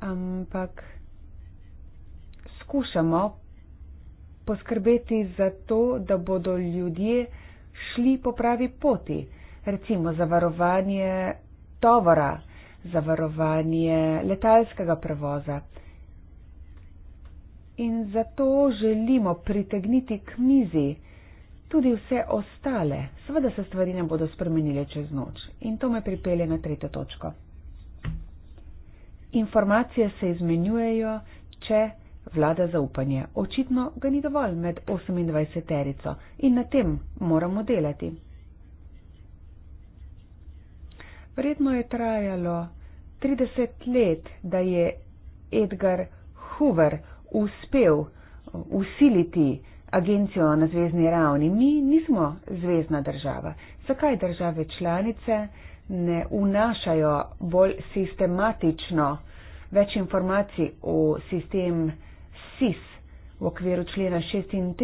ampak skušamo poskrbeti za to, da bodo ljudje šli po pravi poti, recimo zavarovanje tovora, zavarovanje letalskega prevoza. In zato želimo pritegniti k mizi tudi vse ostale. Seveda se stvari ne bodo spremenile čez noč. In to me pripelje na tretjo točko. Informacije se izmenjujejo, če vlada zaupanje. Očitno ga ni dovolj med 28-terico in na tem moramo delati. Verjetno je trajalo 30 let, da je Edgar Hoover uspel uh, usiliti agencijo na zvezdni ravni. Mi nismo zvezdna država. Zakaj države članice ne unašajo bolj sistematično več informacij v sistem? CIS v okviru člena 36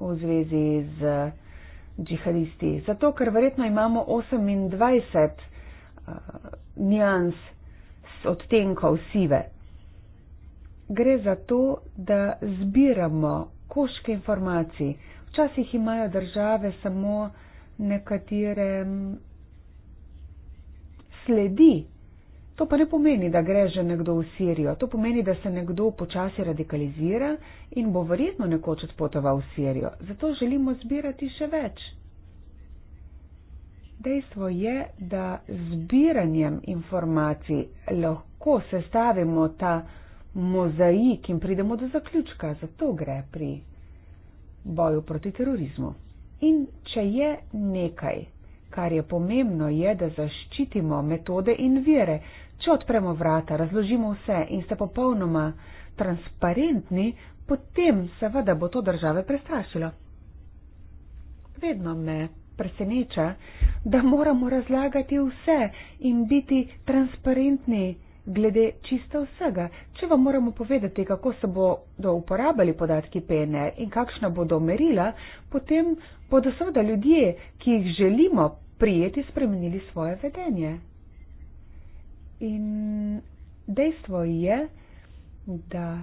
v zvezi z džihadisti. Zato, ker verjetno imamo 28 uh, nijans odtenkov sive. Gre za to, da zbiramo koške informacij. Včasih imajo države samo nekatere mm, sledi To pa ne pomeni, da gre že nekdo v Sirijo, to pomeni, da se nekdo počasi radikalizira in bo verjetno nekoč odpotoval v Sirijo. Zato želimo zbirati še več. Dejstvo je, da zbiranjem informacij lahko sestavimo ta mozaik in pridemo do zaključka. Zato gre pri boju proti terorizmu. In če je nekaj, kar je pomembno, je, da zaščitimo metode in vire, Če odpremo vrata, razložimo vse in ste popolnoma transparentni, potem seveda bo to države prestrašilo. Vedno me preseneča, da moramo razlagati vse in biti transparentni glede čisto vsega. Če vam moramo povedati, kako se bodo uporabljali podatki PNR in kakšna bodo merila, potem bodo seveda ljudje, ki jih želimo prijeti, spremenili svoje vedenje. In dejstvo je, da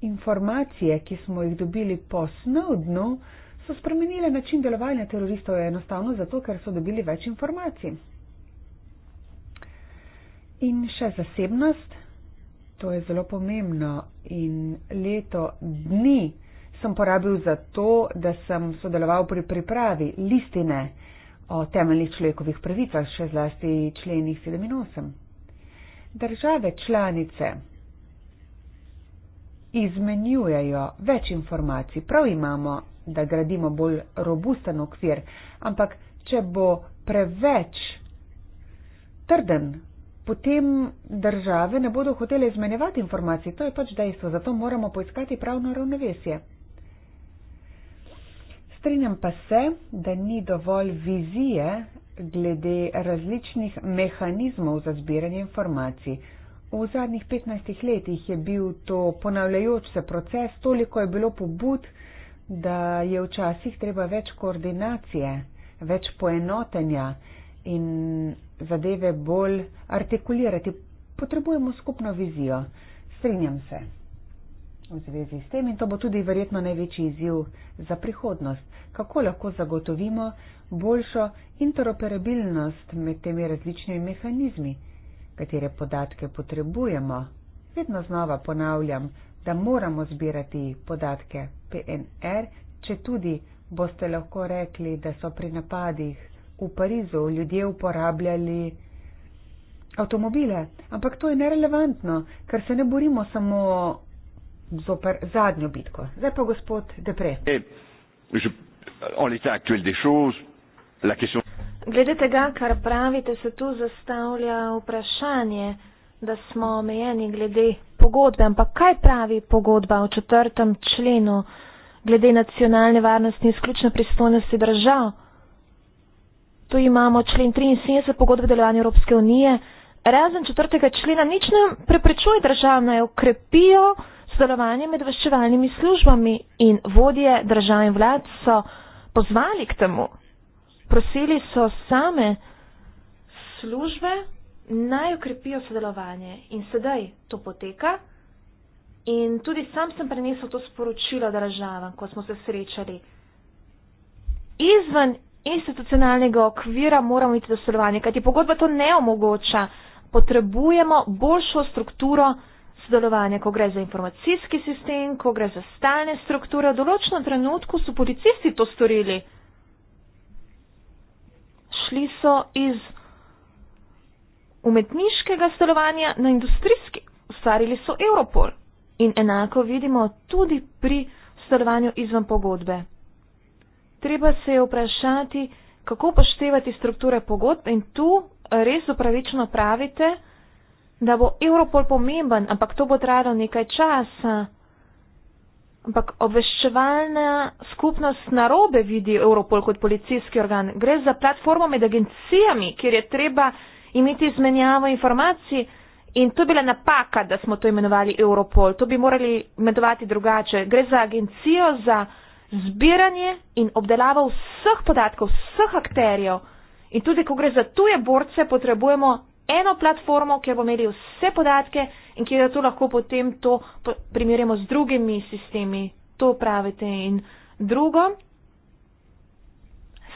informacije, ki smo jih dobili po Snowdnu, so spremenile način delovanja teroristov enostavno zato, ker so dobili več informacij. In še zasebnost, to je zelo pomembno in leto dni sem porabil za to, da sem sodeloval pri pripravi listine o temeljnih človekovih pravicah, še zlasti členih 7 in 8 države članice izmenjujejo več informacij. Prav imamo, da gradimo bolj robusten okvir, ampak če bo preveč trden, potem države ne bodo hotele izmenjevati informacij. To je pač dejstvo, zato moramo poiskati pravno ravnovesje. Strinjam pa se, da ni dovolj vizije glede različnih mehanizmov za zbiranje informacij. V zadnjih 15 letih je bil to ponavljajoč se proces, toliko je bilo pobud, da je včasih treba več koordinacije, več poenotenja in zadeve bolj artikulirati. Potrebujemo skupno vizijo. Strinjam se v zvezi s tem in to bo tudi verjetno največji izziv za prihodnost. Kako lahko zagotovimo boljšo interoperabilnost med temi različnimi mehanizmi, katere podatke potrebujemo? Vedno znova ponavljam, da moramo zbirati podatke PNR, če tudi boste lahko rekli, da so pri napadih v Parizu ljudje uporabljali avtomobile. Ampak to je nerelevantno, ker se ne borimo samo zoper zadnjo bitko. Zdaj pa gospod Depre. Eh, glede tega, kar pravite, se tu zastavlja vprašanje, da smo omejeni glede pogodbe, ampak kaj pravi pogodba o četrtem členu glede nacionalne varnosti in sključne pristojnosti držav? Tu imamo člen 73 pogodbe o delovanju Evropske unije. Razen četrtega člena nič ne preprečuje državam, naj okrepijo Sodelovanje med veščevalnimi službami in vodje držav in vlad so pozvali k temu. Prosili so same službe naj ukrepijo sodelovanje in sedaj to poteka. In tudi sam sem prenesel to sporočilo državam, ko smo se srečali. Izven institucionalnega okvira moramo iti do sodelovanja, kajti pogodba to ne omogoča. Potrebujemo boljšo strukturo sodelovanja, ko gre za informacijski sistem, ko gre za stalne strukture. V določenem trenutku so policisti to storili. Šli so iz umetniškega sodelovanja na industrijski. Ustvarili so Europol. In enako vidimo tudi pri sodelovanju izven pogodbe. Treba se je vprašati, kako poštevati strukture pogodb in tu res upravičeno pravite, da da bo Evropol pomemben, ampak to bo trajalo nekaj časa. Ampak obveščevalna skupnost narobe vidi Evropol kot policijski organ. Gre za platformo med agencijami, kjer je treba imeti izmenjavo informacij in to je bila napaka, da smo to imenovali Evropol. To bi morali imenovati drugače. Gre za agencijo za zbiranje in obdelavo vseh podatkov, vseh akterjev. In tudi, ko gre za tuje borce, potrebujemo eno platformo, kjer bomo imeli vse podatke in kjer to lahko potem to primerjamo z drugimi sistemi. To pravite in drugo.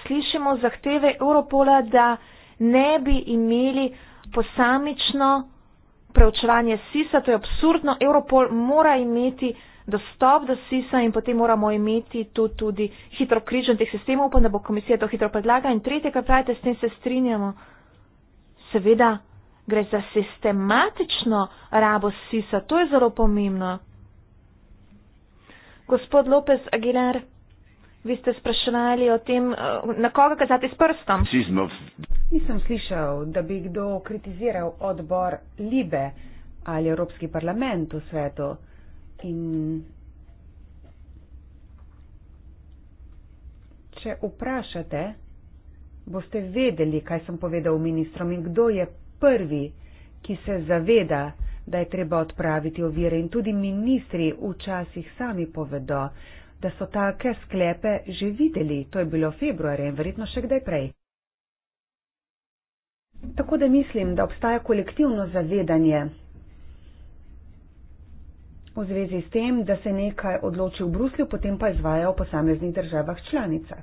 Slišimo zahteve Europola, da ne bi imeli posamično preučevanje SISA, to je absurdno. Europol mora imeti dostop do SISA in potem moramo imeti tu tudi hitro križen teh sistemov, upam, da bo komisija to hitro predlaga. In tretje, kar pravite, s tem se strinjamo seveda gre za sistematično rabo sisa, to je zelo pomembno. Gospod Lopez Aguilar, vi ste spraševali o tem, eh, na koga kazati s prstom. Nisem slišal, da bi kdo kritiziral odbor Libe ali Evropski parlament v svetu. In če vprašate, boste vedeli, kaj sem povedal ministrom in kdo je prvi, ki se zaveda, da je treba odpraviti ovire. In tudi ministri včasih sami povedo, da so take sklepe že videli. To je bilo februarja in verjetno še kdaj prej. Tako da mislim, da obstaja kolektivno zavedanje v zvezi s tem, da se nekaj odloči v Bruslju, potem pa izvaja v posameznih državah članicah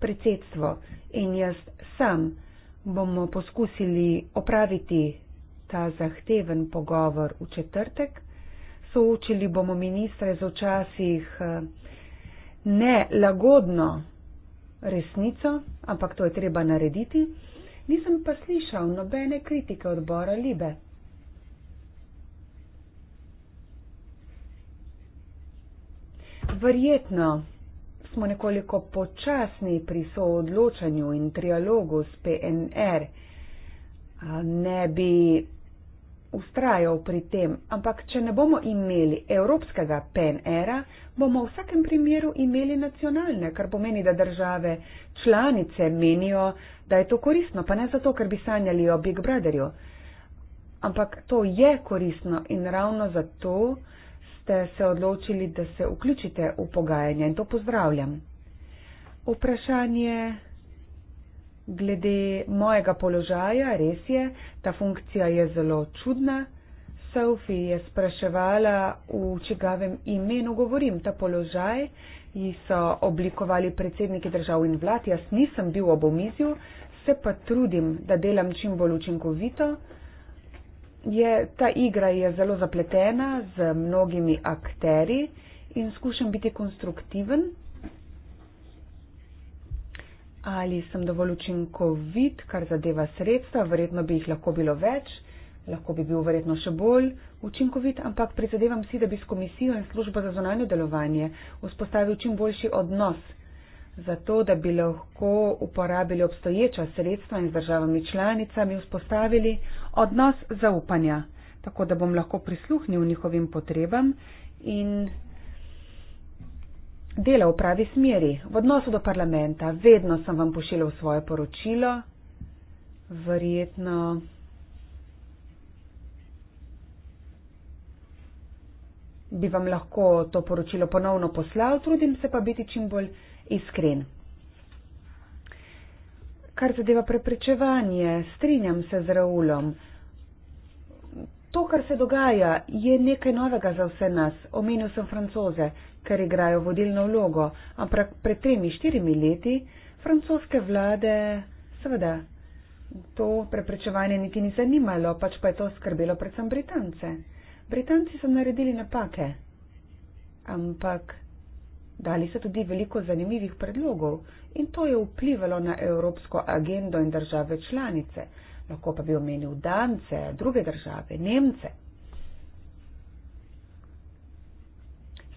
predsedstvo in jaz sam bomo poskusili opraviti ta zahteven pogovor v četrtek. Soočili bomo ministre z včasih eh, nelagodno resnico, ampak to je treba narediti. Nisem pa slišal nobene kritike odbora Libe. Verjetno smo nekoliko počasni pri soodločanju in trialogu s PNR. Ne bi ustrajal pri tem, ampak če ne bomo imeli evropskega PNR-a, bomo v vsakem primeru imeli nacionalne, kar pomeni, da države članice menijo, da je to koristno, pa ne zato, ker bi sanjali o Big Brotherju. Ampak to je koristno in ravno zato, ste se odločili, da se vključite v pogajanje in to pozdravljam. Vprašanje glede mojega položaja, res je, ta funkcija je zelo čudna. Sofi je spraševala, v čigavem imenu govorim. Ta položaj ji so oblikovali predsedniki držav in vlad. Jaz nisem bil ob omizju, se pa trudim, da delam čim bolj učinkovito je, ta igra je zelo zapletena z mnogimi akteri in skušam biti konstruktiven. Ali sem dovolj učinkovit, kar zadeva sredstva, verjetno bi jih lahko bilo več, lahko bi bil verjetno še bolj učinkovit, ampak prizadevam si, da bi s komisijo in službo za zonanje delovanje vzpostavil čim boljši odnos zato da bi lahko uporabili obstoječa sredstva in z državami članicami vzpostavili odnos zaupanja, tako da bom lahko prisluhnil njihovim potrebam in dela v pravi smeri. V odnosu do parlamenta vedno sem vam pošiljal svoje poročilo, verjetno. bi vam lahko to poročilo ponovno poslal, trudim se pa biti čim bolj iskren. Kar zadeva preprečevanje, strinjam se z Raulom. To, kar se dogaja, je nekaj novega za vse nas. Omenil sem francoze, ker igrajo vodilno vlogo, ampak pred tremi, štirimi leti francoske vlade, seveda, to preprečevanje niti ni zanimalo, pač pa je to skrbelo predvsem Britance. Britanci so naredili napake. Ampak Dali so tudi veliko zanimivih predlogov in to je vplivalo na evropsko agendo in države članice. Lahko pa bi omenil Dance, druge države, Nemce.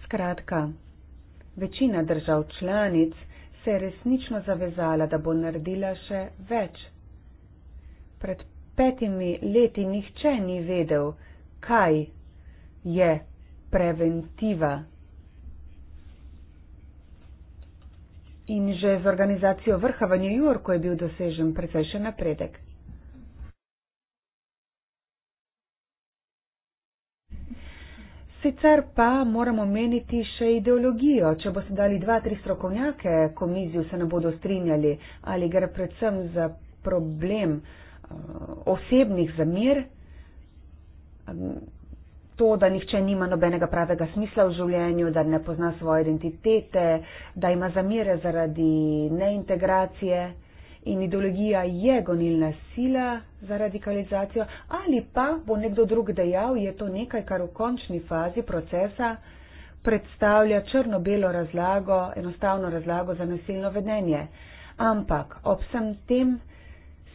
Skratka, večina držav članic se je resnično zavezala, da bo naredila še več. Pred petimi leti nihče ni vedel, kaj je preventiva In že z organizacijo vrha v New Yorku je bil dosežen precejšen napredek. Sicer pa moramo meniti še ideologijo. Če bo se dali dva, tri strokovnjake, komizijo se ne bodo strinjali, ali gre predvsem za problem eh, osebnih zamir, to, da nihče nima nobenega pravega smisla v življenju, da ne pozna svoje identitete, da ima zamire zaradi neintegracije in ideologija je gonilna sila za radikalizacijo, ali pa bo nekdo drug dejal, je to nekaj, kar v končni fazi procesa predstavlja črno-belo razlago, enostavno razlago za nasilno vedenje. Ampak ob vsem tem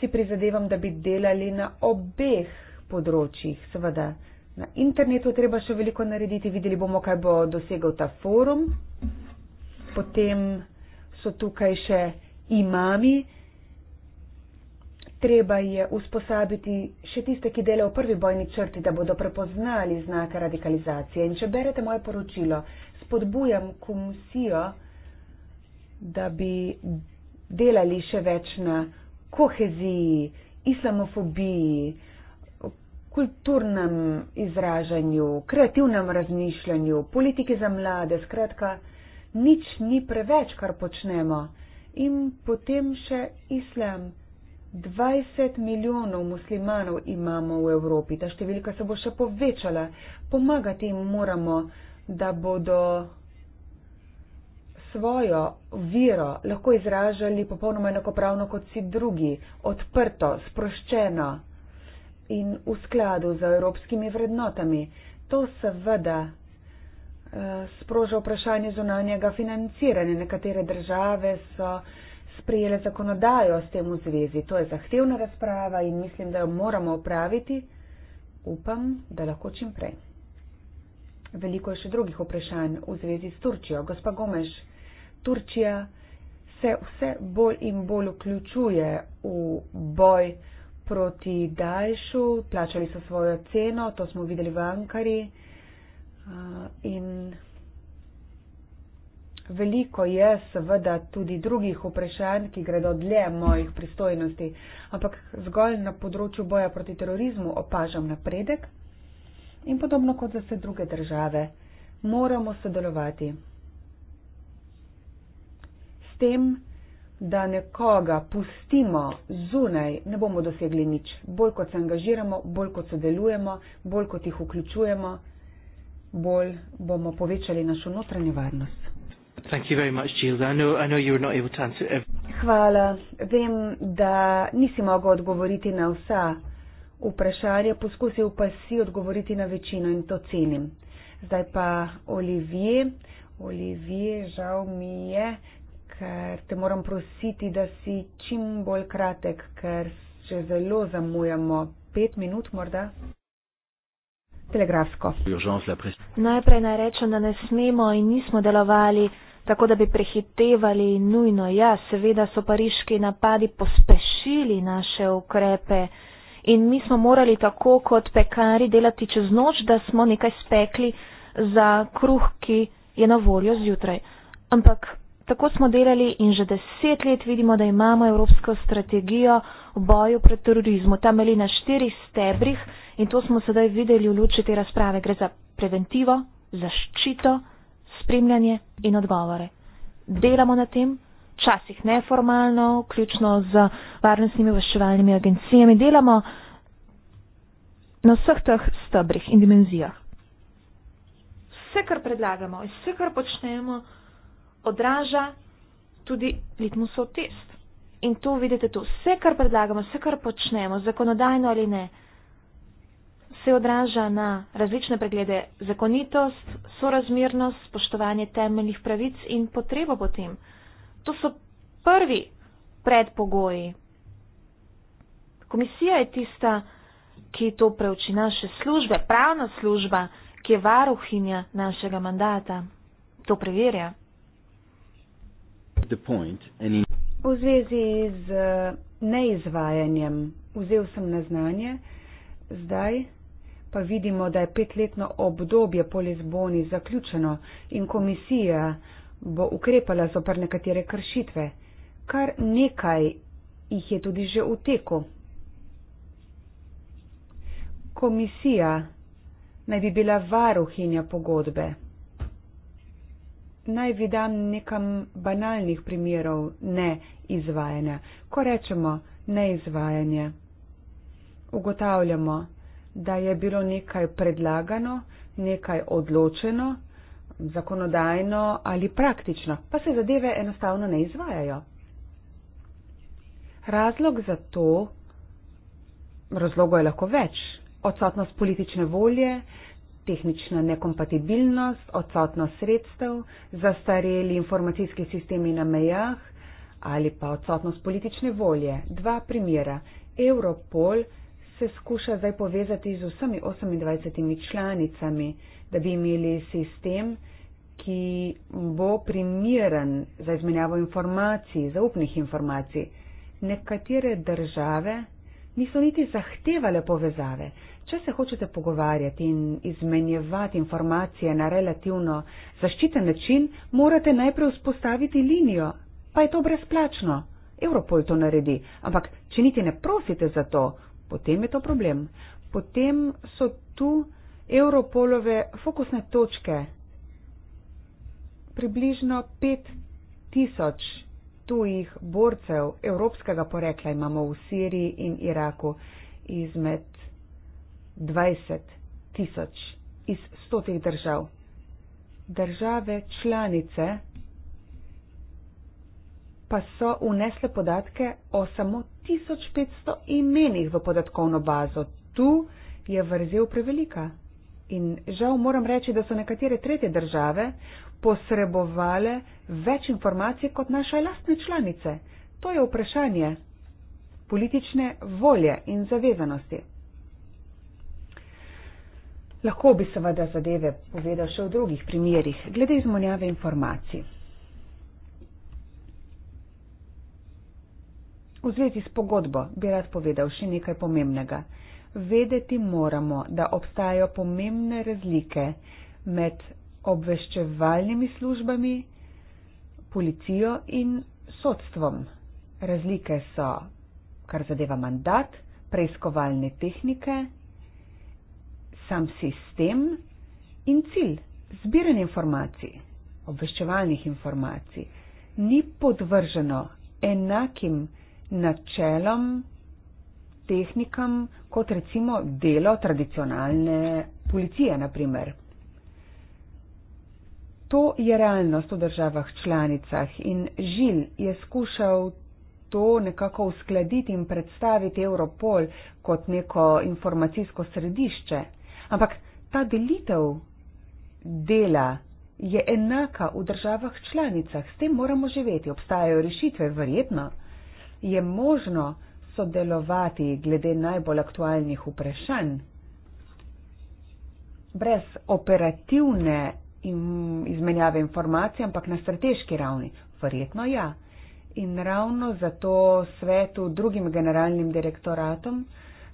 si prizadevam, da bi delali na obeh področjih, seveda Na internetu treba še veliko narediti, videli bomo, kaj bo dosegel ta forum. Potem so tukaj še imami. Treba je usposabiti še tiste, ki delajo v prvi bojni črti, da bodo prepoznali znake radikalizacije. In če berete moje poročilo, spodbujam komisijo, da bi delali še več na koheziji, islamofobiji, kulturnem izražanju, kreativnem razmišljanju, politiki za mlade, skratka, nič ni preveč, kar počnemo. In potem še islam. 20 milijonov muslimanov imamo v Evropi, ta številka se bo še povečala. Pomagati jim moramo, da bodo svojo vero lahko izražali popolnoma enakopravno kot vsi drugi, odprto, sproščeno in v skladu z evropskimi vrednotami. To seveda eh, sproža vprašanje zunanjega financiranja. Nekatere države so sprejele zakonodajo s tem v zvezi. To je zahtevna razprava in mislim, da jo moramo opraviti. Upam, da lahko čim prej. Veliko je še drugih vprašanj v zvezi s Turčijo. Gospa Gomeš, Turčija se vse bolj in bolj vključuje v boj proti Dajšu, plačali so svojo ceno, to smo videli v Ankari. Uh, in veliko je seveda tudi drugih vprašanj, ki gredo dlje mojih pristojnosti, ampak zgolj na področju boja proti terorizmu opažam napredek in podobno kot za vse druge države. Moramo sodelovati. S tem da nekoga pustimo zunaj, ne bomo dosegli nič. Bolj kot se angažiramo, bolj kot sodelujemo, bolj kot jih vključujemo, bolj bomo povečali našo notranjo varnost. Hvala. Vem, da nisi mogel odgovoriti na vsa vprašanja, poskusil pa si odgovoriti na večino in to cenim. Zdaj pa Olivier, Olivier, žal mi je, ker te moram prositi, da si čim bolj kratek, ker že zelo zamujamo. Pet minut morda? Telegrafsko. Najprej naj rečem, da ne smemo in nismo delovali tako, da bi prehitevali nujno. Ja, seveda so pariški napadi pospešili naše ukrepe in mi smo morali tako kot pekari delati čez noč, da smo nekaj spekli za kruh, ki je na voljo zjutraj. Ampak Tako smo delali in že deset let vidimo, da imamo evropsko strategijo v boju pred terorizmom. Ta meli na štirih stebrih in to smo sedaj videli v luči te razprave. Gre za preventivo, zaščito, spremljanje in odgovore. Delamo na tem, časih neformalno, vključno z varnostnimi obveščevalnimi agencijami. Delamo na vseh teh stebrih in dimenzijah. Vse, kar predlagamo, vse, kar počnemo, odraža tudi litmusov test. In to vidite tu, vse, kar predlagamo, vse, kar počnemo, zakonodajno ali ne, se odraža na različne preglede zakonitost, sorazmernost, spoštovanje temeljnih pravic in potrebo potem. To so prvi predpogoji. Komisija je tista, ki to preuči naše službe, pravna služba, ki je varuhinja našega mandata, to preverja. V zvezi z neizvajanjem vzel sem na znanje, zdaj pa vidimo, da je petletno obdobje po Lizboni zaključeno in komisija bo ukrepala zopr nekatere kršitve. Kar nekaj jih je tudi že v teku. Komisija naj bi bila varuhinja pogodbe naj vi dam nekam banalnih primerov neizvajanja. Ko rečemo neizvajanje, ugotavljamo, da je bilo nekaj predlagano, nekaj odločeno, zakonodajno ali praktično, pa se zadeve enostavno ne izvajajo. Razlog za to, razlogo je lahko več, odsotnost politične volje, tehnična nekompatibilnost, odsotnost sredstev, zastareli informacijski sistemi na mejah ali pa odsotnost politične volje. Dva primera. Europol se skuša zdaj povezati z vsemi 28 članicami, da bi imeli sistem, ki bo primeren za izmenjavo informacij, zaupnih informacij. Nekatere države niso niti zahtevale povezave. Če se hočete pogovarjati in izmenjevati informacije na relativno zaščiten način, morate najprej vzpostaviti linijo, pa je to brezplačno. Europol to naredi, ampak če niti ne prosite za to, potem je to problem. Potem so tu Europolove fokusne točke. Približno 5000 tujih borcev evropskega porekla imamo v Siriji in Iraku izmed 20 tisoč iz stotih držav. Države članice pa so unesle podatke o samo 1500 imenih v podatkovno bazo. Tu je vrzel prevelika. In žal moram reči, da so nekatere tretje države posrebovale več informacij kot naše lastne članice? To je vprašanje politične volje in zavezanosti. Lahko bi seveda zadeve povedal še v drugih primerjih, glede izmonjave informacij. V zvezi s pogodbo bi rad povedal še nekaj pomembnega. Vedeti moramo, da obstajajo pomembne razlike med obveščevalnimi službami, policijo in sodstvom. Razlike so, kar zadeva mandat, preiskovalne tehnike, sam sistem in cilj zbiranja informacij, obveščevalnih informacij, ni podvrženo enakim načelom, tehnikam kot recimo delo tradicionalne policije, naprimer. To je realnost v državah članicah in Žil je skušal to nekako uskladiti in predstaviti Europol kot neko informacijsko središče. Ampak ta delitev dela je enaka v državah članicah, s tem moramo živeti. Obstajajo rešitve, verjetno. Je možno sodelovati glede najbolj aktualnih vprašanj. Brez operativne in izmenjave informacij, ampak na strateški ravni? Verjetno ja. In ravno zato svetu, drugim generalnim direktoratom,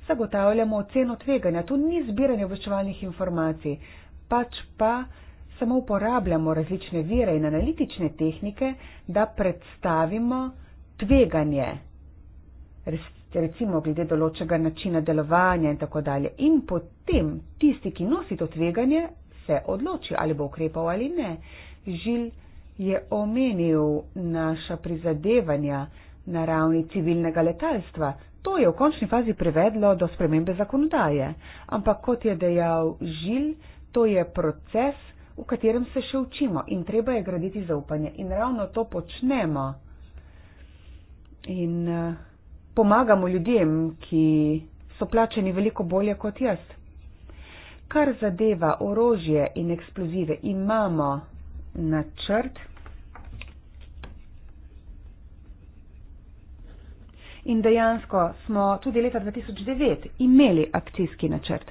zagotavljamo oceno tveganja. To ni zbiranje obveščevalnih informacij, pač pa samo uporabljamo različne vire in analitične tehnike, da predstavimo tveganje, recimo glede določega načina delovanja in tako dalje. In potem tisti, ki nosi to tveganje, se odločil, ali bo ukrepal ali ne. Žil je omenil naša prizadevanja na ravni civilnega letalstva. To je v končni fazi prevedlo do spremembe zakonodaje. Ampak kot je dejal Žil, to je proces, v katerem se še učimo in treba je graditi zaupanje. In ravno to počnemo. In eh, pomagamo ljudem, ki so plačeni veliko bolje kot jaz kar zadeva orožje in eksplozive, imamo načrt in dejansko smo tudi leta 2009 imeli akcijski načrt.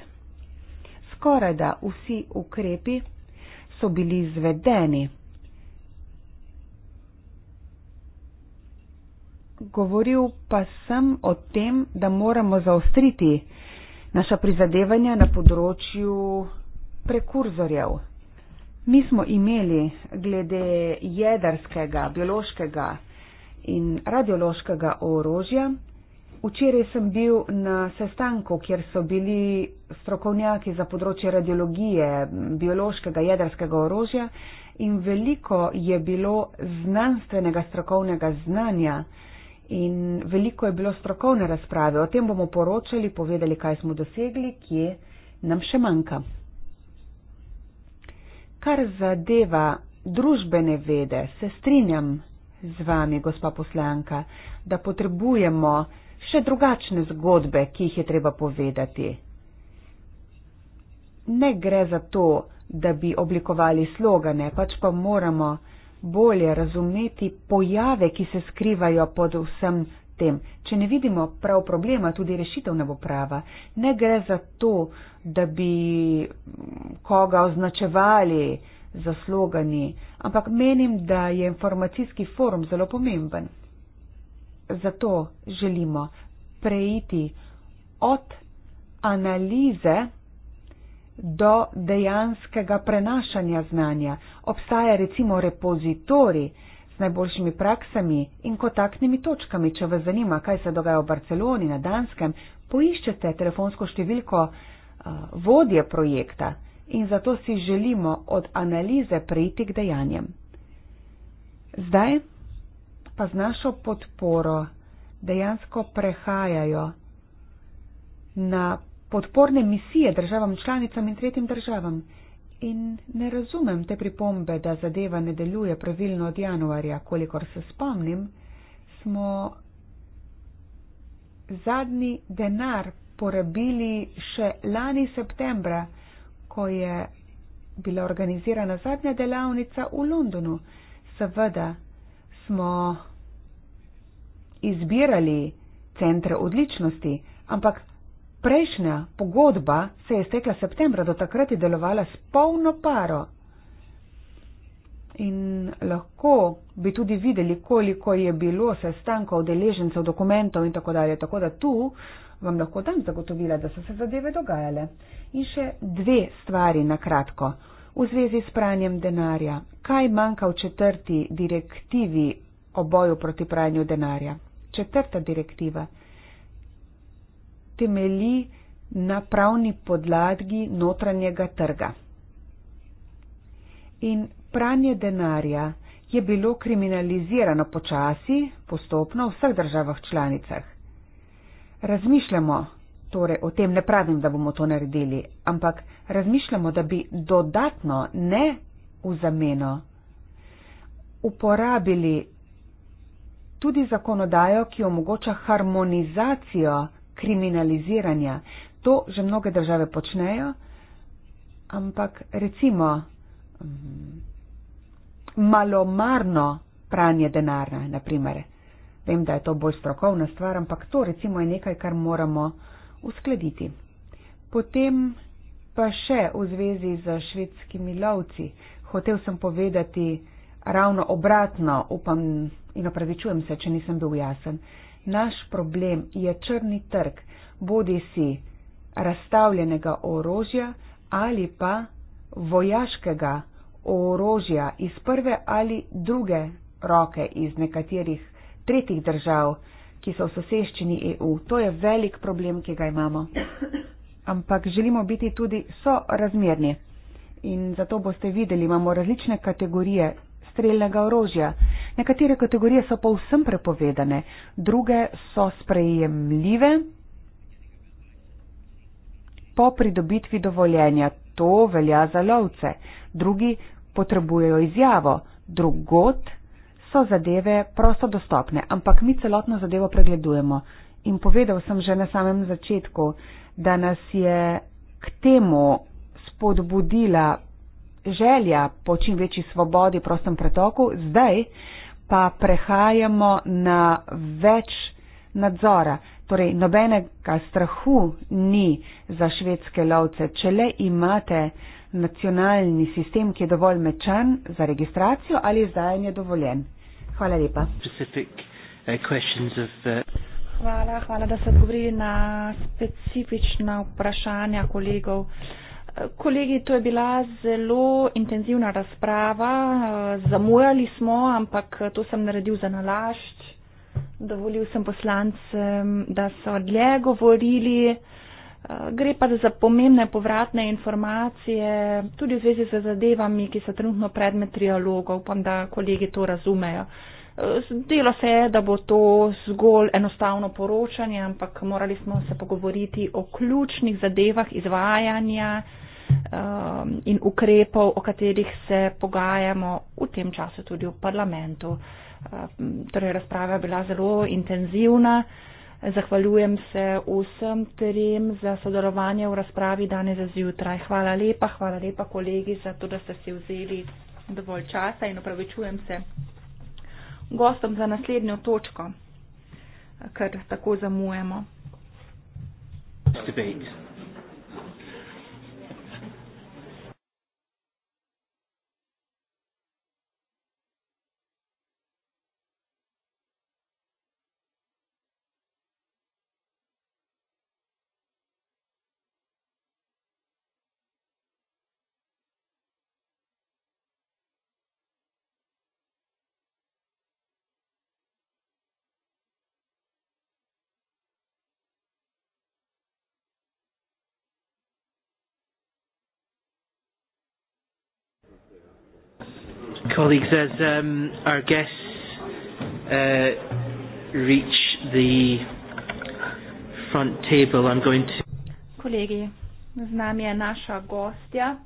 Skoraj da vsi ukrepi so bili izvedeni. Govoril pa sem o tem, da moramo zaostriti naša prizadevanja na področju prekurzorjev. Mi smo imeli glede jedrskega, biološkega in radiološkega orožja. Včeraj sem bil na sestanku, kjer so bili strokovnjaki za področje radiologije, biološkega, jedrskega orožja in veliko je bilo znanstvenega strokovnega znanja, in veliko je bilo strokovne razprave. O tem bomo poročali, povedali, kaj smo dosegli, kje nam še manjka. Kar zadeva družbene vede, se strinjam z vami, gospa poslanka, da potrebujemo še drugačne zgodbe, ki jih je treba povedati. Ne gre za to, da bi oblikovali slogane, pač pa moramo bolje razumeti pojave, ki se skrivajo pod vsem tem. Če ne vidimo prav problema, tudi rešitev ne bo prava. Ne gre za to, da bi mm, koga označevali za slogani, ampak menim, da je informacijski forum zelo pomemben. Zato želimo preiti od analize, do dejanskega prenašanja znanja. Obstaja recimo repozitori s najboljšimi praksami in kontaktnimi točkami. Če vas zanima, kaj se dogaja v Barceloni, na Danskem, poiščete telefonsko številko eh, vodje projekta in zato si želimo od analize prejti k dejanjem. Zdaj pa z našo podporo dejansko prehajajo na podporne misije državam članicam in tretjim državam. In ne razumem te pripombe, da zadeva ne deluje pravilno od januarja, kolikor se spomnim, smo zadnji denar porabili še lani septembra, ko je bila organizirana zadnja delavnica v Londonu. Seveda smo izbirali centre odličnosti, ampak Prejšnja pogodba se je stekla septembra, do takrat je delovala s polno paro. In lahko bi tudi videli, koliko je bilo sestankov, deležencev, dokumentov in tako dalje. Tako da tu vam lahko dam zagotovila, da so se zadeve dogajale. In še dve stvari na kratko. V zvezi s pranjem denarja. Kaj manjka v četrti direktivi o boju proti pranju denarja? Četrta direktiva temelji na pravni podlagi notranjega trga. In pranje denarja je bilo kriminalizirano počasi, postopno v vseh državah članicah. Razmišljamo, torej o tem ne pravim, da bomo to naredili, ampak razmišljamo, da bi dodatno ne v zameno uporabili tudi zakonodajo, ki omogoča harmonizacijo kriminaliziranja. To že mnoge države počnejo, ampak recimo mm, malomarno pranje denarja, naprimer. Vem, da je to bolj strokovna stvar, ampak to recimo je nekaj, kar moramo uskladiti. Potem pa še v zvezi z švedskimi lovci. Hotev sem povedati ravno obratno, upam in opravičujem se, če nisem bil jasen. Naš problem je črni trg, bodi si razstavljenega orožja ali pa vojaškega orožja iz prve ali druge roke iz nekaterih tretjih držav, ki so v soseščini EU. To je velik problem, ki ga imamo. Ampak želimo biti tudi sorazmerni. In zato boste videli, imamo različne kategorije strelnega orožja. Nekatere kategorije so pa vsem prepovedane, druge so sprejemljive po pridobitvi dovoljenja. To velja za lovce. Drugi potrebujejo izjavo, drugot so zadeve prosto dostopne, ampak mi celotno zadevo pregledujemo. In povedal sem že na samem začetku, da nas je k temu spodbudila želja po čim večji svobodi, prostem pretoku, zdaj pa prehajamo na več nadzora. Torej, nobenega strahu ni za švedske lovce, če le imate nacionalni sistem, ki je dovolj mečan za registracijo ali izdajanje dovoljen. Hvala lepa. Uh, uh, hvala, hvala, da ste odgovorili na specifična vprašanja kolegov. Kolegi, to je bila zelo intenzivna razprava. Zamujali smo, ampak to sem naredil za nalašč. Dovolil sem poslancem, da so dlje govorili. Gre pa za pomembne povratne informacije, tudi v zvezi z zadevami, ki so trenutno predmet trialogov. Upam, da kolegi to razumejo. Delo se je, da bo to zgolj enostavno poročanje, ampak morali smo se pogovoriti o ključnih zadevah izvajanja um, in ukrepov, o katerih se pogajamo v tem času tudi v parlamentu. Um, torej, razprava je bila zelo intenzivna. Zahvaljujem se vsem trem za sodelovanje v razpravi danes zjutraj. Hvala lepa, hvala lepa kolegi za to, da ste si vzeli dovolj časa in opravičujem se gostom za naslednjo točko, ker tako zamujemo. Debate. colleagues, as um, our guests uh, reach the front table, I'm going to. Kolegi, z nami je naša gostja.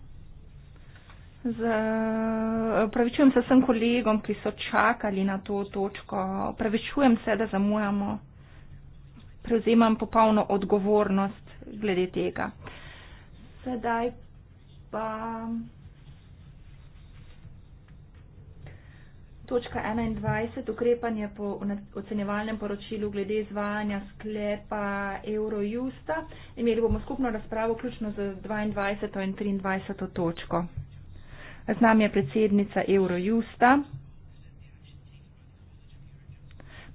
Z, pravičujem se vsem kolegom, ki so čakali na to točko. Pravičujem se, da zamujamo. Prevzemam popolno odgovornost glede tega. Sedaj pa. Točka 21. Ukrepanje po ocenjevalnem poročilu glede izvajanja sklepa Eurojusta. Imeli bomo skupno razpravo, vključno z 22. in 23. točko. Z nami je predsednica Eurojusta.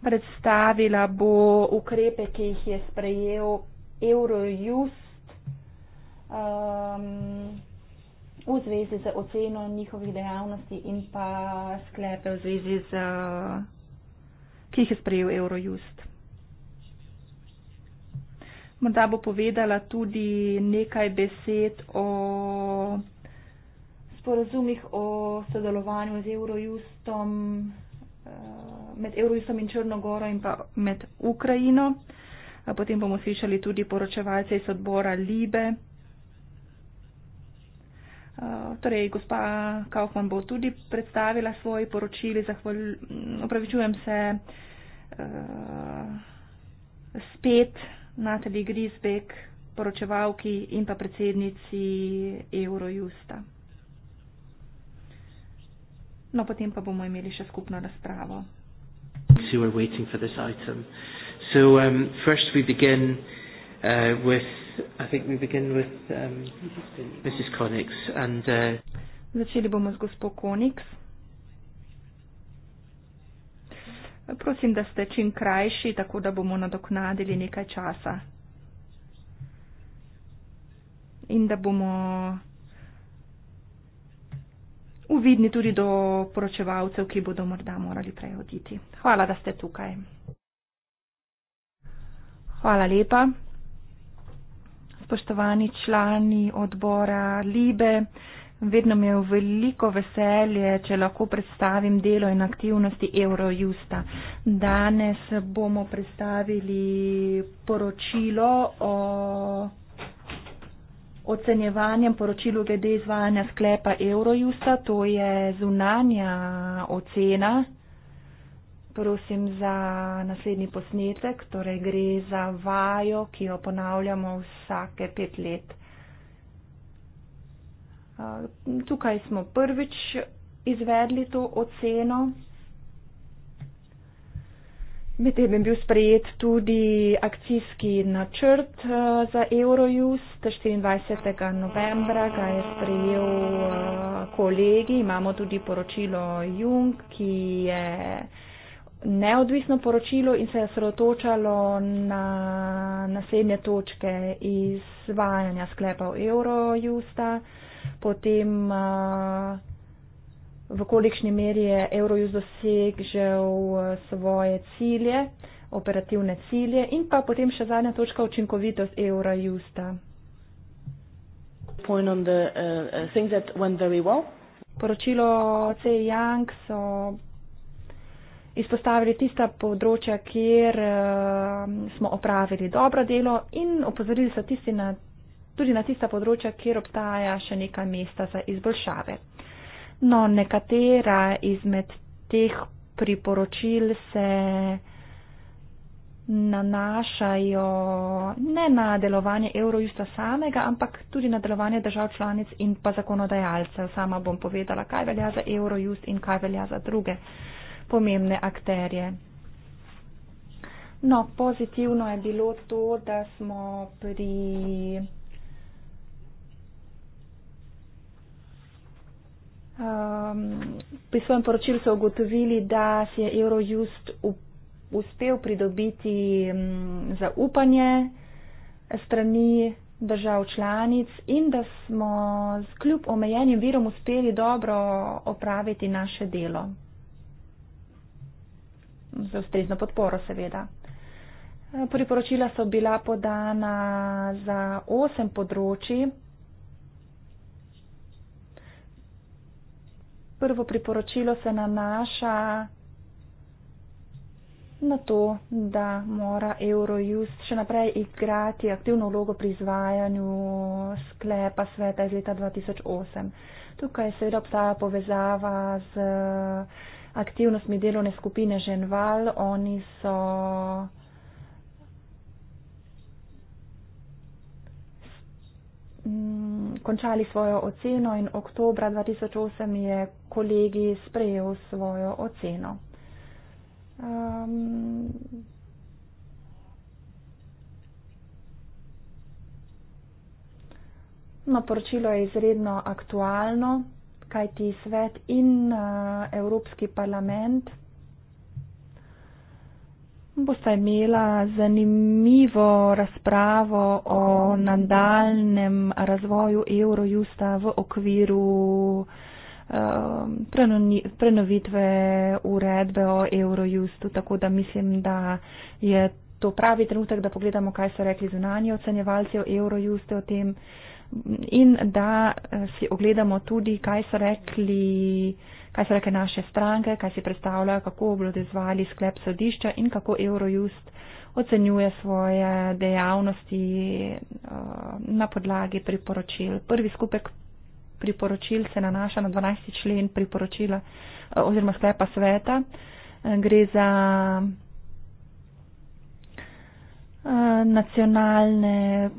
Predstavila bo ukrepe, ki jih je sprejel Eurojust. Um, v zvezi z oceno njihovih dejavnosti in pa sklepe v zvezi z, ki jih je sprejel Eurojust. Morda bo povedala tudi nekaj besed o sporazumih o sodelovanju z Eurojustom, eh, med Eurojustom in Črnogoro in pa med Ukrajino. Potem bomo slišali tudi poročevalce iz odbora Libe. Eh, torej, gospa Kaufman bo tudi predstavila svoj poročili, zahval, opravičujem se uh, spet Natali Grisbek, poročevalki in pa predsednici Eurojusta. No, potem pa bomo imeli še skupno razpravo. So, um, first we begin uh, with I think we begin with um, Mrs. Connix and. Uh, Začeli bomo z gospo Connix. Prosim, da ste čim krajši, tako da bomo nadoknadili nekaj časa. In da bomo uvidni tudi do poročevalcev, ki bodo morda morali prej oditi. Hvala, da ste tukaj. Hvala lepa spoštovani člani odbora Libe. Vedno mi je veliko veselje, če lahko predstavim delo in aktivnosti Eurojusta. Danes bomo predstavili poročilo o ocenjevanjem poročilu glede izvajanja sklepa Eurojusta, to je zunanja ocena prosim za naslednji posnetek, torej gre za vajo, ki jo ponavljamo vsake pet let. Tukaj smo prvič izvedli to oceno. Medtem je bil sprejet tudi akcijski načrt za Eurojust. 24. novembra ga je sprejel kolegi. Imamo tudi poročilo Jung, ki je neodvisno poročilo in se je osredotočalo na naslednje točke izvajanja sklepov Eurojusta, potem eh, v kolikšni meri je Eurojust dosegel eh, svoje cilje, operativne cilje in pa potem še zadnja točka učinkovitost Eurojusta. Eh, poročilo C. Young so izpostavili tista področja, kjer ehm, smo opravili dobro delo in opozorili so tisti na, tudi na tista področja, kjer obstaja še nekaj mesta za izboljšave. No, nekatera izmed teh priporočil se nanašajo ne na delovanje Eurojusta samega, ampak tudi na delovanje držav članic in pa zakonodajalcev. Sama bom povedala, kaj velja za Eurojust in kaj velja za druge uh, pomembne akterje. No, pozitivno je bilo to, da smo pri um, pri svojem poročilu so ugotovili, da si je Eurojust uspel pridobiti um, zaupanje strani držav članic in da smo kljub omejenim virom uspeli dobro opraviti naše delo z ustrezno podporo seveda. Eh, priporočila so bila podana za osem področji. Prvo priporočilo se nanaša na to, da mora Eurojust še naprej igrati aktivno vlogo pri izvajanju sklepa sveta iz leta 2008. Tukaj seveda obstaja povezava z aktivnostmi delovne skupine Ženval. Oni so končali svojo oceno in oktobra 2008 je kolegi sprejel svojo oceno. Um, No, poročilo je izredno aktualno kajti svet in uh, Evropski parlament bosta imela zanimivo razpravo o nadaljnem razvoju Eurojusta v okviru eh, prenovitve uredbe o Eurojustu, tako da mislim, da je to pravi trenutek, da pogledamo, kaj so rekli zunanji ocenjevalci o Eurojustu o tem. Uh, in da eh, si ogledamo tudi, kaj so rekli, kaj so rekli naše stranke, kaj si predstavljajo, kako bodo izvali sklep sodišča in kako Eurojust ocenjuje svoje dejavnosti eh, na podlagi priporočil. Prvi skupek priporočil se nanaša na 12. člen priporočila eh, oziroma sklepa sveta. Gre za nacionalne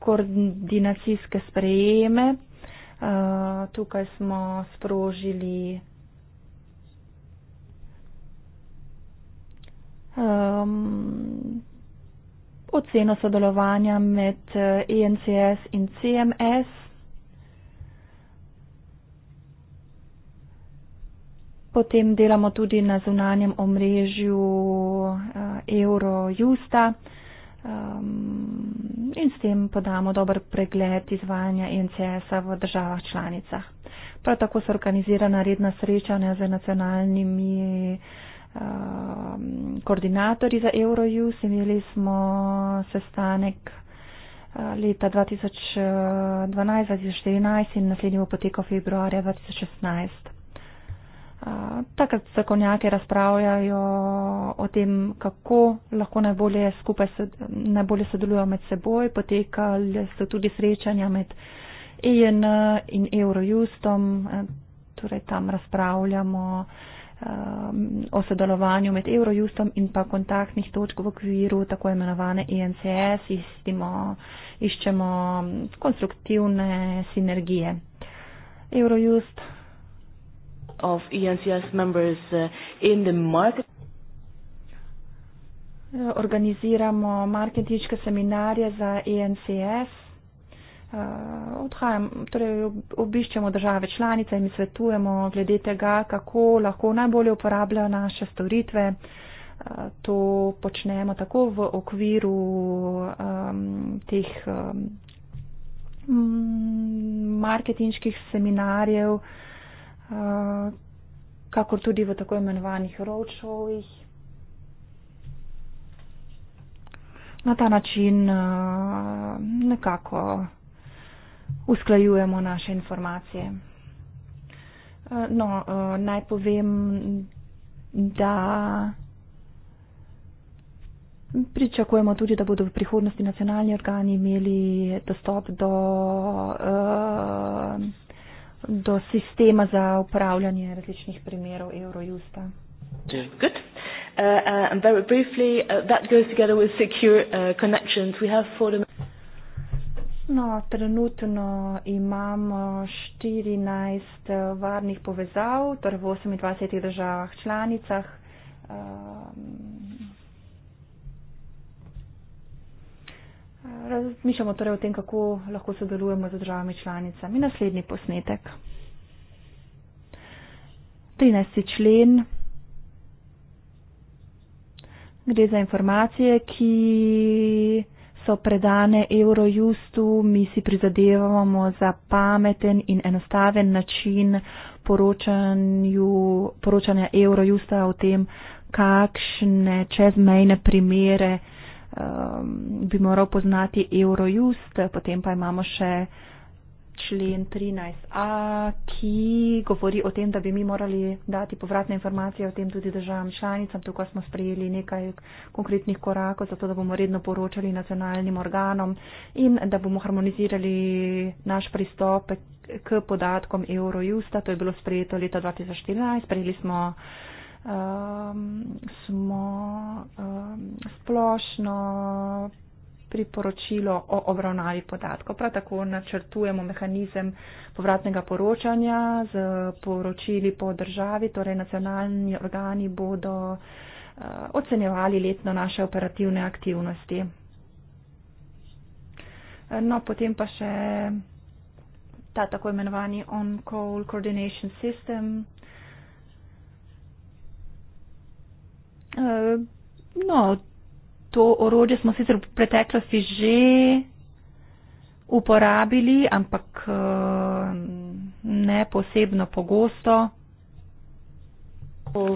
koordinacijske sprejeme. Uh, tukaj smo sprožili um, oceno sodelovanja med ENCS eh, e in CMS. Potem delamo tudi na zunanjem omrežju uh, Eurojusta. Uh, um, in s tem podamo dober pregled izvajanja e NCS-a v državah članicah. Prav tako so organizirana redna srečanja z nacionalnimi um, koordinatorji za Eurojust. Imeli smo sestanek uh, leta 2012-2014 uh, in naslednji bo potekal februarja 2016 takrat strokovnjaki razpravljajo o tem, kako lahko najbolje skupaj najbolje sodelujo med seboj, potekali so tudi srečanja med EN in Eurojustom, torej tam razpravljamo o sodelovanju med Eurojustom in pa kontaktnih točk v okviru tako imenovane ENCS, istimo, iščemo konstruktivne sinergije. Eurojust of ENCS members uh, in the market? Organiziramo marketičke seminarje za ENCS. Uh, odhajam, torej obiščemo države članice in svetujemo glede tega, kako lahko najbolje uporabljajo naše storitve. Uh, to počnemo tako v okviru um, teh um, marketinških seminarjev, uh, Eh, kakor tudi v tako imenovanih roadshowih. Na ta način eh, nekako usklajujemo naše informacije. Eh, no, naj povem, da pričakujemo tudi, da bodo v prihodnosti nacionalni organi imeli dostop do do sistema za upravljanje različnih primerov Eurojusta. Good. Uh, uh, and very briefly, uh, that goes together with secure uh, connections. We have four. No, trenutno imamo 14 uh, varnih povezav, torej v 28 državah članicah. Um, Razmišljamo torej o tem, kako lahko sodelujemo z državami članicami. Naslednji posnetek. 13. člen. Gre za informacije, ki so predane Eurojustu. Mi si prizadevamo za pameten in enostaven način poročanja Eurojusta o tem, kakšne čezmejne primere um, bi moral poznati Eurojust, potem pa imamo še člen 13a, ki govori o tem, da bi mi morali dati povratne informacije o tem tudi državam članicam. Tukaj smo sprejeli nekaj konkretnih korakov, zato da bomo redno poročali nacionalnim organom in da bomo harmonizirali naš pristop k podatkom Eurojusta. To je bilo sprejeto leta 2014. Sprejeli smo um, smo um, splošno priporočilo o obravnavi podatkov. Prav tako načrtujemo mehanizem povratnega poročanja z poročili po državi, torej nacionalni organi bodo eh, ocenjevali letno naše operativne aktivnosti. No, potem pa še ta tako imenovani on-call coordination system, Eh, no, to orodje smo sicer v preteklosti že uporabili, ampak eh, ne posebno pogosto. Uh,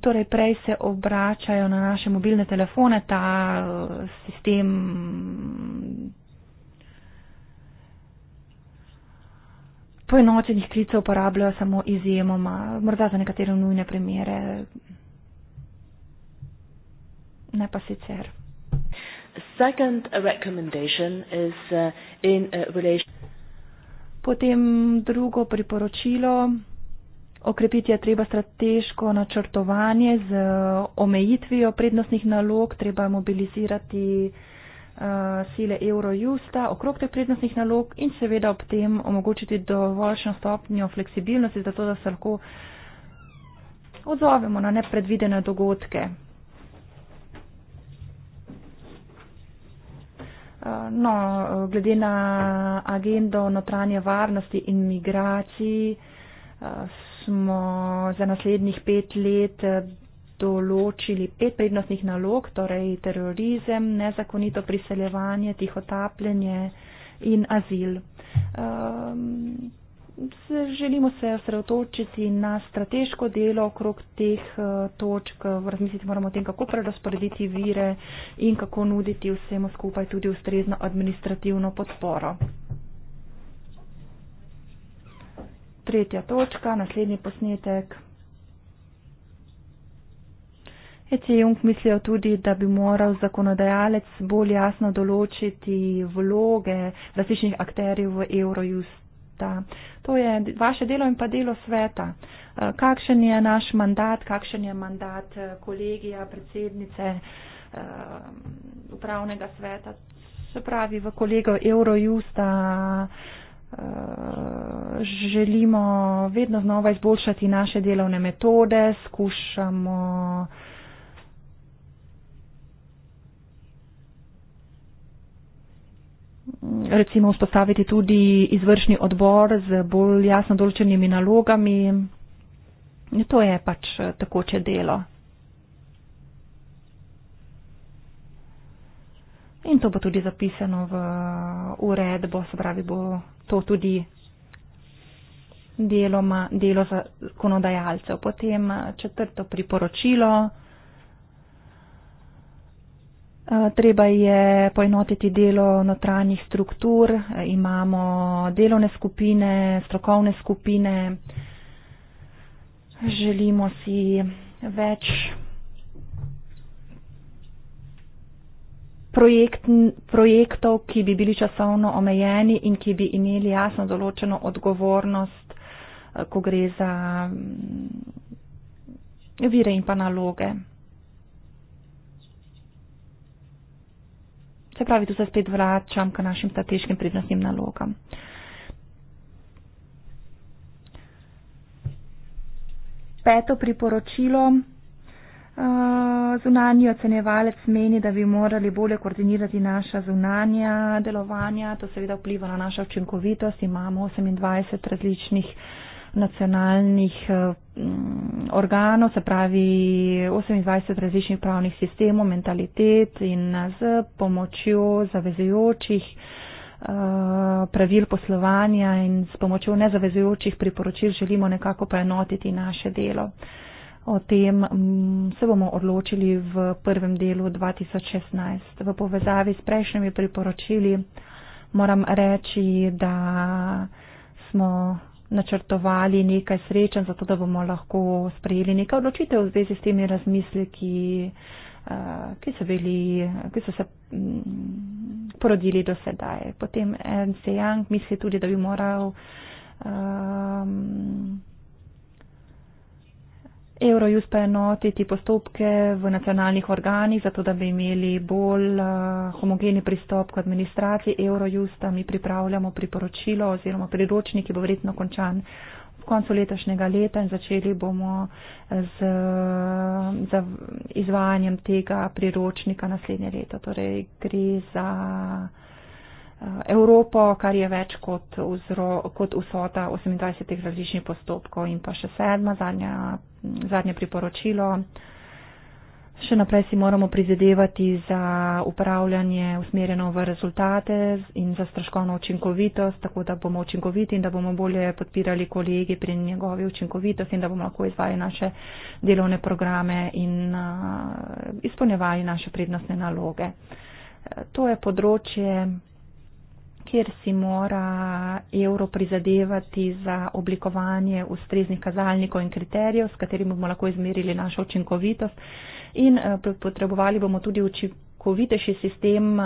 torej, prej se obračajo na naše mobilne telefone, ta eh, sistem poenotenih klicev uporabljajo samo izjemoma, morda za nekatere nujne primere, ne pa sicer. Uh, uh, Potem drugo priporočilo. Okrepiti je treba strateško načrtovanje z omejitvijo prednostnih nalog, treba mobilizirati uh, Eh, sile Eurojusta okrog teh prednostnih nalog in seveda ob tem omogočiti dovoljšno stopnjo fleksibilnosti, zato da se lahko odzovemo na nepredvidene dogodke. Eh, no, glede na agendo notranje varnosti in migracij eh, smo za naslednjih pet let določili pet prednostnih nalog, torej terorizem, nezakonito priseljevanje, tihotapljenje in azil. Um, Želimo se osredotočiti na strateško delo okrog teh eh, točk, razmisliti moramo o tem, kako prerasporediti vire in kako nuditi vsemu skupaj tudi ustrezno administrativno podporo. Tretja točka, naslednji posnetek. Eti Jung mislijo tudi, da bi moral zakonodajalec bolj jasno določiti vloge različnih akterjev v Eurojusta. To je vaše delo in pa delo sveta. Eh, kakšen je naš mandat, kakšen je mandat eh, kolegija, predsednice eh, upravnega sveta, se pravi v kolego Eurojusta. Želimo vedno znova izboljšati naše delovne metode, skušamo recimo vzpostaviti tudi izvršni odbor z bolj jasno določenimi nalogami. To je pač eh, takoče delo. In to bo tudi zapisano v eh, uredbo, se pravi, bo to tudi deloma, delo zakonodajalcev. Potem eh, četrto priporočilo. Eh, treba je poenotiti delo notranjih struktur, imamo delovne skupine, strokovne skupine, želimo si več projekt, projektov, ki bi bili časovno omejeni in ki bi imeli jasno določeno odgovornost, eh, ko gre za mm, vire in pa naloge. Se pravi, tu se spet vračam k našim strateškim prednostnim nalogam. Peto priporočilo. Eh, zunanji ocenevalec meni, da bi morali bolje koordinirati naša zunanja delovanja. To seveda vpliva na našo učinkovitost. Imamo 28 različnih uh, nacionalnih eh, mm, organov, se pravi 28 različnih pravnih sistemov, mentalitet in z eh, pomočjo zavezujočih eh, pravil poslovanja in s pomočjo nezavezujočih priporočil želimo nekako poenotiti naše delo. O tem mm, se bomo odločili v prvem delu 2016. V povezavi s prejšnjimi priporočili moram reči, da smo načrtovali nekaj srečanj, zato da bomo lahko sprejeli nekaj odločitev v zvezi s temi razmisliki, eh, ki so, bili, ki so se mm, porodili do sedaj. Potem en sejang misli tudi, da bi moral. Um, Eurojust pa enotiti postopke v nacionalnih organih, zato da bi imeli bolj uh, homogeni pristop k administraciji Eurojusta. Mi pripravljamo priporočilo oziroma priročnik, ki bo verjetno končan v koncu letošnjega leta in začeli bomo z, z izvajanjem tega priročnika naslednje leto. Torej gre za uh, Evropo, kar je več kot, vzro, kot vsota 28 različnih postopkov in pa še sedma, zadnja, zadnje priporočilo. Še naprej si moramo prizadevati za upravljanje usmerjeno v rezultate in za stroškovno učinkovitost, tako da bomo učinkoviti in da bomo bolje podpirali kolegi pri njegovi učinkovitosti in da bomo lahko izvajali naše delovne programe in uh, izpolnjevali naše prednostne naloge. To je področje kjer si mora evro prizadevati za oblikovanje ustreznih kazalnikov in kriterijev, s katerimi bomo lahko izmerili našo učinkovitost in eh, potrebovali bomo tudi učinkovitejši sistem eh,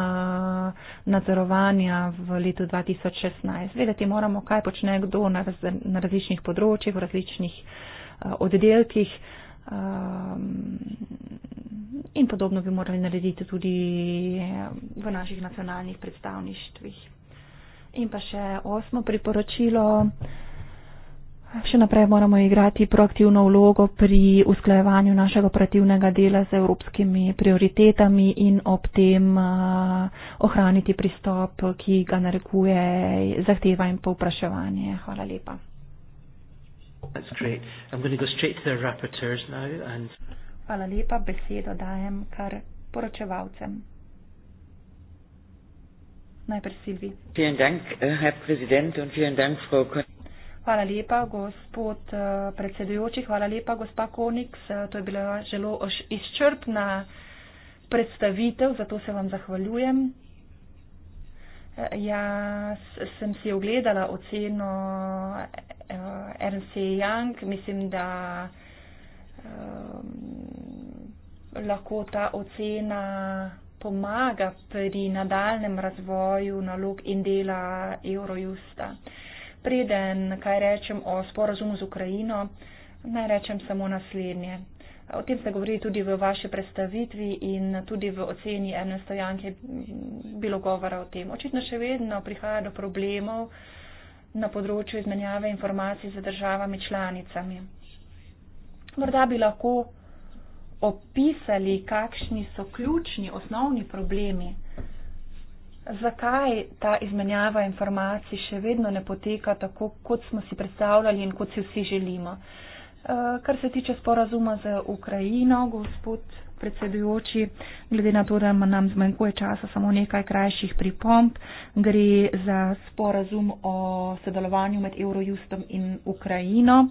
nadzorovanja v letu 2016. Vedeti moramo, kaj počne kdo na, raz, na različnih področjih, v različnih eh, oddelkih. In podobno bi morali narediti tudi v naših nacionalnih predstavništvih. In pa še osmo priporočilo. Še naprej moramo igrati proaktivno vlogo pri usklajevanju našega operativnega dela z evropskimi prioritetami in ob tem ohraniti pristop, ki ga narekuje zahteva in povpraševanje. Hvala lepa. Hvala lepa, besedo dajem kar poročevalcem. Najprej Silvi. Äh, hvala lepa, gospod äh, predsedujoči, hvala lepa, gospa Koniks. Äh, to je bila zelo izčrpna predstavitev, zato se vam zahvaljujem. Jaz sem si ogledala oceno Ernst Young. Mislim, da ähm, lahko ta ocena pomaga pri nadaljem razvoju nalog in dela Eurojusta. Preden kaj rečem o sporazumu z Ukrajino, naj rečem samo naslednje. O tem ste govorili tudi v vaši predstavitvi in tudi v oceni ene stojanke bilo govora o tem. Očitno še vedno prihaja do problemov na področju izmenjave informacij z državami članicami. Morda bi lahko opisali, kakšni so ključni, osnovni problemi, zakaj ta izmenjava informacij še vedno ne poteka tako, kot smo si predstavljali in kot si vsi želimo. Eh, kar se tiče sporazuma z Ukrajino, gospod predsedujoči, glede na to, da nam zmanjkuje časa, samo nekaj krajših pripomp, gre za sporazum o sodelovanju med Eurojustom in Ukrajino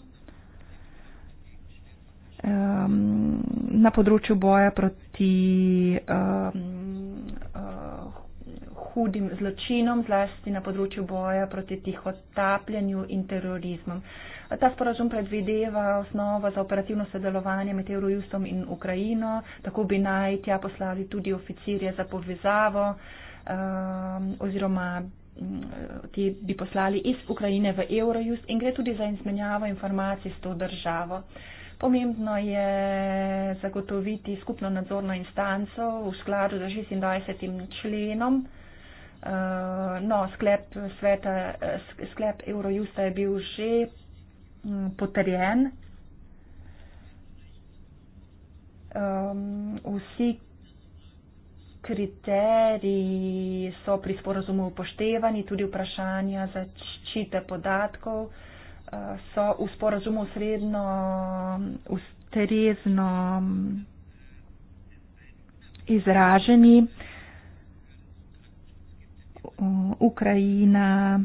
um, na področju boja proti um, uh, hudim zločinom, zlasti na področju boja proti tiho tapljanju in terorizmom. Ta sporazum predvideva osnovo za operativno sodelovanje med Eurojustom in Ukrajino, tako bi naj tja poslali tudi oficirje za povezavo um, oziroma mm, ti bi poslali iz Ukrajine v Eurojust in gre tudi za izmenjavo informacij s to državo. Uh, Pomembno je zagotoviti skupno nadzorno instanco v skladu z 26. členom. Eh, no, sklep, sveta, eh, sklep Eurojusta je bil že mm, potrjen. Vsi kriteriji so pri sporozumu upoštevani, tudi vprašanja zaščite podatkov so v sporazumu srednjo ustrezno izraženi. Ukrajina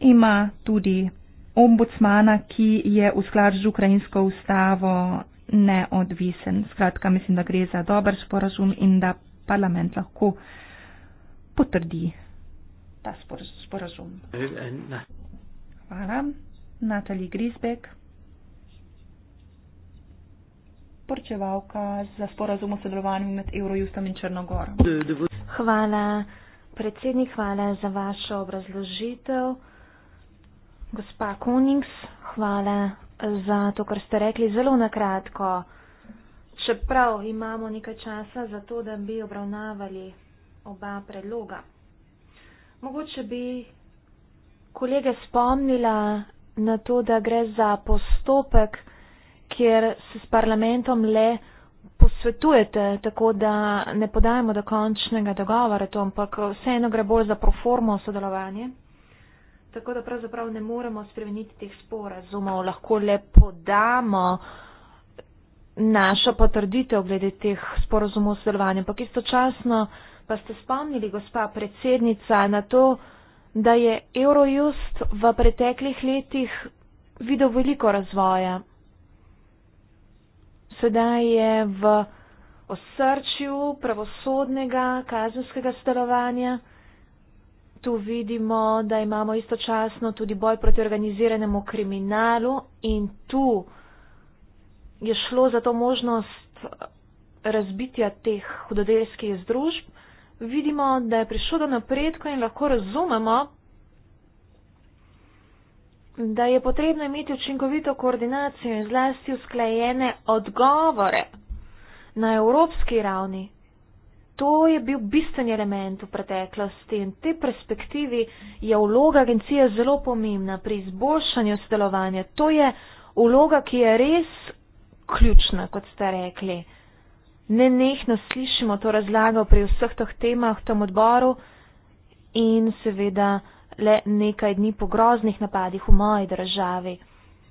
ima tudi ombudsmana, ki je v skladu z ukrajinsko ustavo neodvisen. Skratka, mislim, da gre za dober sporazum in da parlament lahko potrdi ta spor, sporazum. Hvala. Natalie Grisbeck, porčevalka za sporazum o sodelovanju med Eurojustom in Črnogorom. Hvala, predsednik, hvala za vašo obrazložitev. Gospa Konings, hvala za to, kar ste rekli zelo nakratko. Čeprav imamo nekaj časa za to, da bi obravnavali oba predloga. Mogoče bi kolege spomnila na to, da gre za postopek, kjer se s parlamentom le posvetujete, tako da ne podajamo do končnega dogovora to, ampak vseeno gre bolj za proformo sodelovanje. Tako da pravzaprav ne moremo spremeniti teh sporazumov, lahko le podamo našo potrditev glede teh sporazumov sodelovanja, ampak istočasno pa ste spomnili, gospa predsednica, na to, da je Eurojust v preteklih letih videl veliko razvoja. Sedaj je v osrčju pravosodnega kazenskega stelovanja. Tu vidimo, da imamo istočasno tudi boj proti organiziranemu kriminalu in tu je šlo za to možnost razbitja teh hudodelskih združb vidimo, da je prišlo do napredka in lahko razumemo, da je potrebno imeti učinkovito koordinacijo in zlasti usklajene odgovore na evropski ravni. To je bil bistveni element v preteklosti in te perspektivi je vloga agencije zelo pomembna pri izboljšanju sodelovanja. To je vloga, ki je res ključna, kot ste rekli ne nehno slišimo to razlago pri vseh toh temah v tom odboru in seveda le nekaj dni po groznih napadih v moji državi.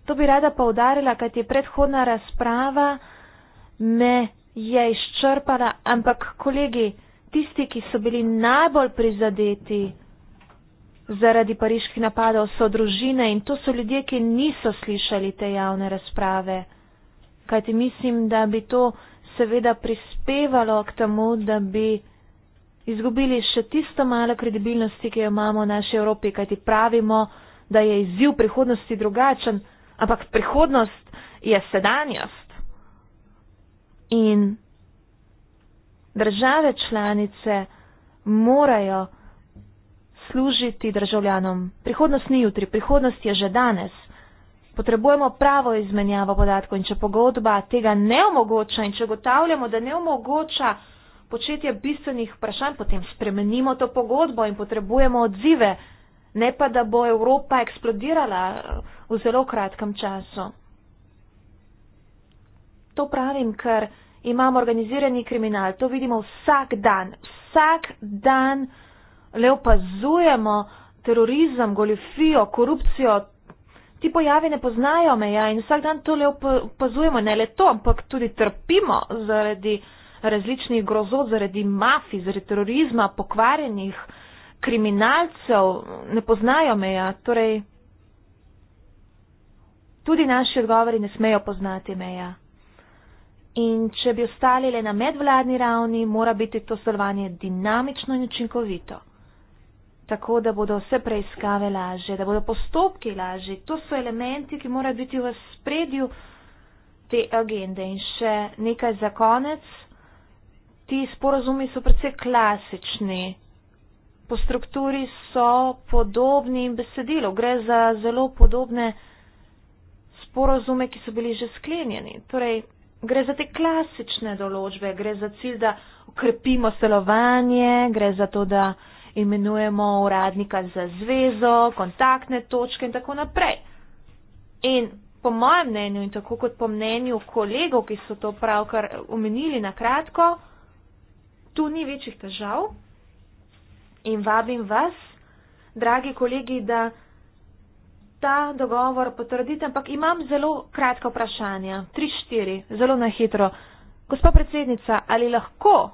To bi rada povdarila, kaj ti je predhodna razprava me je izčrpala, ampak kolegi, tisti, ki so bili najbolj prizadeti zaradi pariških napadov, so družine in to so ljudje, ki niso slišali te javne razprave. Kaj ti mislim, da bi to seveda prispevalo k temu, da bi izgubili še tisto malo kredibilnosti, ki jo imamo v naši Evropi, kajti pravimo, da je izziv prihodnosti drugačen, ampak prihodnost je sedanjost. In države članice morajo služiti državljanom. Prihodnost ni jutri, prihodnost je že danes potrebujemo pravo izmenjavo podatkov in če pogodba tega ne omogoča in če gotavljamo, da ne omogoča početje bistvenih vprašanj, potem spremenimo to pogodbo in potrebujemo odzive, ne pa da bo Evropa eksplodirala eh, v zelo kratkem času. To pravim, ker imamo organizirani kriminal, to vidimo vsak dan, vsak dan le opazujemo terorizem, goljofijo, korupcijo, ti pojavi ne poznajo meja in vsak dan to le opazujemo, ne le to, ampak tudi trpimo zaradi različnih grozo, zaradi mafij, zaradi terorizma, pokvarjenih kriminalcev, ne poznajo meja. Torej, tudi naši odgovori ne smejo poznati meja. In če bi ostali le na medvladni ravni, mora biti to sodelovanje dinamično in učinkovito tako da bodo vse preiskave lažje, da bodo postopki lažji. To so elementi, ki morajo biti v spredju te agende. In še nekaj za konec. Ti sporozumi so predvsej klasični. Po strukturi so podobni in besedilo. Gre za zelo podobne sporozume, ki so bili že sklenjeni. Torej, gre za te klasične določbe, gre za cilj, da okrepimo selovanje, gre za to, da imenujemo uradnika za zvezo, kontaktne točke in tako naprej. In po mojem mnenju in tako kot po mnenju kolegov, ki so to pravkar omenili na kratko, tu ni večjih težav. In vabim vas, dragi kolegi, da ta dogovor potrdite, ampak imam zelo kratka vprašanja, tri, štiri, zelo na hitro. Gospa predsednica, ali lahko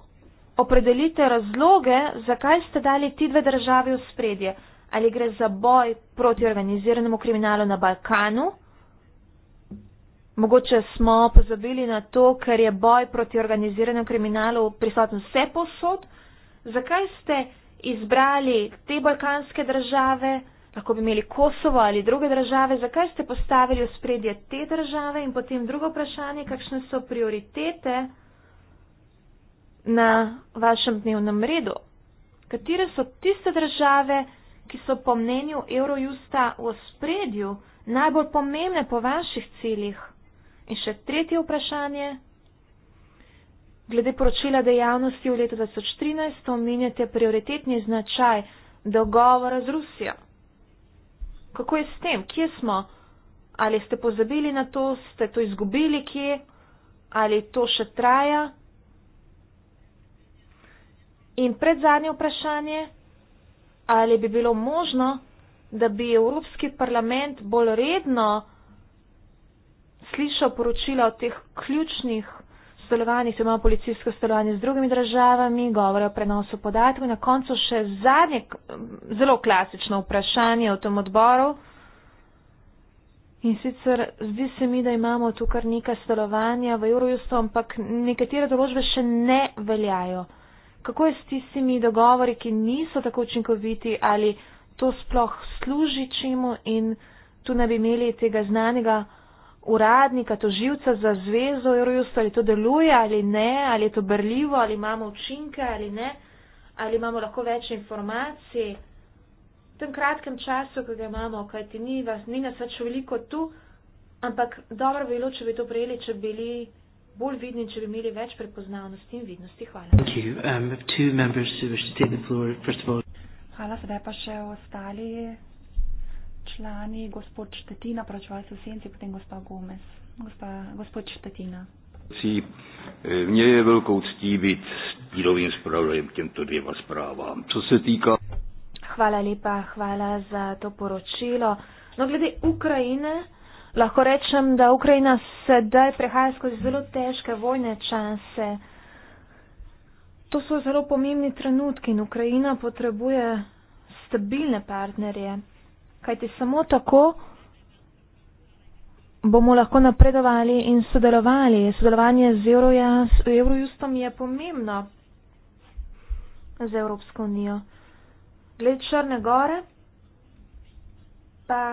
Opredelite razloge, zakaj ste dali ti dve državi v spredje. Ali gre za boj proti organiziranemu kriminalu na Balkanu? Mogoče smo pozabili na to, ker je boj proti organiziranemu kriminalu prisoten vse posod. Zakaj ste izbrali te balkanske države, lahko bi imeli Kosovo ali druge države, zakaj ste postavili v spredje te države in potem drugo vprašanje, kakšne so prioritete? na vašem dnevnem redu. Katere so tiste države, ki so po mnenju Eurojusta v spredju najbolj pomembne po vaših ciljih? In še tretje vprašanje. Glede poročila dejavnosti v letu 2013 omenjate prioritetni značaj dogovora z Rusijo. Kako je s tem? Kje smo? Ali ste pozabili na to? Ste to izgubili kje? Ali to še traja? In pred zadnje vprašanje, ali bi bilo možno, da bi Evropski parlament bolj redno slišal poročila o teh ključnih sodelovanjih, imamo policijsko sodelovanje z drugimi državami, govore o prenosu podatkov in na koncu še zadnje zelo klasično vprašanje o tem odboru. In sicer zdi se mi, da imamo tukaj nekaj sodelovanja v Eurojustu, ampak nekatere določbe še ne veljajo kako je s tistimi dogovori, ki niso tako učinkoviti, ali to sploh služi čemu in tu ne bi imeli tega znanega uradnika, toživca za zvezo Eurojust, ali to deluje ali ne, ali je to brljivo, ali imamo učinke ali ne, ali imamo lahko več informacij. V tem kratkem času, ko ga imamo, kajti ni, vas, ni nas več veliko tu, ampak dobro bi bilo, če bi to prijeli, če bi bili bolj vidni, če bi imeli več prepoznavnosti in vidnosti. Hvala. Um, Hvala sedaj pa še ostali člani, gospod Štetina, pravčevalce v senci, potem gospod Gomez. Gospa, gospod Štetina. Si, eh, mnje je veliko vstibit s dirovim spravljanjem temto dvema spravam. Co se tika? Hvala lepa, hvala za to poročilo. No, glede Ukrajine. Lahko rečem, da Ukrajina sedaj prehaja skozi zelo težke vojne čase. To so zelo pomembni trenutki in Ukrajina potrebuje stabilne partnerje, kajti samo tako bomo lahko napredovali in sodelovali. Sodelovanje z Eurojustom je pomembno za Evropsko unijo. Glede Črne gore pa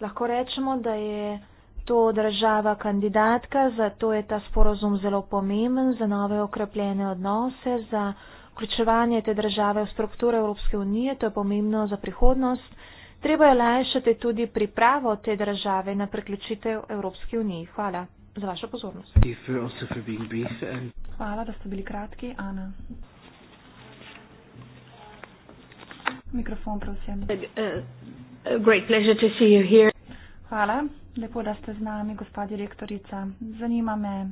Lahko rečemo, da je to država kandidatka, zato je ta sporozum zelo pomemben za nove okrepljene odnose, za vključevanje te države v strukture Evropske unije, to je pomembno za prihodnost. Treba je lajšati tudi pripravo te države na priključitev Evropske unije. Hvala za vašo pozornost. Hvala, da ste bili kratki, Ana. Mikrofon, prosim. Uh, uh, great pleasure to see you here. Hvala, lepo, da ste z nami, gospa direktorica. Zanima me.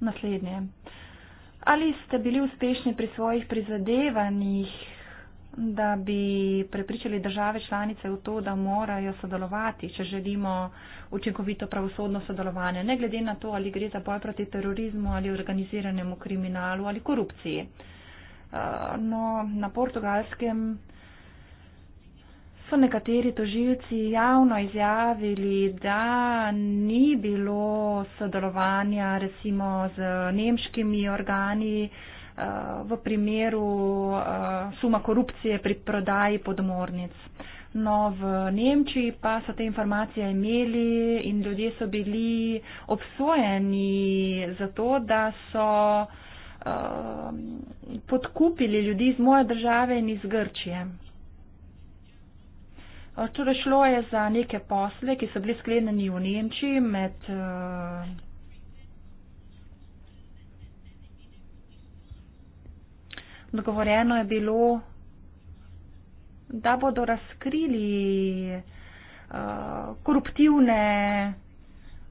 Naslednje. Ali ste bili uspešni pri svojih prizadevanjih da bi prepričali države članice v to, da morajo sodelovati, če želimo učinkovito pravosodno sodelovanje, ne glede na to, ali gre za boj proti terorizmu ali organiziranemu kriminalu ali korupciji. Eh, no, na portugalskem so nekateri toživci javno izjavili, da ni bilo sodelovanja recimo z nemškimi organi, v primeru eh, suma korupcije pri prodaji podmornic. No, v Nemčiji pa so te informacije imeli in ljudje so bili obsojeni za to, da so eh, podkupili ljudi iz moje države in iz Grčije. Eh, torej šlo je za neke posle, ki so bili sklenjeni v Nemčiji med odgovorjeno je bilo, da bodo razkrili uh, koruptivne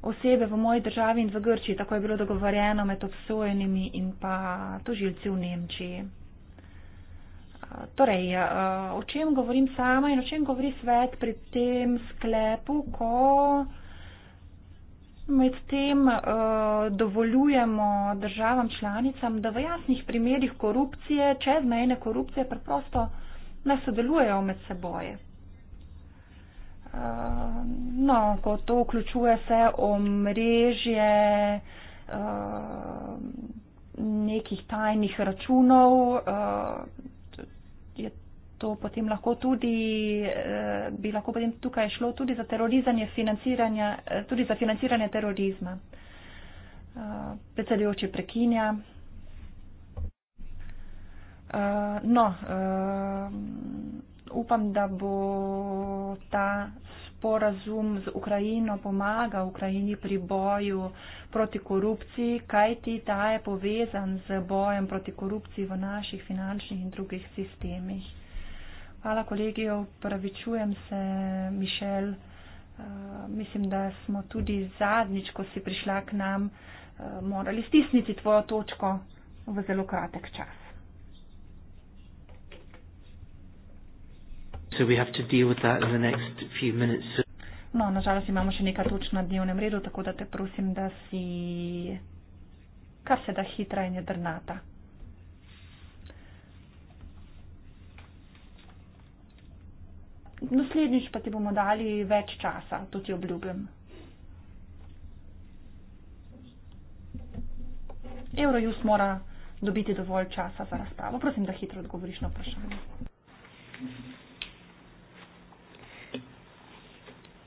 osebe v moji državi in v Grčiji. Tako je bilo dogovorjeno med obsojenimi in pa tožilci v Nemčiji. Eh, torej, eh, o čem govorim sama in o čem govori svet pri tem sklepu, ko Medtem uh, dovoljujemo državam članicam, da v jasnih primerjih korupcije, čezmejne korupcije, preprosto ne sodelujejo med seboj. Uh, no, ko to vključuje se omrežje uh, nekih tajnih računov, uh, je to potem lahko tudi, eh, bi lahko potem tukaj šlo tudi za terorizanje financiranja, eh, tudi za financiranje terorizma. Eh, predsedujoči prekinja. No, upam, da bo ta sporazum z Ukrajino pomaga Ukrajini pri boju proti korupciji, kajti ta je povezan z bojem proti korupciji v naših finančnih in drugih sistemih. Hvala, kolegijo. Pravičujem se, Mišel. Uh, mislim, da smo tudi zadnjič, ko si prišla k nam, uh, morali stisniti tvojo točko v zelo kratek čas. No, nažalost imamo še nekaj točk na dnevnem redu, tako da te prosim, da si kar se da hitra in jedrnata. naslednjič pa ti bomo dali več časa, to ti obljubim. Eurojust mora dobiti dovolj časa za razpravo. Prosim, da hitro odgovoriš na vprašanje.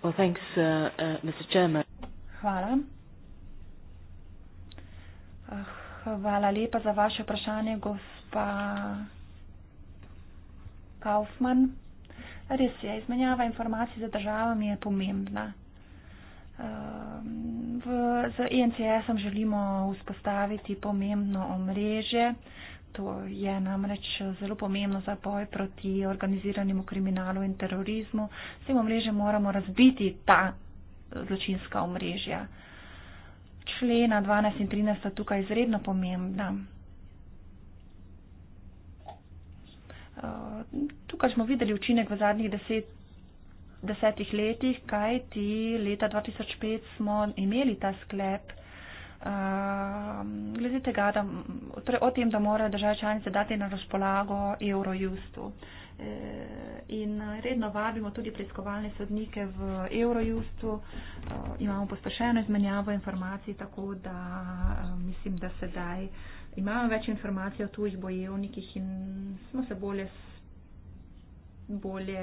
Well, thanks, uh, uh, Mr. Hvala. Ah, hvala lepa za vaše vprašanje, gospa Kaufmann. Res je, izmenjava informacij z državami je pomembna. Ehm, v, z INCS-om e želimo vzpostaviti pomembno omrežje. To je namreč zelo pomembno za boj proti organiziranemu kriminalu in terorizmu. S tem omrežjem moramo razbiti ta zločinska omrežja. Člena 12 in 13 sta tukaj izredno pomembna. tukaj smo videli učinek v zadnjih deset, desetih letih, kaj ti leta 2005 smo imeli ta sklep. Uh, glede tega, da, torej o tem, da morajo države članice dati na razpolago Eurojustu. E, in redno vabimo tudi preiskovalne sodnike v Eurojustu, uh, imamo pospešeno izmenjavo informacij, tako da uh, mislim, da sedaj uh, imamo več informacij o tujih bojevnikih in smo se bolje, bolje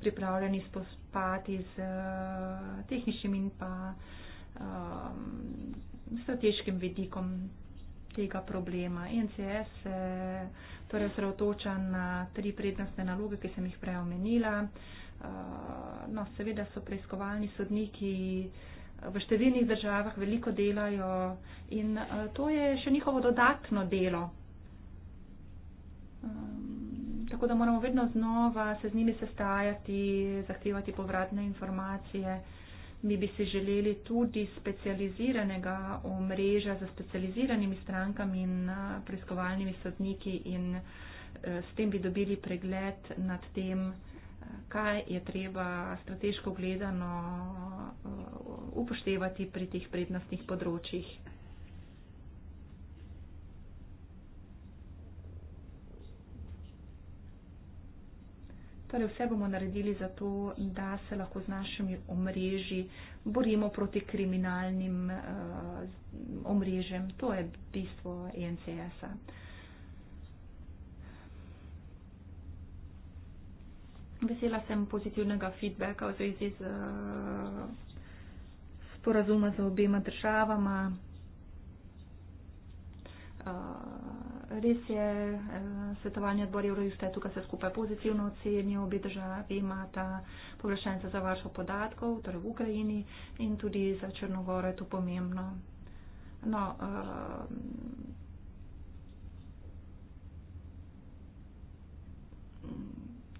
pripravljeni spospati z uh, tehničnim in pa um, strateškim vidikom tega problema. NCS se torej osredotoča na tri prednostne naloge, ki sem jih prej omenila. Uh, no, seveda so preiskovalni sodniki. Uh, v številnih državah veliko delajo in eh, to je še njihovo dodatno delo. Ehm, tako da moramo vedno znova se z njimi sestajati, zahtevati povratne informacije. Mi bi si želeli tudi specializiranega omrežja za specializiranimi strankami in eh, preiskovalnimi sodniki in eh, s tem bi dobili pregled nad tem, kaj je treba strateško gledano eh, upoštevati pri teh prednostnih področjih. Torej vse bomo naredili za to, da se lahko z našimi omrežji borimo proti kriminalnim uh, omrežjem. To je bistvo ENCS-a. Uh, Vesela sem pozitivnega feedbacka v zvezi z uh, sporazuma z obema državama. Uh, res je, uh, svetovanje odborja Eurojuste tukaj se skupaj pozitivno ocenijo, obe države imata površenca za vašo podatkov, torej v Ukrajini in tudi za Črnogoro je to pomembno. No, uh,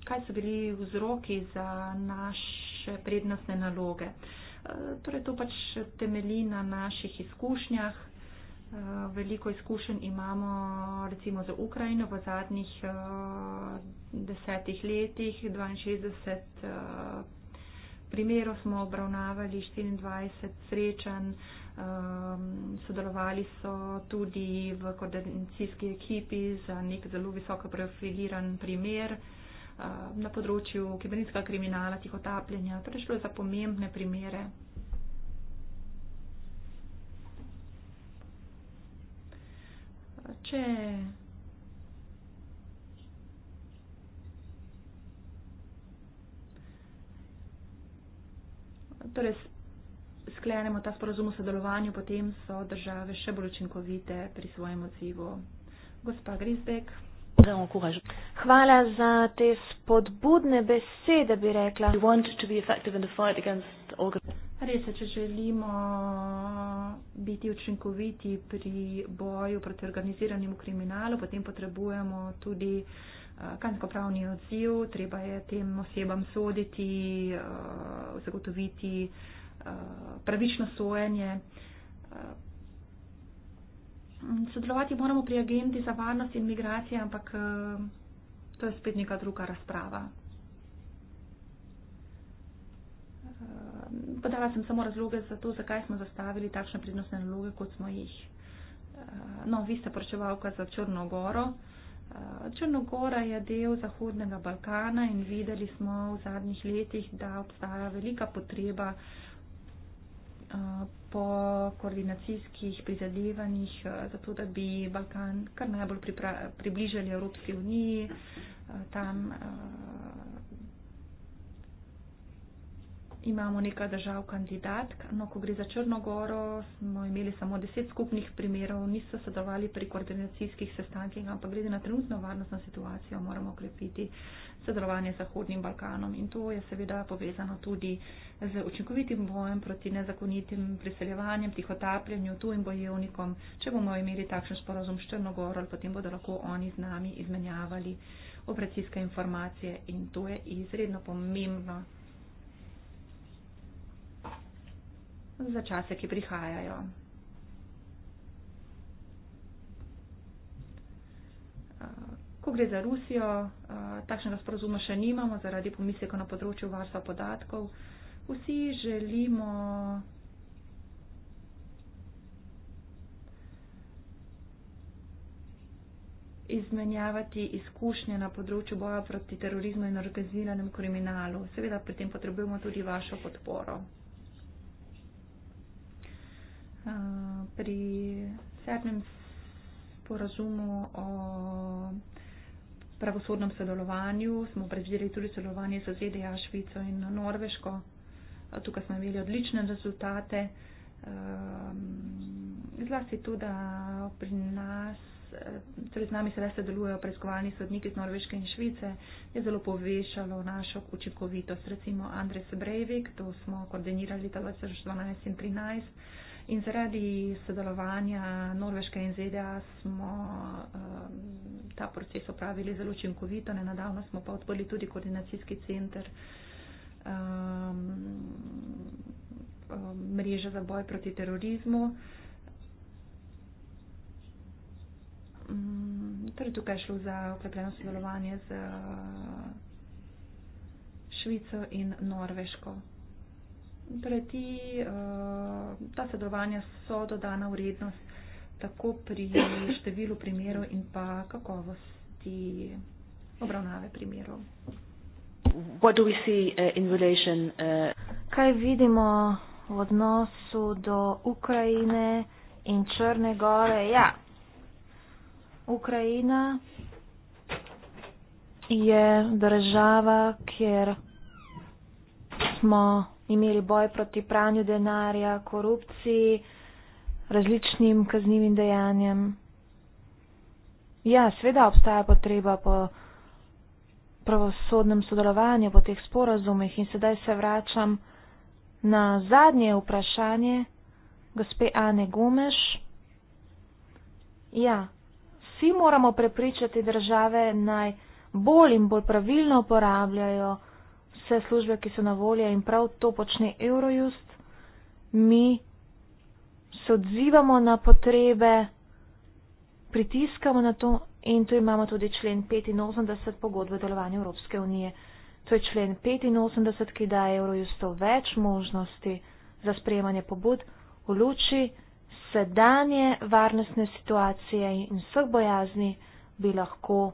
kaj so bili vzroki za naše prednostne naloge. E, torej, to pač temelji na naših izkušnjah. E, veliko izkušenj imamo recimo za Ukrajino v zadnjih e, desetih letih, 62 primerov smo obravnavali, 24 srečanj, sodelovali so tudi v koordinacijski ekipi za nek zelo visoko profiliran primer na področju kibernetskega kriminala, tihotapljenja, torej šlo je za pomembne primere. Če torej sklenemo ta sporozum o sodelovanju, potem so države še bolj učinkovite pri svojem odzivu. Gospa Grisbek zelo kuhaš. Hvala za te spodbudne besede, bi rekla. Res je, če želimo biti učinkoviti pri boju proti organiziranemu kriminalu, potem potrebujemo tudi eh, kazensko pravni odziv, treba je tem osebam soditi, eh, zagotoviti eh, pravično sojenje. Sodelovati moramo pri agenti za varnost in migracije, ampak eh, to je spet neka druga razprava. Eh, podala sem samo razloge za to, zakaj smo zastavili takšne prednostne naloge, kot smo jih. Eh, no, vi ste poročevalka za Črno goro. Črnogora je del Zahodnega Balkana in videli smo v zadnjih letih, da obstaja velika potreba po koordinacijskih prizadevanjih, eh, zato da bi Balkan kar najbolj približali Evropski uniji, eh, tam eh, imamo nekaj držav kandidatk, no ko gre za Črnogoro, smo imeli samo deset skupnih primerov, niso sodelovali pri koordinacijskih sestankih, ampak glede na trenutno varnostno situacijo moramo okrepiti sodelovanje z Zahodnim Balkanom in to je seveda povezano tudi z učinkovitim bojem proti nezakonitim priseljevanjem, tihotapljanju, tujim bojevnikom. Če bomo imeli takšen sporazum s Črnogoro, potem bodo lahko oni z nami izmenjavali operacijske informacije in to je izredno pomembno. za čase, ki prihajajo. Eh, ko gre za Rusijo, eh, takšnega sporozuma še nimamo zaradi pomisleka na področju varstva podatkov. Vsi želimo. izmenjavati izkušnje na področju boja proti terorizmu in organiziranem kriminalu. Seveda pri tem potrebujemo tudi vašo podporo pri sedmem sporazumu o pravosodnem sodelovanju smo predvideli tudi sodelovanje sa ZDA, Švico in Norveško. Tukaj smo imeli odlične rezultate. Zlasti tu, da pri nas, torej z nami sedaj sodelujejo preiskovalni sodniki iz Norveške in Švice, je zelo povešalo našo učinkovitost. Recimo Andres Brejvik, to smo koordinirali leta 2012 in 2013. In zaradi sodelovanja Norveške in ZDA smo um, ta proces opravili zelo učinkovito. Nedavno smo pa odprli tudi koordinacijski center um, um mreže za boj proti terorizmu. Um, torej, tukaj je šlo za okrepljeno sodelovanje z Švico in Norveško. Torej ti, eh, ta sodelovanja so dodana vrednost tako pri številu primerov in pa kakovosti obravnave primerov. Eh, eh, Kaj vidimo v odnosu do Ukrajine in Črne gore? Ja, Ukrajina je država, kjer smo imeli boj proti pranju denarja, korupciji, različnim kaznjivim dejanjem. Ja, sveda obstaja potreba po pravosodnem sodelovanju, po teh sporazumih in sedaj se vračam na zadnje vprašanje gospe Ane Gomeš. Ja, vsi moramo prepričati države naj bolj in bolj pravilno uporabljajo vse službe, ki so na volje in prav to počne Eurojust, mi se odzivamo na potrebe, pritiskamo na to in tu imamo tudi člen 85 pogodbe delovanja Evropske unije. To je člen 85, ki daje Eurojustu več možnosti za sprejemanje pobud v luči sedanje varnostne situacije in vseh bojazni bi lahko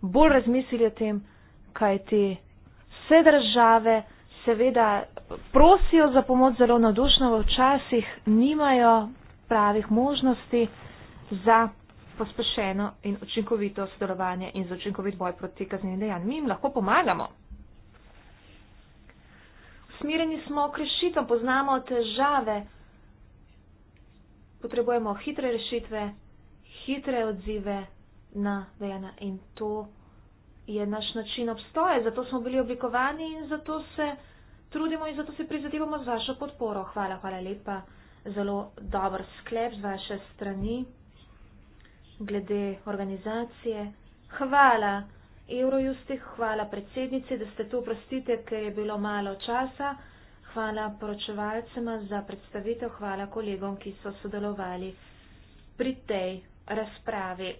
bolj razmislili o tem, kaj ti. Te vse države seveda prosijo za pomoč zelo nadušno, včasih nimajo pravih možnosti za pospešeno in učinkovito sodelovanje in za učinkovit boj proti kaznjenim dejanjem. Mi jim lahko pomagamo. Smireni smo k rešitvam, poznamo težave, potrebujemo hitre rešitve, hitre odzive na dejanja in to je naš način obstoja, zato smo bili oblikovani in zato se trudimo in zato se prizadevamo z vašo podporo. Hvala, hvala lepa. Zelo dober sklep z vaše strani glede organizacije. Hvala Eurojusti, hvala predsednici, da ste tu, prostite, ker je bilo malo časa. Hvala poročevalcema za predstavitev, hvala kolegom, ki so sodelovali pri tej razpravi.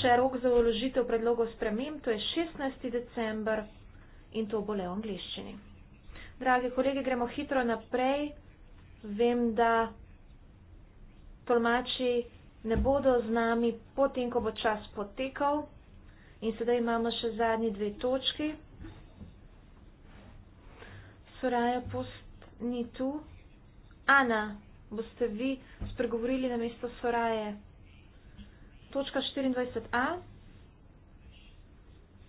Še rok za uložitev predlogov sprememb, to je 16. december in to bo le v angliščini. Dragi kolege, gremo hitro naprej. Vem, da tolmači ne bodo z nami potem, ko bo čas potekal. In sedaj imamo še zadnji dve točki. Soraja, post ni tu. Ana, boste vi spregovorili na mesto Soraje. Točka 24a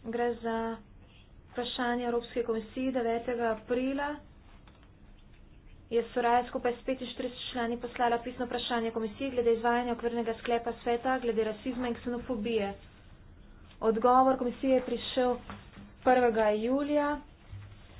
gre za vprašanje Evropske komisije 9. aprila. Je Soraja skupaj s 45 člani poslala pisno vprašanje komisiji glede izvajanja okvirnega sklepa sveta glede rasizma in ksenofobije. Odgovor komisije je prišel 1. julija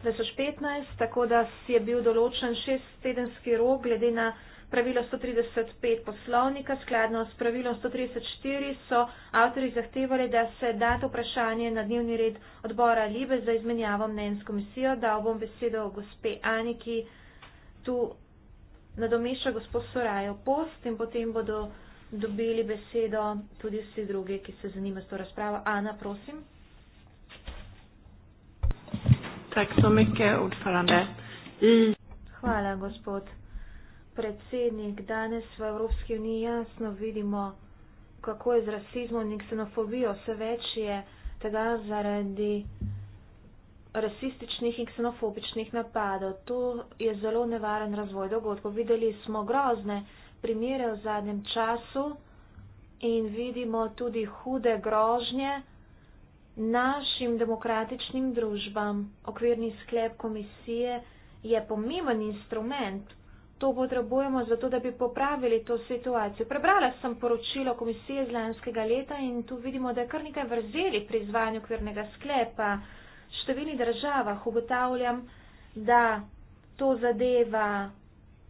2015, tako da je bil določen šest tedenski rok glede na pravilo 135 poslovnika, skladno s pravilom 134 so avtori zahtevali, da se date vprašanje na dnevni red odbora Libe za izmenjavo mnen s komisijo. Dal bom besedo gospe Ani, ki tu nadomešča gospod Sorajo post in potem bodo dobili besedo tudi vsi drugi, ki se zanimajo s to razpravo. Ana, prosim. Tak, so mi, ki je odprane. Mm. Hvala, gospod predsednik, danes v Evropski uniji jasno vidimo, kako je z rasizmom in ksenofobijo vse več je tega zaradi rasističnih in ksenofobičnih napadov. To je zelo nevaren razvoj dogodkov. Videli smo grozne primere v zadnjem času in vidimo tudi hude grožnje našim demokratičnim družbam. Okvirni sklep komisije je pomemben instrument to potrebujemo, zato da bi popravili to situacijo. Prebrala sem poročilo komisije iz lanskega leta in tu vidimo, da je kar nekaj vrzeli pri izvajanju okvirnega sklepa v številnih državah. Ugotavljam, da to zadeva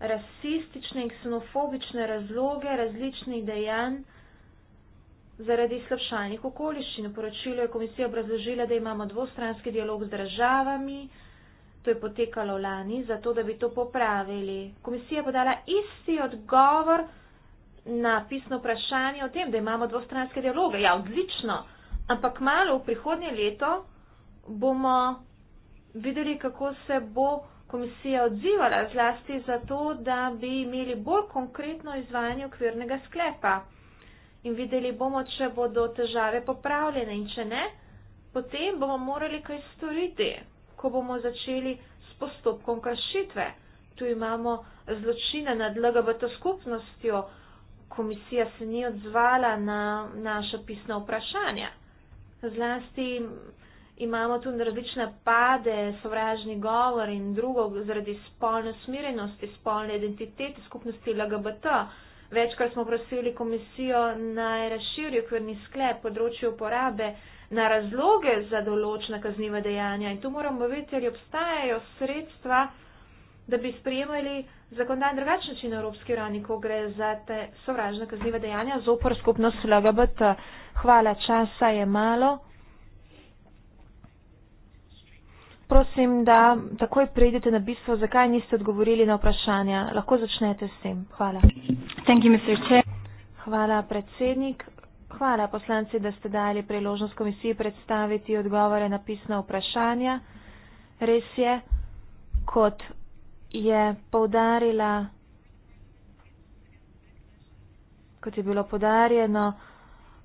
rasistične in ksenofobične razloge različnih dejanj zaradi slabšanih okoliščin. Poročilo je komisija obrazložila, da imamo dvostranski dialog z državami, To je potekalo lani, zato da bi to popravili. Komisija podala isti odgovor na pisno vprašanje o tem, da imamo dvostranske dialoge. Ja, odlično. Ampak malo v prihodnje leto bomo videli, kako se bo komisija odzivala zlasti zato, da bi imeli bolj konkretno izvajanje okvirnega sklepa. In videli bomo, če bodo težave popravljene in če ne, potem bomo morali kaj storiti ko bomo začeli s postopkom kršitve. Tu imamo zločine nad LGBT skupnostjo, komisija se ni odzvala na naša pisna vprašanja. Zlasti imamo tu različne pade, sovražni govor in drugo zaradi spolne smirenosti, spolne identitete skupnosti LGBT. Večkrat smo prosili komisijo naj razširi okvirni sklep področju uporabe na razloge za določena kazniva dejanja. In tu moramo vedeti, ali obstajajo sredstva, da bi sprejemali zakonodaj drugačen način na evropski ravni, ko gre za te sovražne kazniva dejanja zopr skupnost LGBT. Hvala, časa je malo. Prosim, da takoj prejdete na bistvo, zakaj niste odgovorili na vprašanja. Lahko začnete s tem. Hvala. Hvala, predsednik. Hvala poslanci, da ste dali priložnost komisiji predstaviti odgovore na pisna vprašanja. Res je, kot je povdarila, kot je bilo podarjeno,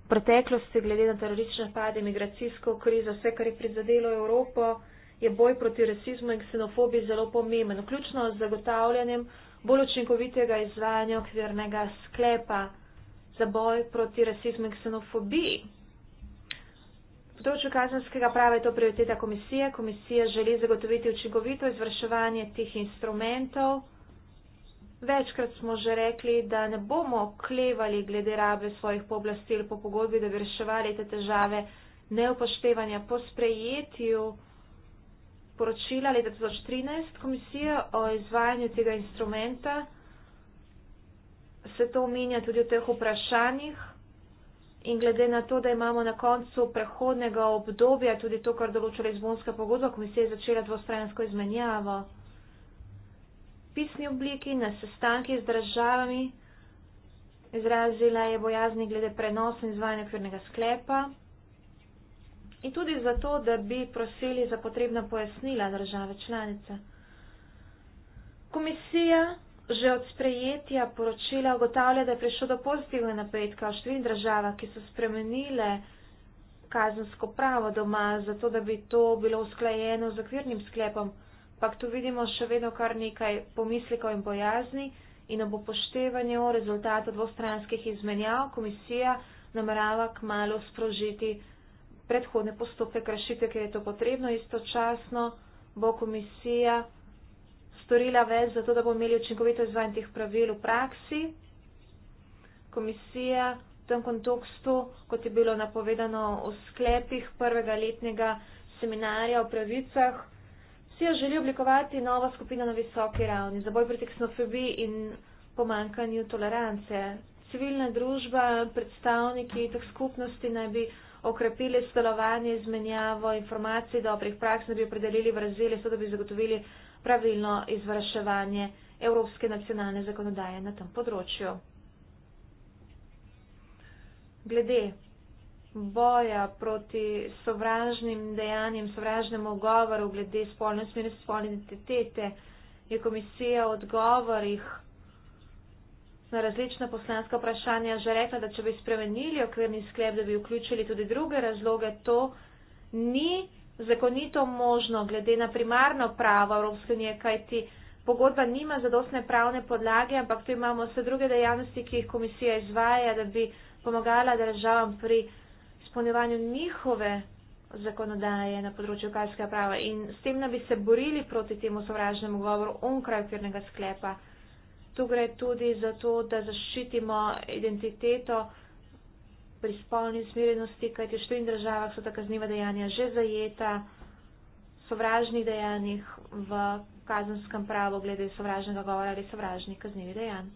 v preteklosti glede na teroristične napade, migracijsko krizo, vse, kar je prizadelo Evropo, je boj proti rasizmu in ksenofobiji zelo pomemben, vključno z zagotavljanjem bolj učinkovitega izvajanja okvirnega sklepa za boj proti rasizmu in ksenofobiji. V področju kazenskega prava je to prioriteta komisije. Komisija želi zagotoviti učinkovito izvrševanje teh instrumentov. Večkrat smo že rekli, da ne bomo klevali glede rabe svojih pooblastil po pogodbi, da bi reševali te težave neupoštevanja po sprejetju poročila leta 2013 komisije o izvajanju tega instrumenta se to omenja tudi v teh vprašanjih in glede na to, da imamo na koncu prehodnega obdobja tudi to, kar določa Lizbonska pogodba, komisija je začela dvostransko izmenjavo. Pisni obliki na sestanki z državami izrazila je bojazni glede prenosa in izvajanja okvirnega sklepa in tudi zato, da bi prosili za potrebna pojasnila države članice. Komisija že od sprejetja poročila ugotavlja, da je prišlo do pozitivne napredka v številnih državah, ki so spremenile kazensko pravo doma, zato da bi to bilo usklajeno z okvirnim sklepom, pa tu vidimo še vedno kar nekaj pomislikov in bojazni in ob upoštevanju rezultata dvostranskih izmenjav komisija namerava k malo sprožiti predhodne postopke, kar rešitev, ker je to potrebno, istočasno bo komisija storila več za to, da bomo imeli učinkovito izvajanje teh pravil v praksi. Komisija v tem kontekstu, kot je bilo napovedano v sklepih prvega letnega seminarja o pravicah, si jo želi oblikovati novo skupino na visoki ravni za boj proti ksenofobiji in pomankanju tolerance. Civilna družba, predstavniki teh skupnosti naj bi okrepili sodelovanje, izmenjavo informacij, dobrih praks, naj bi opredelili v razvili, so da bi zagotovili pravilno izvrševanje evropske nacionalne zakonodaje na tem področju. Glede boja proti sovražnim dejanjem, sovražnemu govoru glede spolne smeri, spolne identitete, je komisija v odgovorih na različna poslanska vprašanja že rekla, da če bi spremenili okvirni sklep, da bi vključili tudi druge razloge, to ni zakonito možno, glede na primarno pravo Evropske unije, kajti pogodba nima zadostne pravne podlage, ampak tu imamo vse druge dejavnosti, ki jih komisija izvaja, da bi pomagala državam pri izpolnjevanju njihove zakonodaje na področju kazenskega prava in s tem, da bi se borili proti temu sovražnemu govoru onkraj okvirnega sklepa. Tu gre tudi za to, da zaščitimo identiteto pri spolni usmerjenosti, kajti v številnih državah so ta kazniva dejanja že zajeta, sovražnih dejanjih v kazenskem pravu glede sovražnega govora ali sovražnih kaznivih dejanj.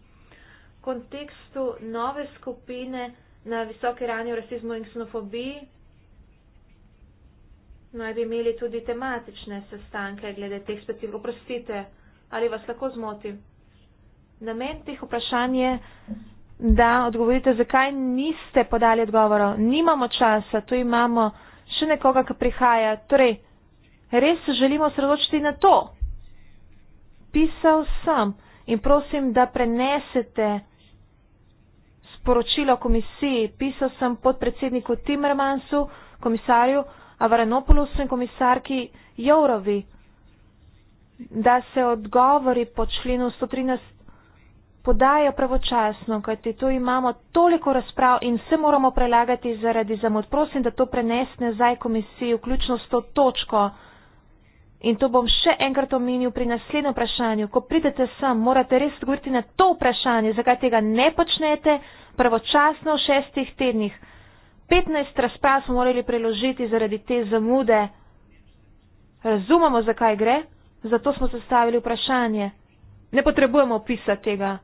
V kontekstu nove skupine na visoki ravni v rasizmu in ksenofobiji naj bi imeli tudi tematične sestanke glede teh specifik. Oprostite, ali vas lahko zmotim? Namen teh vprašanj je da odgovorite, zakaj niste podali odgovorov. Nimamo časa, tu imamo še nekoga, ki prihaja. Torej, res se želimo osredočiti na to. Pisal sem in prosim, da prenesete sporočilo komisiji. Pisal sem podpredsedniku Timmermansu, komisarju Avaranopoulosu in komisarki Jourovi, da se odgovori po členu 113 podajo pravočasno, kajti tu imamo toliko razprav in se moramo prelagati zaradi zamud. Prosim, da to prenesne zdaj komisiji, vključno s to točko. In to bom še enkrat omenil pri naslednjem vprašanju. Ko pridete sem, morate res odgovoriti na to vprašanje, zakaj tega ne počnete pravočasno v šestih tednih. 15 razprav smo morali preložiti zaradi te zamude. Razumemo, zakaj gre, zato smo sestavili vprašanje. Ne potrebujemo opisa tega.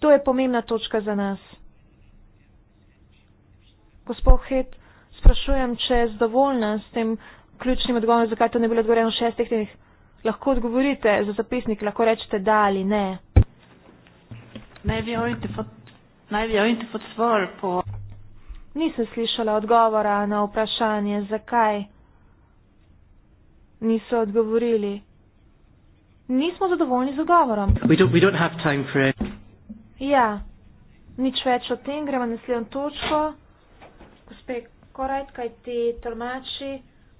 To je pomembna točka za nas. Gospod Het, sprašujem, če je zadovoljna s tem ključnim odgovorom, zakaj to ne bilo odgovorjeno v šestih tednih. Lahko odgovorite za zapisnik, lahko rečete da ali ne. Nisem slišala odgovora na vprašanje, zakaj niso odgovorili. Nismo zadovoljni z odgovorom. We don't, we don't Ja, nič več o tem, gremo na naslednjo točko. Gospe Korajt, kaj ti tolmači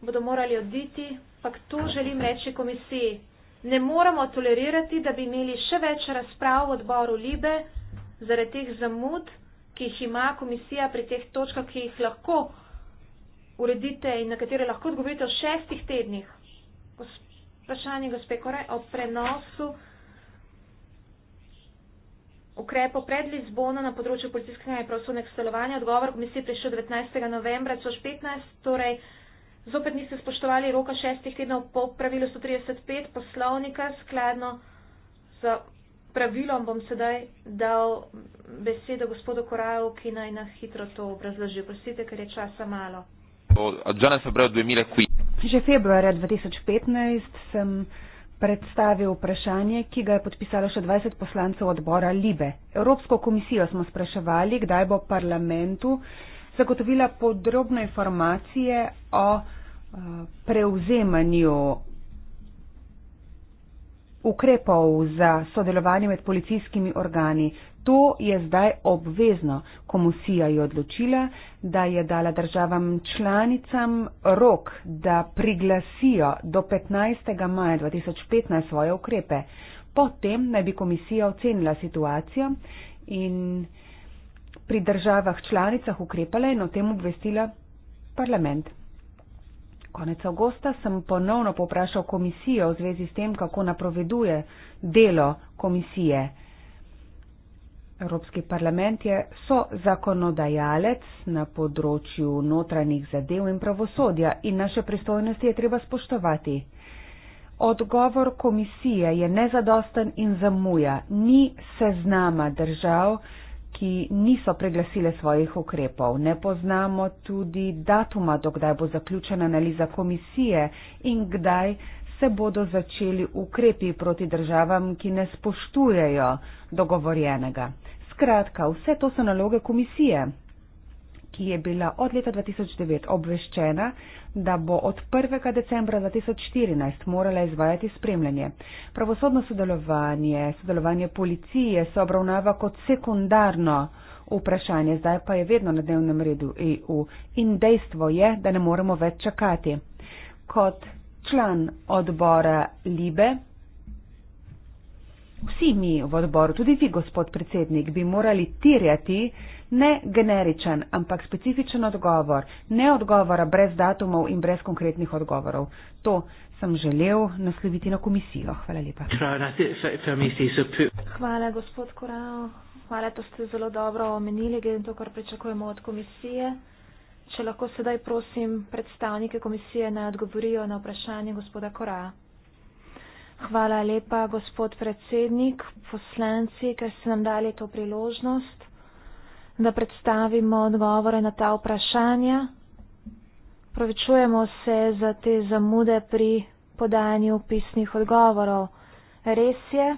bodo morali oditi, pa to želim reči komisiji. Ne moramo tolerirati, da bi imeli še več razprav v odboru Libe zaradi teh zamud, ki jih ima komisija pri teh točkah, ki jih lahko uredite in na katere lahko odgovorite v šestih tednih. Vprašanje gospe Korajt o prenosu ukrepov pred Lizbono na področju policijskega in pravosodnega sodelovanja. Odgovor komisije prišel 19. novembra 2015, torej zopet niste spoštovali roka šestih tednov po pravilu 135 poslovnika, skladno z pravilom bom sedaj dal besedo gospodu Koraju, ki naj na hitro to obrazloži. Prosite, ker je časa malo. Že februarja 2015 sem predstavil vprašanje, ki ga je podpisalo še 20 poslancev odbora Libe. Evropsko komisijo smo spraševali, kdaj bo parlamentu zagotovila podrobne informacije o eh, prevzemanju ukrepov za sodelovanje med policijskimi organi. To je zdaj obvezno. Komisija je odločila, da je dala državam članicam rok, da priglasijo do 15. maja 2015 svoje ukrepe. Potem naj bi komisija ocenila situacijo in pri državah članicah ukrepala in o tem obvestila parlament. Konec avgusta sem ponovno poprašal komisijo v zvezi s tem, kako napoveduje delo komisije. Evropski parlament je so zakonodajalec na področju notranjih zadev in pravosodja in naše pristojnosti je treba spoštovati. Odgovor komisije je nezadosten in zamuja. Ni seznama držav, ki niso preglasile svojih ukrepov. Ne poznamo tudi datuma, dokdaj bo zaključena analiza komisije in kdaj se bodo začeli ukrepi proti državam, ki ne spoštujejo dogovorjenega. Skratka, vse to so naloge komisije, ki je bila od leta 2009 obveščena, da bo od 1. decembra 2014 morala izvajati spremljanje. Pravosodno sodelovanje, sodelovanje policije se obravnava kot sekundarno vprašanje, zdaj pa je vedno na dnevnem redu EU in dejstvo je, da ne moremo več čakati. Kot član odbora Libe, vsi mi v odboru, tudi vi, gospod predsednik, bi morali tirjati, ne generičen, ampak specifičen odgovor, ne odgovora brez datumov in brez konkretnih odgovorov. To sem želel nasloviti na komisijo. Hvala lepa. Hvala, gospod Korao. Hvala, to ste zelo dobro omenili, glede na to, kar pričakujemo od komisije. Če lahko sedaj prosim predstavnike komisije naj odgovorijo na vprašanje gospoda Koraa. Hvala lepa, gospod predsednik, poslanci, ker ste nam dali to priložnost da predstavimo odgovore na ta vprašanja. Pravičujemo se za te zamude pri podajanju pisnih odgovorov. Res je,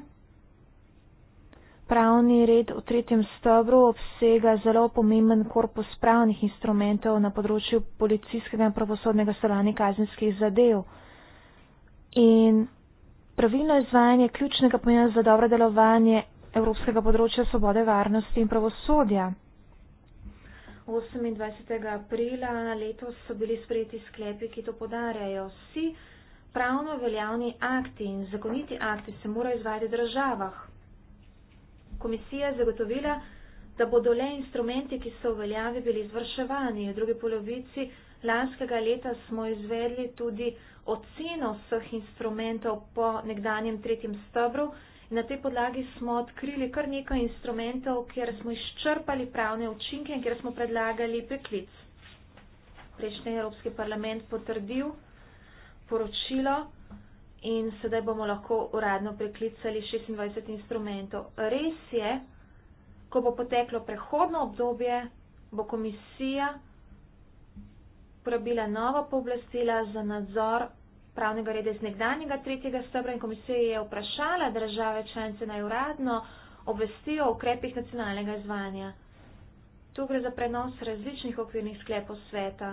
pravni red v tretjem stebru obsega zelo pomemben korpus pravnih instrumentov na področju policijskega in pravosodnega stalanja kazenskih zadev. In pravilno izvajanje ključnega pomena za dobro delovanje Evropskega področja svobode, varnosti in pravosodja. 28. aprila letos so bili sprejeti sklepi, ki to podarjajo. Vsi pravno veljavni akti in zakoniti akti se morajo izvajati v državah. Komisija je zagotovila, da bodo le instrumenti, ki so v veljavi, bili izvrševani. V drugi polovici lanskega leta smo izvedli tudi oceno vseh instrumentov po nekdanjem tretjem stebru. Na tej podlagi smo odkrili kar nekaj instrumentov, kjer smo izčrpali pravne učinke in kjer smo predlagali preklic. Prejšnji Evropski parlament potrdil poročilo in sedaj bomo lahko uradno preklicali 26 instrumentov. Res je, ko bo poteklo prehodno obdobje, bo komisija uporabila nova pooblastila za nadzor pravnega reda iz nekdanjega tretjega stebra in komisija je vprašala države članice naj uradno obvestijo o ukrepih nacionalnega izvanja. Tu gre za prenos različnih okvirnih sklepov sveta.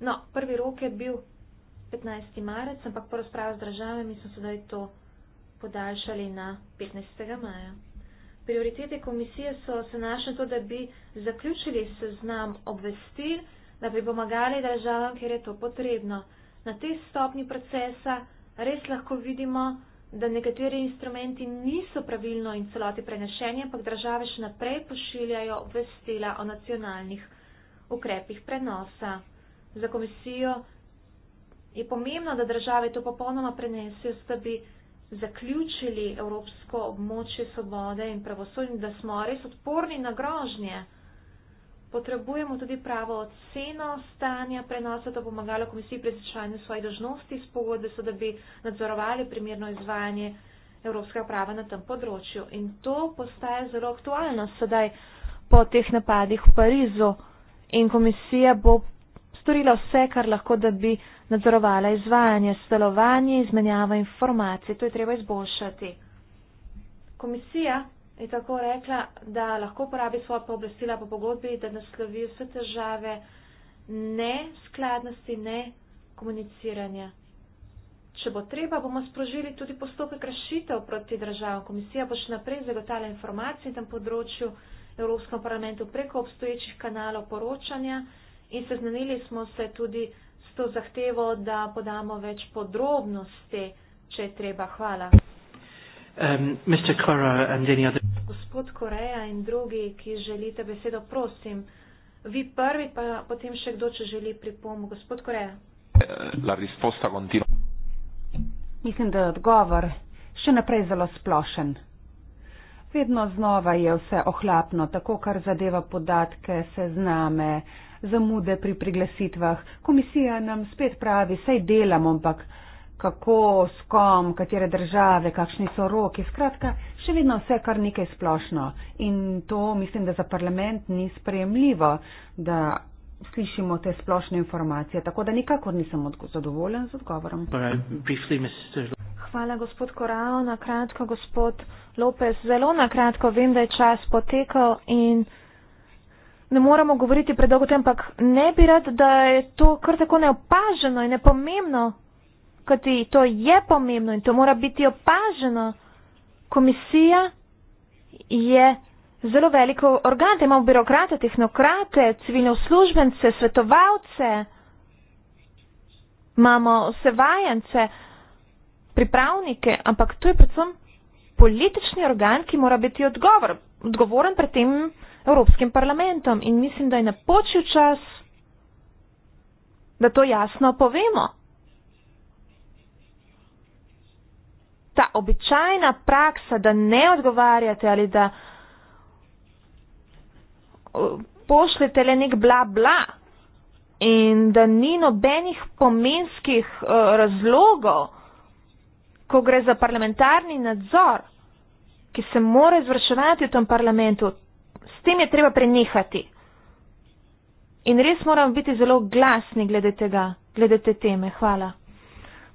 No, prvi rok je bil 15. marec, ampak po razpravi z državami smo sedaj to podaljšali na 15. maja. Prioritete komisije so se našle to, da bi zaključili seznam obvestil, da bi pomagali državam, kjer je to potrebno na tej stopni procesa res lahko vidimo, da nekateri instrumenti niso pravilno in celoti prenešeni, ampak države še naprej pošiljajo vestila o nacionalnih ukrepih prenosa. Za komisijo je pomembno, da države to popolnoma prenesejo, da bi zaključili Evropsko območje svobode in pravosodnje, da smo res odporni na grožnje. Potrebujemo tudi pravo oceno stanja prenosa, to pomagalo komisiji pri izvrševanju svoje dožnosti iz pogodbe, so da bi nadzorovali primerno izvajanje evropskega prava na tem področju. In to postaje zelo aktualno sedaj po teh napadih v Parizu in komisija bo storila vse, kar lahko, da bi nadzorovala izvajanje, sodelovanje, izmenjava informacij. To je treba izboljšati. Komisija je tako rekla, da lahko uporabi svoja pooblastila po pogodbi, da naslovi vse težave ne skladnosti, ne komuniciranja. Če bo treba, bomo sprožili tudi postopek rešitev proti državam. Komisija bo še naprej zagotavljala informacije na tem področju Evropskem parlamentu preko obstoječih kanalov poročanja in seznanili smo se tudi s to zahtevo, da podamo več podrobnosti, če je treba. Hvala. Um, Mr. Cora and any other. Gospod Koreja in drugi, ki želite besedo, prosim. Vi prvi, pa potem še kdo, če želi pripomoč. Gospod Koreja. La risposta continua. Mislim, da je odgovor še naprej zelo splošen. Vedno znova je vse ohlapno, tako kar zadeva podatke, sezname, zamude pri priglasitvah. Komisija nam spet pravi, saj delamo, ampak kako, s kom, katere države, kakšni so roki. Skratka, še vedno vse kar nekaj splošno. In to mislim, da za parlament ni sprejemljivo, da slišimo te splošne informacije. Tako da nikakor nisem zadovoljen z odgovorom. Hvala, gospod Korao. Na kratko, gospod Lopez. Zelo na kratko, vem, da je čas potekal in. Ne moramo govoriti predolgo tem, ampak ne bi rad, da je to kar tako neopaženo in nepomembno, kajti to je pomembno in to mora biti opaženo. Komisija je zelo veliko organ, imamo birokrate, tehnokrate, civilne uslužbence, svetovalce, imamo vse vajence, pripravnike, ampak to je predvsem politični organ, ki mora biti odgovor, odgovoren pred tem Evropskim parlamentom. In mislim, da je napočil čas, da to jasno povemo. ta običajna praksa, da ne odgovarjate ali da pošljete le nek bla bla in da ni nobenih pomenskih uh, razlogov, ko gre za parlamentarni nadzor, ki se mora izvrševati v tem parlamentu, s tem je treba prenehati. In res moramo biti zelo glasni glede tega, glede te teme. Hvala.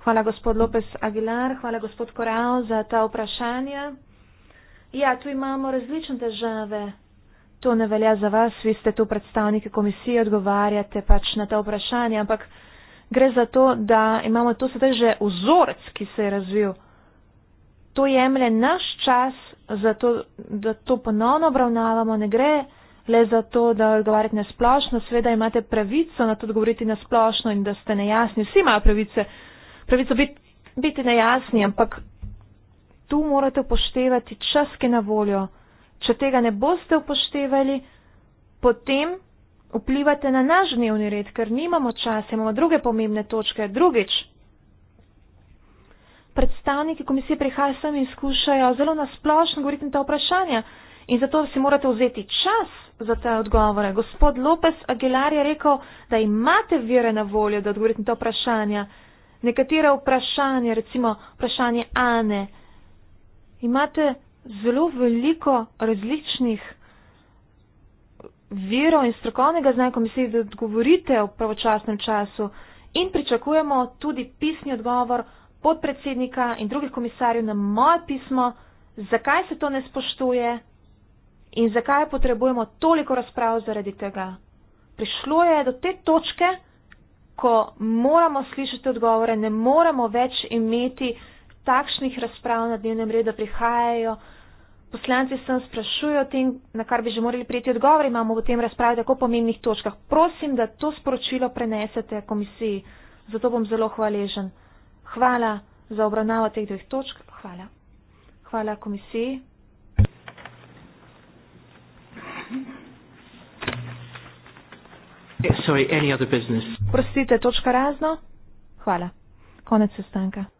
Hvala, gospod Lopes Aguilar, hvala, gospod Koral, za ta vprašanja. Ja, tu imamo različne države. To ne velja za vas, vi ste tu predstavniki komisije, odgovarjate pač na ta vprašanja, ampak gre za to, da imamo tu sedaj že vzorec, ki se je razvil. To jemlje naš čas, to, da to ponovno obravnavamo, ne gre le za to, da odgovarjate na splošno, sveda imate pravico na to odgovoriti na splošno in da ste nejasni, vsi imajo pravice pravico bit, biti nejasni, ampak tu morate upoštevati čas, ki je na voljo. Če tega ne boste upoštevali, potem vplivate na naš dnevni red, ker nimamo časa, imamo druge pomembne točke. Drugič, predstavniki komisije prihajajo sami in skušajo zelo nasplošno govoriti na ta vprašanja. In zato si morate vzeti čas za te odgovore. Gospod Lopes Aguilar je rekel, da imate vire na voljo, da odgovorite na to vprašanje nekatera vprašanja, recimo vprašanje Ane. Imate zelo veliko različnih virov in strokovnega znanja komisije, da odgovorite v pravočasnem času in pričakujemo tudi pisni odgovor podpredsednika in drugih komisarjev na moje pismo, zakaj se to ne spoštuje in zakaj potrebujemo toliko razprav zaradi tega. Prišlo je do te točke, ko moramo slišati odgovore, ne moramo več imeti takšnih razprav na dnevnem redu, prihajajo. Poslanci se nam sprašujejo o tem, na kar bi že morali prijeti odgovor, imamo v tem razpravi tako pomembnih točkah. Prosim, da to sporočilo prenesete komisiji. Zato bom zelo hvaležen. Hvala za obravnavo teh dveh točk. Hvala. Hvala komisiji. Thank you. Eh, sorry, any other business. Prostite, točka razno. Hvala. Konec sestanka.